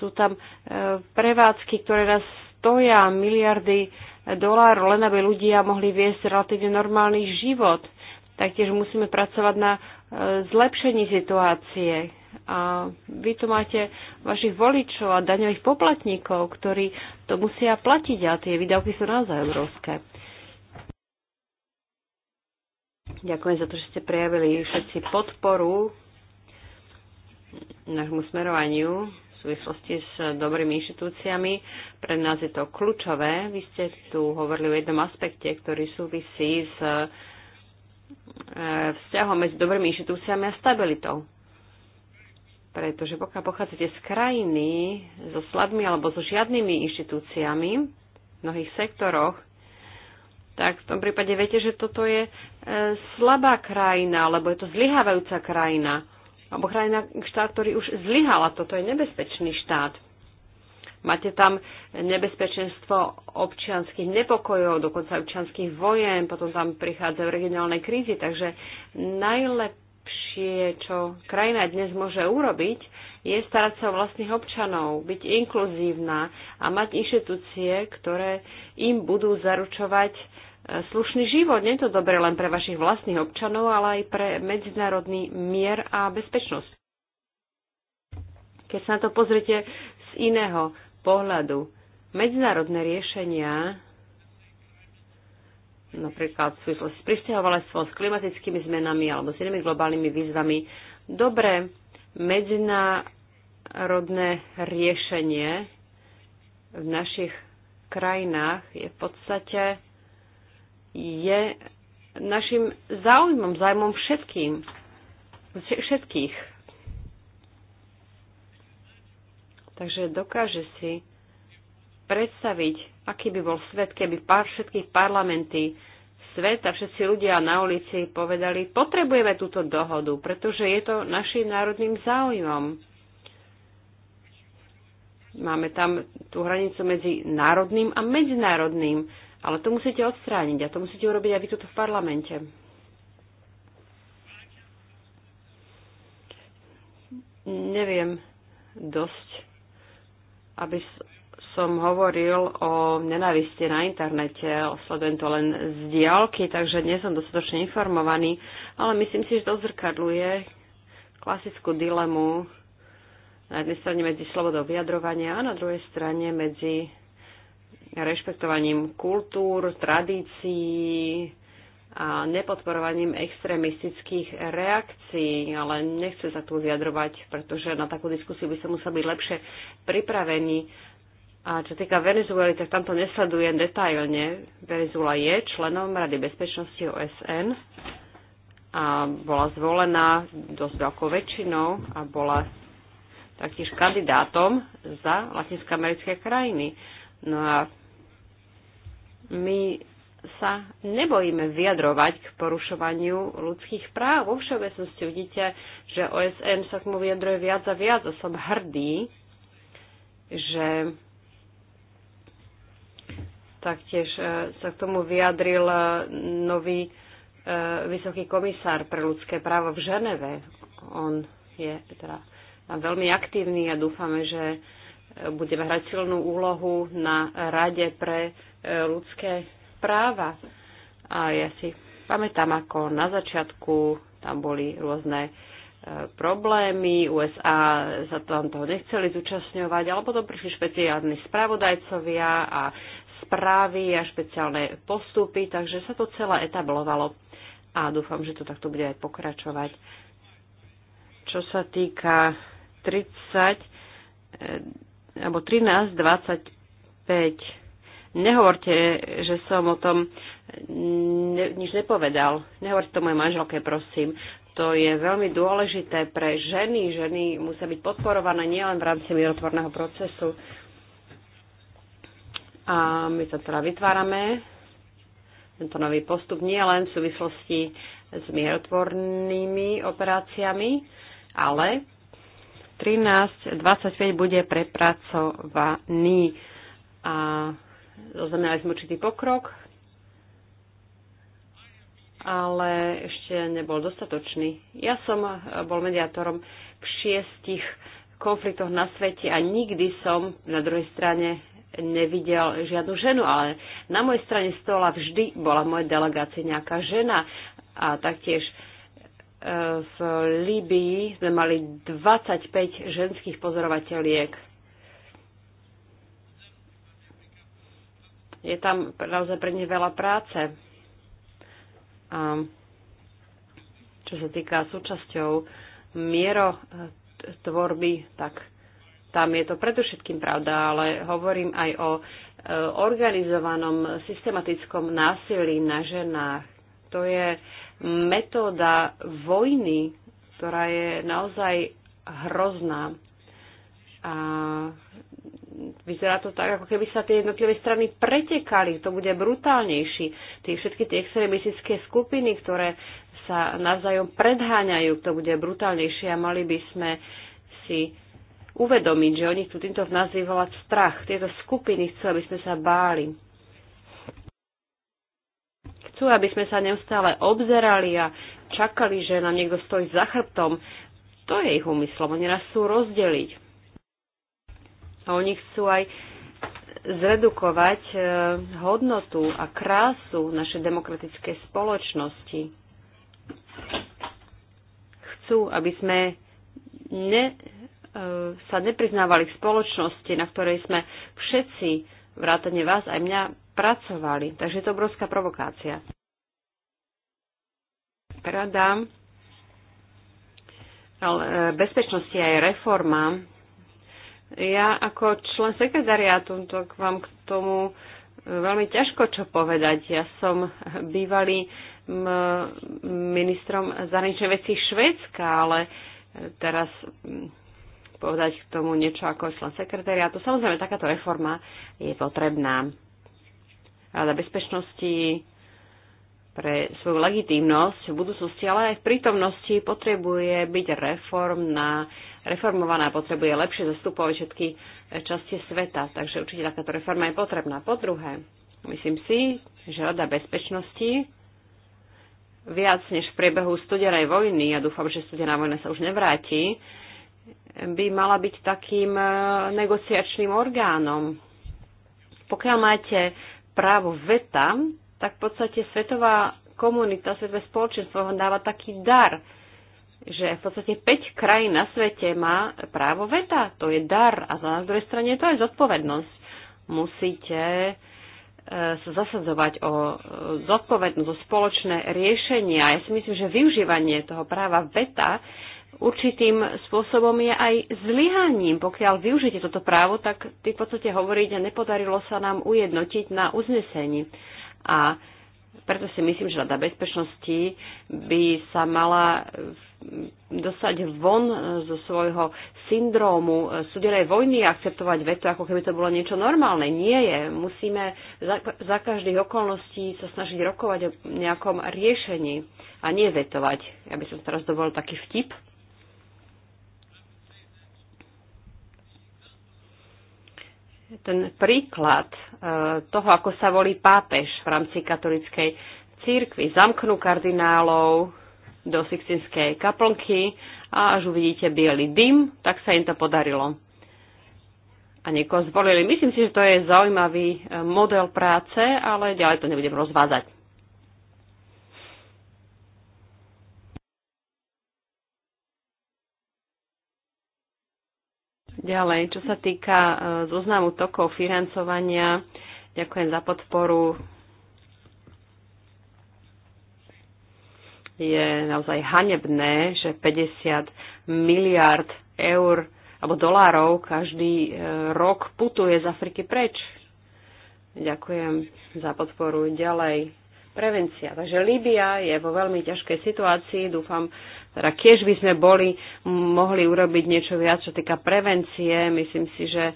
Sú tam e, prevádzky, ktoré nás stoja miliardy dolárov, len aby ľudia mohli viesť relatívne normálny život. Taktiež musíme pracovať na e, zlepšení situácie. A vy tu máte vašich voličov a daňových poplatníkov, ktorí to musia platiť a tie výdavky sú naozaj obrovské. Ďakujem za to, že ste prejavili všetci podporu nášmu smerovaniu v súvislosti s dobrými inštitúciami. Pre nás je to kľúčové. Vy ste tu hovorili o jednom aspekte, ktorý súvisí s e, vzťahom medzi dobrými inštitúciami a stabilitou. Pretože pokiaľ pochádzate z krajiny so slabými alebo so žiadnymi inštitúciami v mnohých sektoroch, tak v tom prípade viete, že toto je e, slabá krajina, alebo je to zlyhávajúca krajina, alebo krajina, štát, ktorý už zlyhala. Toto je nebezpečný štát. Máte tam nebezpečenstvo občianských nepokojov, dokonca občianských vojen, potom tam prichádzajú regionálne krízy, takže najlepšie, čo krajina dnes môže urobiť, je starať sa o vlastných občanov, byť inkluzívna a mať inštitúcie, ktoré im budú zaručovať slušný život. Nie je to dobré len pre vašich vlastných občanov, ale aj pre medzinárodný mier a bezpečnosť. Keď sa na to pozrite z iného pohľadu, medzinárodné riešenia, napríklad v súvislosti s pristahovalectvom, s klimatickými zmenami alebo s inými globálnymi výzvami, dobré medzinárodné riešenie v našich krajinách je v podstate je našim záujmom, záujmom všetkým, všetkých. Takže dokáže si predstaviť, aký by bol svet, keby pár, všetky parlamenty sveta, všetci ľudia na ulici povedali, potrebujeme túto dohodu, pretože je to našim národným záujmom máme tam tú hranicu medzi národným a medzinárodným. Ale to musíte odstrániť a to musíte urobiť aj vy tuto v parlamente. Neviem dosť, aby som hovoril o nenáviste na internete, sledujem to len z diálky, takže nie som dostatočne informovaný, ale myslím si, že to zrkadluje klasickú dilemu na jednej strane medzi slobodou vyjadrovania a na druhej strane medzi rešpektovaním kultúr, tradícií a nepodporovaním extrémistických reakcií, ale nechce sa tu vyjadrovať, pretože na takú diskusiu by sa musel byť lepšie pripravení. A čo týka Venezuely, tak tam to nesledujem detailne. Venezuela je členom Rady bezpečnosti OSN a bola zvolená dosť veľkou väčšinou a bola taktiež kandidátom za latinskoamerické krajiny. No a my sa nebojíme vyjadrovať k porušovaniu ľudských práv. Vo všeobecnosti vidíte, že OSN sa k tomu vyjadruje viac a viac a som hrdý, že taktiež e, sa k tomu vyjadril e, nový e, vysoký komisár pre ľudské právo v Ženeve. On je teda veľmi aktívny a dúfame, že budeme hrať silnú úlohu na Rade pre e, ľudské práva. A ja si pamätám, ako na začiatku tam boli rôzne e, problémy, USA sa tam toho nechceli zúčastňovať, ale potom prišli špeciálni spravodajcovia a správy a špeciálne postupy, takže sa to celé etablovalo a dúfam, že to takto bude aj pokračovať. Čo sa týka 30, alebo 13.25. Nehovorte, že som o tom ne, nič nepovedal. Nehovorte to mojej manželke, prosím. To je veľmi dôležité pre ženy. Ženy musia byť podporované nielen v rámci mirotvorného procesu. A my sa teda vytvárame tento nový postup nie len v súvislosti s mierotvornými operáciami, ale 13.25 bude prepracovaný. A zaznamenali sme určitý pokrok, ale ešte nebol dostatočný. Ja som eh, bol mediátorom v šiestich konfliktoch na svete a nikdy som na druhej strane nevidel žiadnu ženu, ale na mojej strane stola vždy bola v mojej delegácii nejaká žena a taktiež v Líbii sme mali 25 ženských pozorovateľiek. Je tam naozaj pre nich veľa práce. A čo sa týka súčasťou mierotvorby, tak tam je to predovšetkým pravda, ale hovorím aj o e, organizovanom systematickom násilí na ženách. To je metóda vojny, ktorá je naozaj hrozná. A vyzerá to tak, ako keby sa tie jednotlivé strany pretekali, to bude brutálnejší. Tie všetky tie extremistické skupiny, ktoré sa navzájom predháňajú, to bude brutálnejšie a mali by sme si uvedomiť, že oni chcú týmto v strach. Tieto skupiny chcú, aby sme sa báli chcú, aby sme sa neustále obzerali a čakali, že nám niekto stojí za chrbtom. To je ich úmyslom. Oni nás chcú rozdeliť. A oni chcú aj zredukovať e, hodnotu a krásu našej demokratickej spoločnosti. Chcú, aby sme ne, e, sa nepriznávali k spoločnosti, na ktorej sme všetci, vrátane vás aj mňa, pracovali. Takže je to obrovská provokácia. Rada e, bezpečnosti aj reforma. Ja ako člen sekretariátu to vám k tomu e, veľmi ťažko čo povedať. Ja som bývalý ministrom zahraničnej veci Švédska, ale e, teraz povedať k tomu niečo ako člen sekretariátu. Samozrejme, takáto reforma je potrebná. Rada bezpečnosti pre svoju legitímnosť v budúcnosti, ale aj v prítomnosti potrebuje byť reformná, reformovaná, potrebuje lepšie zastupovať všetky časti sveta. Takže určite takáto reforma je potrebná. Po druhé, myslím si, že Rada bezpečnosti viac než v priebehu studenej vojny, ja dúfam, že studená vojna sa už nevráti, by mala byť takým eh, negociačným orgánom. Pokiaľ máte právo veta, tak v podstate svetová komunita, svetové spoločenstvo vám dáva taký dar, že v podstate 5 krajín na svete má právo veta. To je dar a na druhej strane to je zodpovednosť. Musíte e, sa zasadzovať o e, zodpovednosť, o spoločné riešenia. Ja si myslím, že využívanie toho práva veta určitým spôsobom je aj zlyhaním. Pokiaľ využite toto právo, tak ty v podstate hovoríte, nepodarilo sa nám ujednotiť na uznesení. A preto si myslím, že Rada bezpečnosti by sa mala dostať von zo svojho syndrómu súdenej vojny a akceptovať veto, ako keby to bolo niečo normálne. Nie je. Musíme za, za každých okolností sa snažiť rokovať o nejakom riešení a nie vetovať. Ja by som teraz dovolil taký vtip. ten príklad e, toho, ako sa volí pápež v rámci katolickej církvy. Zamknú kardinálov do Sixtinskej kaplnky a až uvidíte biely dym, tak sa im to podarilo. A niekoho zvolili. Myslím si, že to je zaujímavý e, model práce, ale ďalej to nebudem rozvázať. Ďalej, čo sa týka e, zoznamu tokov financovania, ďakujem za podporu. Je naozaj hanebné, že 50 miliard eur alebo dolárov každý e, rok putuje z Afriky preč. Ďakujem za podporu ďalej. Prevencia. Takže Líbia je vo veľmi ťažkej situácii. Dúfam, teda tiež by sme boli, mohli urobiť niečo viac, čo týka prevencie. Myslím si, že e,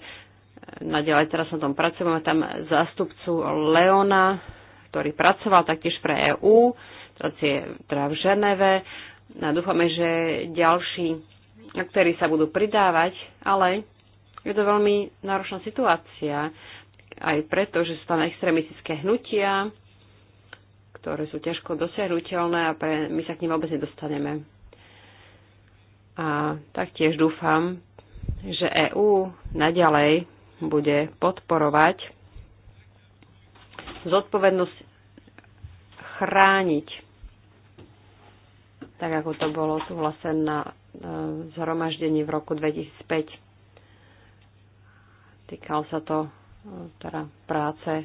naďalej teraz na tom pracujeme tam zástupcu Leona, ktorý pracoval taktiež pre EÚ, teda v Ženeve. A dúfame, že ďalší ktorí sa budú pridávať, ale je to veľmi náročná situácia. Aj preto, že sú tam extremistické hnutia, ktoré sú ťažko dosiahnuteľné a pre, my sa k ním vôbec nedostaneme. A taktiež dúfam, že EÚ naďalej bude podporovať zodpovednosť chrániť, tak ako to bolo súhlasené na e, zhromaždení v roku 2005. Týkal sa to e, teda práce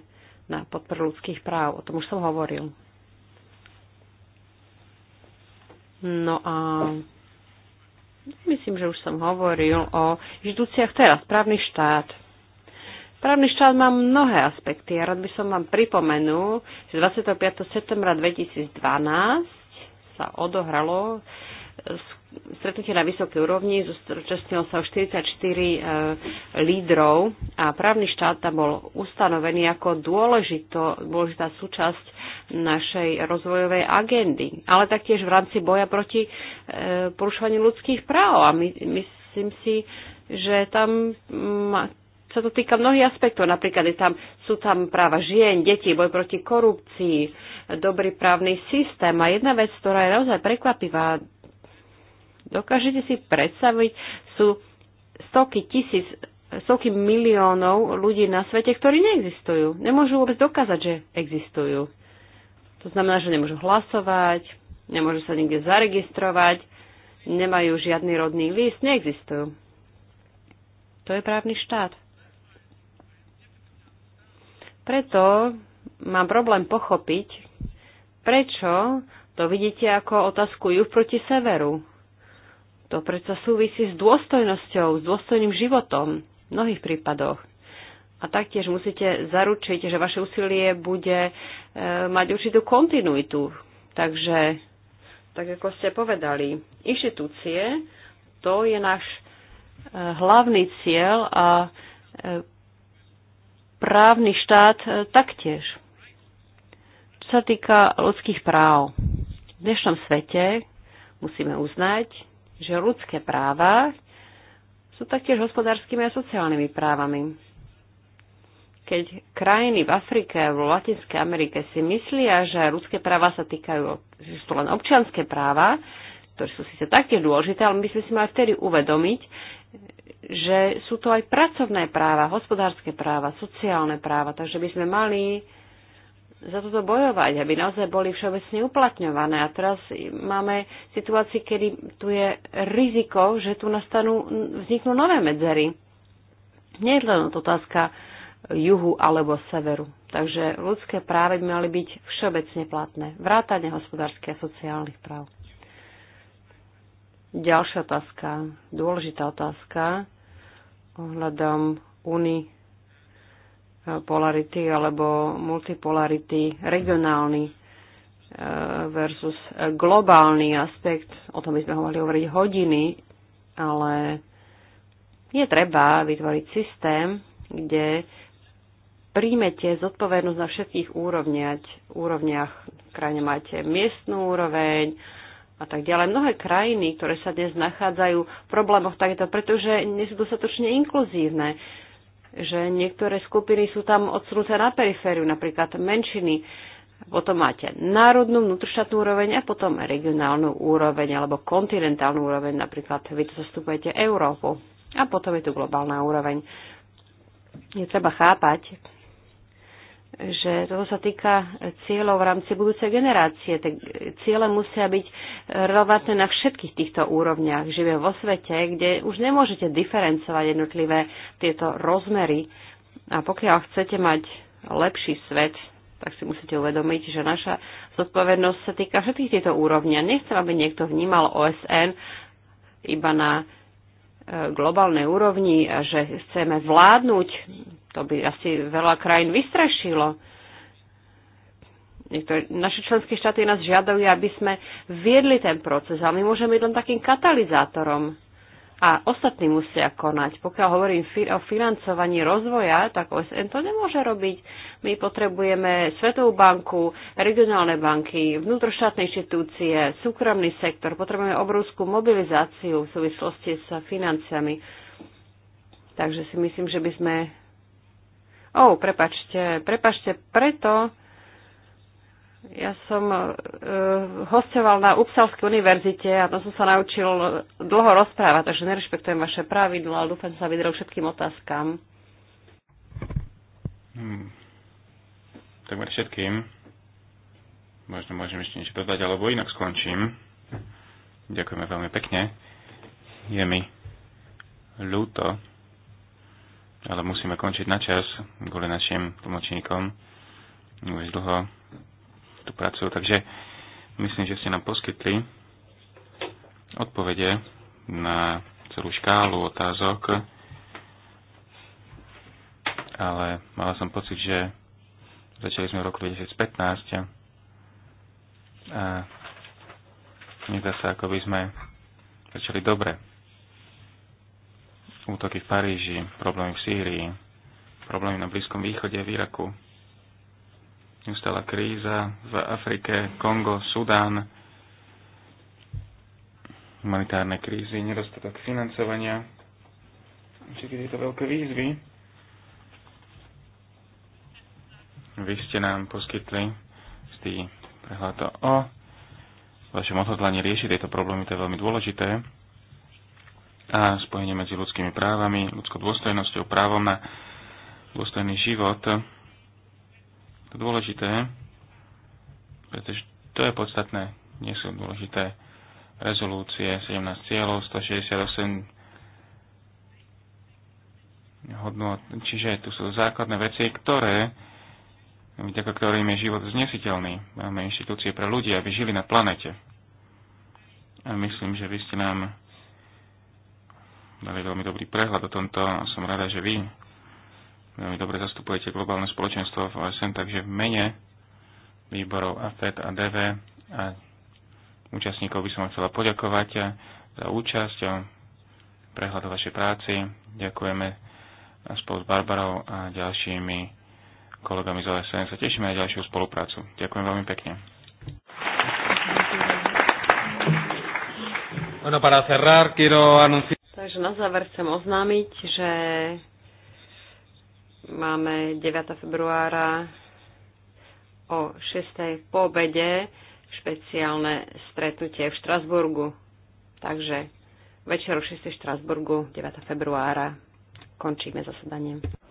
na podporu ľudských práv. O tom už som hovoril. No a Myslím, že už som hovoril o inštitúciách teraz, právny štát. Právny štát má mnohé aspekty a rád by som vám pripomenul, že 25. septembra 2012 sa odohralo stretnutie na vysokej úrovni, zúčastnilo sa 44 44 e, lídrov a právny štát tam bol ustanovený ako dôležito, dôležitá súčasť našej rozvojovej agendy, ale taktiež v rámci boja proti e, porušovaniu ľudských práv. A my, myslím si, že tam sa to týka mnohých aspektov. Napríklad je tam, sú tam práva žien, detí, boj proti korupcii, dobrý právny systém. A jedna vec, ktorá je naozaj prekvapivá, dokážete si predstaviť, sú stovky tisíc stovky miliónov ľudí na svete, ktorí neexistujú. Nemôžu vôbec dokázať, že existujú. To znamená, že nemôžu hlasovať, nemôžu sa nikde zaregistrovať, nemajú žiadny rodný list, neexistujú. To je právny štát. Preto mám problém pochopiť, prečo to vidíte ako otázku juh proti severu. To predsa súvisí s dôstojnosťou, s dôstojným životom v mnohých prípadoch. A taktiež musíte zaručiť, že vaše úsilie bude e, mať určitú kontinuitu. Takže, tak ako ste povedali, inštitúcie, to je náš e, hlavný cieľ a e, právny štát taktiež. Čo sa týka ľudských práv, v dnešnom svete musíme uznať, že ľudské práva sú taktiež hospodárskymi a sociálnymi právami keď krajiny v Afrike a v Latinskej Amerike si myslia, že ľudské práva sa týkajú, že sú len občianské práva, ktoré sú síce taktiež dôležité, ale my sme si mali vtedy uvedomiť, že sú to aj pracovné práva, hospodárske práva, sociálne práva, takže by sme mali za toto bojovať, aby naozaj boli všeobecne uplatňované. A teraz máme situácii, kedy tu je riziko, že tu nastanú, vzniknú nové medzery. Nie je len otázka juhu alebo severu. Takže ľudské práve by mali byť všeobecne platné. Vrátane hospodárskych a sociálnych práv. Ďalšia otázka, dôležitá otázka ohľadom uni e, polarity alebo multipolarity, regionálny e, versus globálny aspekt. O tom by sme mohli hovoriť hodiny, ale je treba vytvoriť systém, kde príjmete zodpovednosť na všetkých úrovniach, úrovniach v krajine máte miestnú úroveň a tak ďalej. Mnohé krajiny, ktoré sa dnes nachádzajú v problémoch takéto, pretože nie sú dostatočne inkluzívne, že niektoré skupiny sú tam odsunuté na perifériu, napríklad menšiny. Potom máte národnú, vnútroštátnu úroveň a potom regionálnu úroveň alebo kontinentálnu úroveň, napríklad vy tu zastupujete Európu. A potom je tu globálna úroveň. Je treba chápať, že toto sa týka cieľov v rámci budúcej generácie. Tak ciele musia byť relevantné na všetkých týchto úrovniach. Žijeme vo svete, kde už nemôžete diferencovať jednotlivé tieto rozmery. A pokiaľ chcete mať lepší svet, tak si musíte uvedomiť, že naša zodpovednosť sa týka všetkých týchto úrovní. A nechcem, aby niekto vnímal OSN iba na globálnej úrovni a že chceme vládnuť, to by asi veľa krajín vystrašilo. Niektoré, naše členské štáty nás žiadajú, aby sme viedli ten proces a my môžeme byť len takým katalizátorom a ostatní musia konať. Pokiaľ hovorím o financovaní rozvoja, tak OSN to nemôže robiť. My potrebujeme Svetovú banku, regionálne banky, vnútroštátne inštitúcie, súkromný sektor. Potrebujeme obrovskú mobilizáciu v súvislosti s financiami. Takže si myslím, že by sme... O, oh, prepačte, prepačte, preto ja som uh, hostoval na Upsalskej univerzite a to som sa naučil dlho rozprávať, takže nerešpektujem vaše pravidla, ale dúfam, že sa vydrel všetkým otázkam. Hmm. Takmer všetkým. Možno môžem ešte niečo dodať, alebo inak skončím. Ďakujeme veľmi pekne. Je mi ľúto, ale musíme končiť na čas kvôli našim tlmočníkom. Už dlho tu pracujú. Takže myslím, že ste nám poskytli odpovede na celú škálu otázok, ale mala som pocit, že začali sme v roku 2015 a nezdá sa, ako by sme začali dobre. Útoky v Paríži, problémy v Sýrii, problémy na Blízkom východe, v Iraku, neustála kríza v Afrike, Kongo, Sudán, humanitárne krízy, nedostatok financovania, všetky tieto veľké výzvy. Vy ste nám poskytli z tých prehľad o vašom odhodlaní riešiť tieto problémy, to je veľmi dôležité. A spojenie medzi ľudskými právami, ľudskou dôstojnosťou, právom na dôstojný život, to dôležité, pretože to je podstatné, nie sú dôležité rezolúcie 17 cieľov, 168 hodnot, čiže tu sú základné veci, ktoré vďaka ktorým je život znesiteľný. Máme inštitúcie pre ľudí, aby žili na planete. A myslím, že vy ste nám dali veľmi dobrý prehľad o tomto a som rada, že vy veľmi dobre zastupujete globálne spoločenstvo v OSN, takže v mene výborov AFED a DV a účastníkov by som chcela poďakovať za účasť a prehľad o vašej práci. Ďakujeme spolu s Barbarou a ďalšími kolegami z OSN. Sa tešíme na ďalšiu spoluprácu. Ďakujem veľmi pekne. Bueno, para cerrar, quiero anunciar... Takže na záver chcem oznámiť, že Máme 9. februára o 6. po obede špeciálne stretnutie v Štrasburgu. Takže večer o 6. v Štrasburgu 9. februára končíme zasadanie.